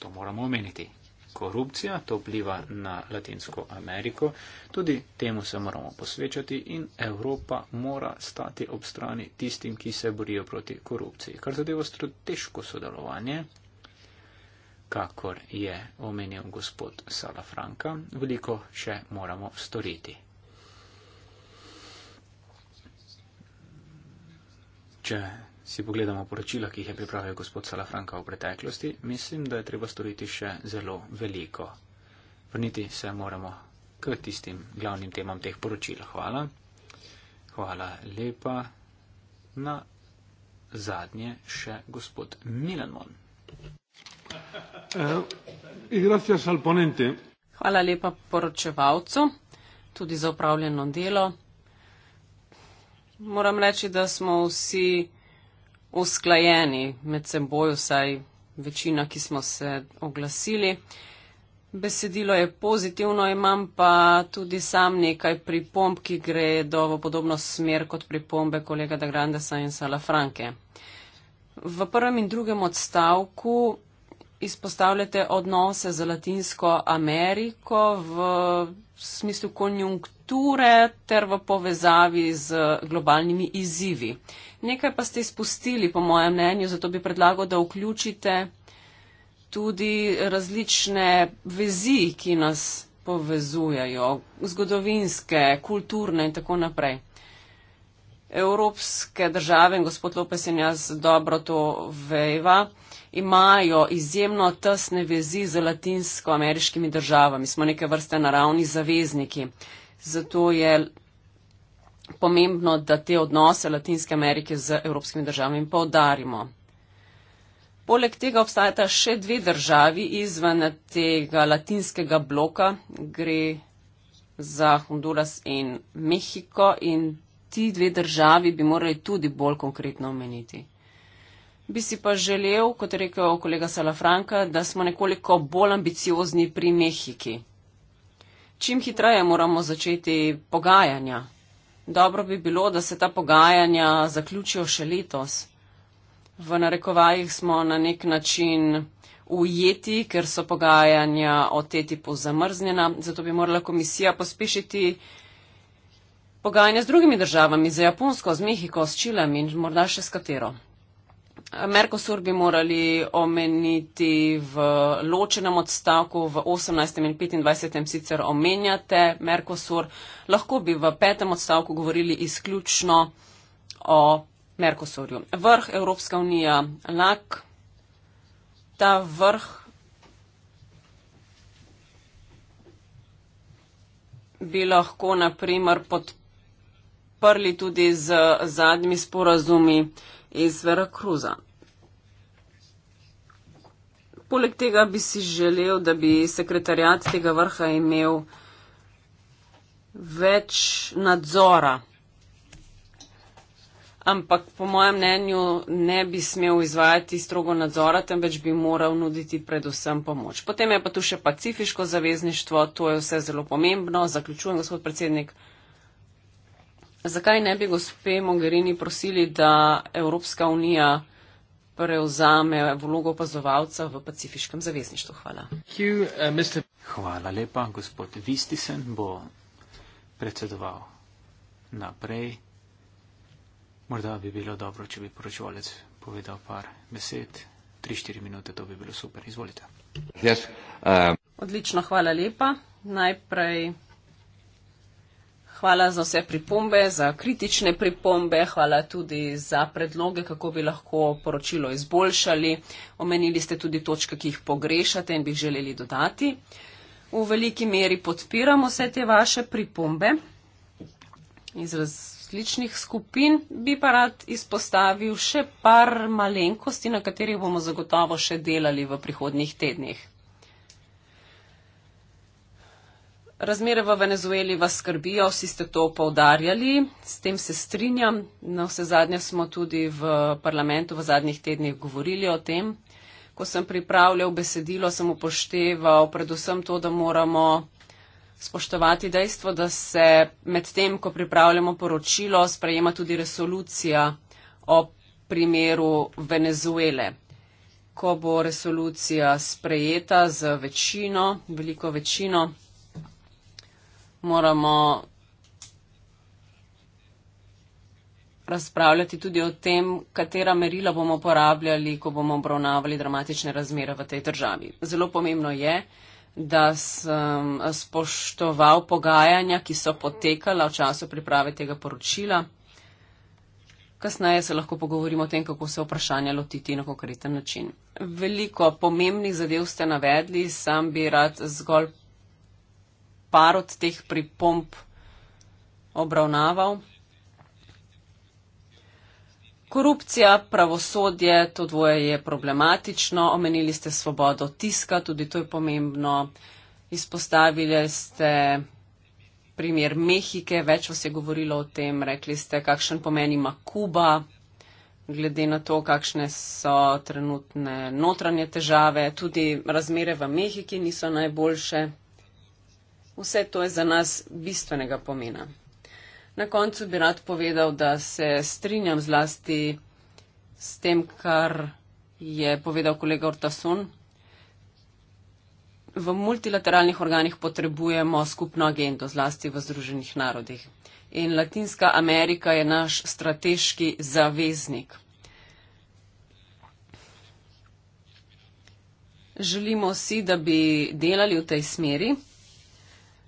To moramo omeniti korupcija, to vpliva na Latinsko Ameriko, tudi temu se moramo posvečati in Evropa mora stati ob strani tistim, ki se borijo proti korupciji. Kar zadeva strateško sodelovanje, kakor je omenil gospod Salafranka, veliko še moramo storiti. Če si pogledamo poročila, ki jih je pripravil gospod Salafranka v preteklosti, mislim, da je treba storiti še zelo veliko. Vrniti se moramo k tistim glavnim temam teh poročil. Hvala. Hvala lepa. Na zadnje še gospod Milanmon. Eh, Hvala lepa poročevalcu, tudi za upravljeno delo. Moram reči, da smo vsi usklajeni med seboj, vsaj večina, ki smo se oglasili. Besedilo je pozitivno, imam pa tudi sam nekaj pripomb, ki gre do v podobno smer kot pripombe kolega da Grandesa in Sala Franke. V prvem in drugem odstavku izpostavljate odnose z Latinsko Ameriko v smislu konjunktur kulture ter v povezavi z globalnimi izzivi. Nekaj pa ste izpustili, po mojem mnenju, zato bi predlagal, da vključite tudi različne vezi, ki nas povezujejo, zgodovinske, kulturne in tako naprej. Evropske države in gospod Lopes in jaz dobro to vejva imajo izjemno tesne vezi z latinsko-ameriškimi državami. Smo neke vrste naravni zavezniki. Zato je pomembno, da te odnose Latinske Amerike z evropskimi državami poudarimo. Poleg tega obstajata še dve državi izven tega latinskega bloka, gre za Honduras in Mehiko in ti dve državi bi morali tudi bolj konkretno omeniti. Bi si pa želel, kot je rekel kolega Salafranka, da smo nekoliko bolj ambiciozni pri Mehiki čim hitreje moramo začeti pogajanja. Dobro bi bilo, da se ta pogajanja zaključijo še letos. V narekovajih smo na nek način ujeti, ker so pogajanja o TTIP-u zamrznjena, zato bi morala komisija pospešiti pogajanja z drugimi državami, z Japonsko, z Mehiko, s Čilem in morda še s katero. Merkosur bi morali omeniti v ločenem odstavku, v 18. in 25. sicer omenjate Merkosur. Lahko bi v petem odstavku govorili izključno o Merkosurju. Vrh Evropska unija LAK, ta vrh bi lahko naprimer podprli tudi z zadnjimi sporazumi, iz Veracruza. Poleg tega bi si želel, da bi sekretarjat tega vrha imel več nadzora, ampak po mojem mnenju ne bi smel izvajati strogo nadzora, temveč bi moral nuditi predvsem pomoč. Potem je pa tu še pacifiško zavezništvo, to je vse zelo pomembno. Zaključujem, gospod predsednik. Zakaj ne bi gospe Mogherini prosili, da Evropska unija preuzame vlogo opazovalca v pacifiškem zavezništvu? Hvala. You, uh, Hvala lepa, gospod Vistisen bo predsedoval naprej. Morda bi bilo dobro, če bi poročevalec povedal par besed. 3-4 minute, to bi bilo super. Izvolite. Yes, uh... Odlično, hvala lepa. Najprej Hvala za vse pripombe, za kritične pripombe, hvala tudi za predloge, kako bi lahko poročilo izboljšali. Omenili ste tudi točke, ki jih pogrešate in bi želeli dodati. V veliki meri podpiramo vse te vaše pripombe iz različnih skupin. Bi pa rad izpostavil še par malenkosti, na katerih bomo zagotovo še delali v prihodnjih tednih. Razmere v Venezueli vas skrbijo, vsi ste to poudarjali, s tem se strinjam. Na vse zadnje smo tudi v parlamentu v zadnjih tednih govorili o tem. Ko sem pripravljal besedilo, sem upošteval predvsem to, da moramo spoštovati dejstvo, da se med tem, ko pripravljamo poročilo, sprejema tudi resolucija o primeru Venezuele. Ko bo resolucija sprejeta z večino, veliko večino, moramo razpravljati tudi o tem, katera merila bomo uporabljali, ko bomo obravnavali dramatične razmere v tej državi. Zelo pomembno je, da sem spoštoval pogajanja, ki so potekala v času priprave tega poročila. Kasneje se lahko pogovorimo o tem, kako se vprašanja lotiti na konkreten način. Veliko pomembnih zadev ste navedli, sam bi rad zgolj par od teh pripomp obravnaval. Korupcija, pravosodje, to dvoje je problematično. Omenili ste svobodo tiska, tudi to je pomembno. Izpostavili ste primer Mehike, več vas je govorilo o tem. Rekli ste, kakšen pomen ima Kuba, glede na to, kakšne so trenutne notranje težave. Tudi razmere v Mehiki niso najboljše. Vse to je za nas bistvenega pomena. Na koncu bi rad povedal, da se strinjam zlasti s tem, kar je povedal kolega Ortason. V multilateralnih organih potrebujemo skupno agendo, zlasti v Združenih narodih. In Latinska Amerika je naš strateški zaveznik. Želimo si, da bi delali v tej smeri.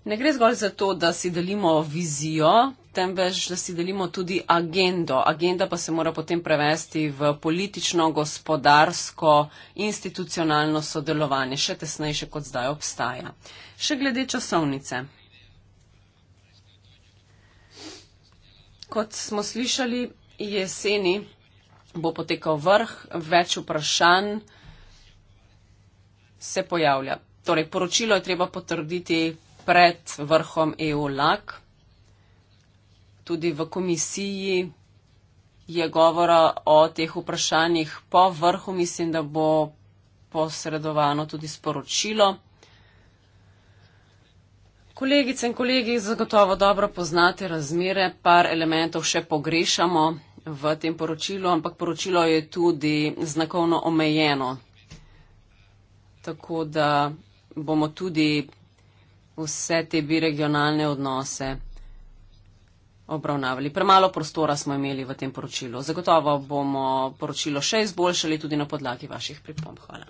Ne gre zgolj za to, da si delimo vizijo, temveč, da si delimo tudi agendo. Agenda pa se mora potem prevesti v politično, gospodarsko, institucionalno sodelovanje, še tesnejše, kot zdaj obstaja. Še glede časovnice. Kot smo slišali, jeseni bo potekal vrh, več vprašanj se pojavlja. Torej, poročilo je treba potrditi pred vrhom EU-LAK. Tudi v komisiji je govora o teh vprašanjih po vrhu, mislim, da bo posredovano tudi sporočilo. Kolegice in kolegi, zagotovo dobro poznate razmere, par elementov še pogrešamo v tem poročilu, ampak poročilo je tudi znakovno omejeno. Tako da bomo tudi vse te bi regionalne odnose obravnavali. Premalo prostora smo imeli v tem poročilu. Zagotovo bomo poročilo še izboljšali tudi na podlagi vaših pripomb. Hvala.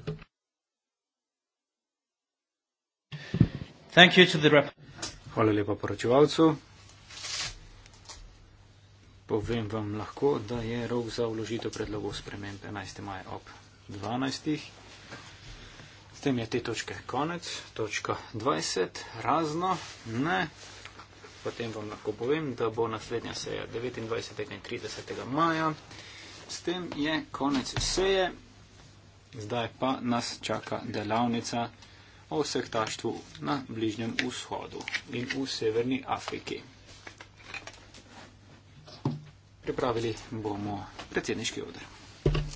Hvala lepa poročevalcu. Povem vam lahko, da je rok za vložitev predlogov sprememb 11. maja ob 12 tem je te točke konec, točka 20, razno, ne. Potem vam lahko povem, da bo naslednja seja 29. in 30. maja. S tem je konec seje. Zdaj pa nas čaka delavnica o vseh taštvu na Bližnjem vzhodu in v Severni Afriki. Pripravili bomo predsedniški odr.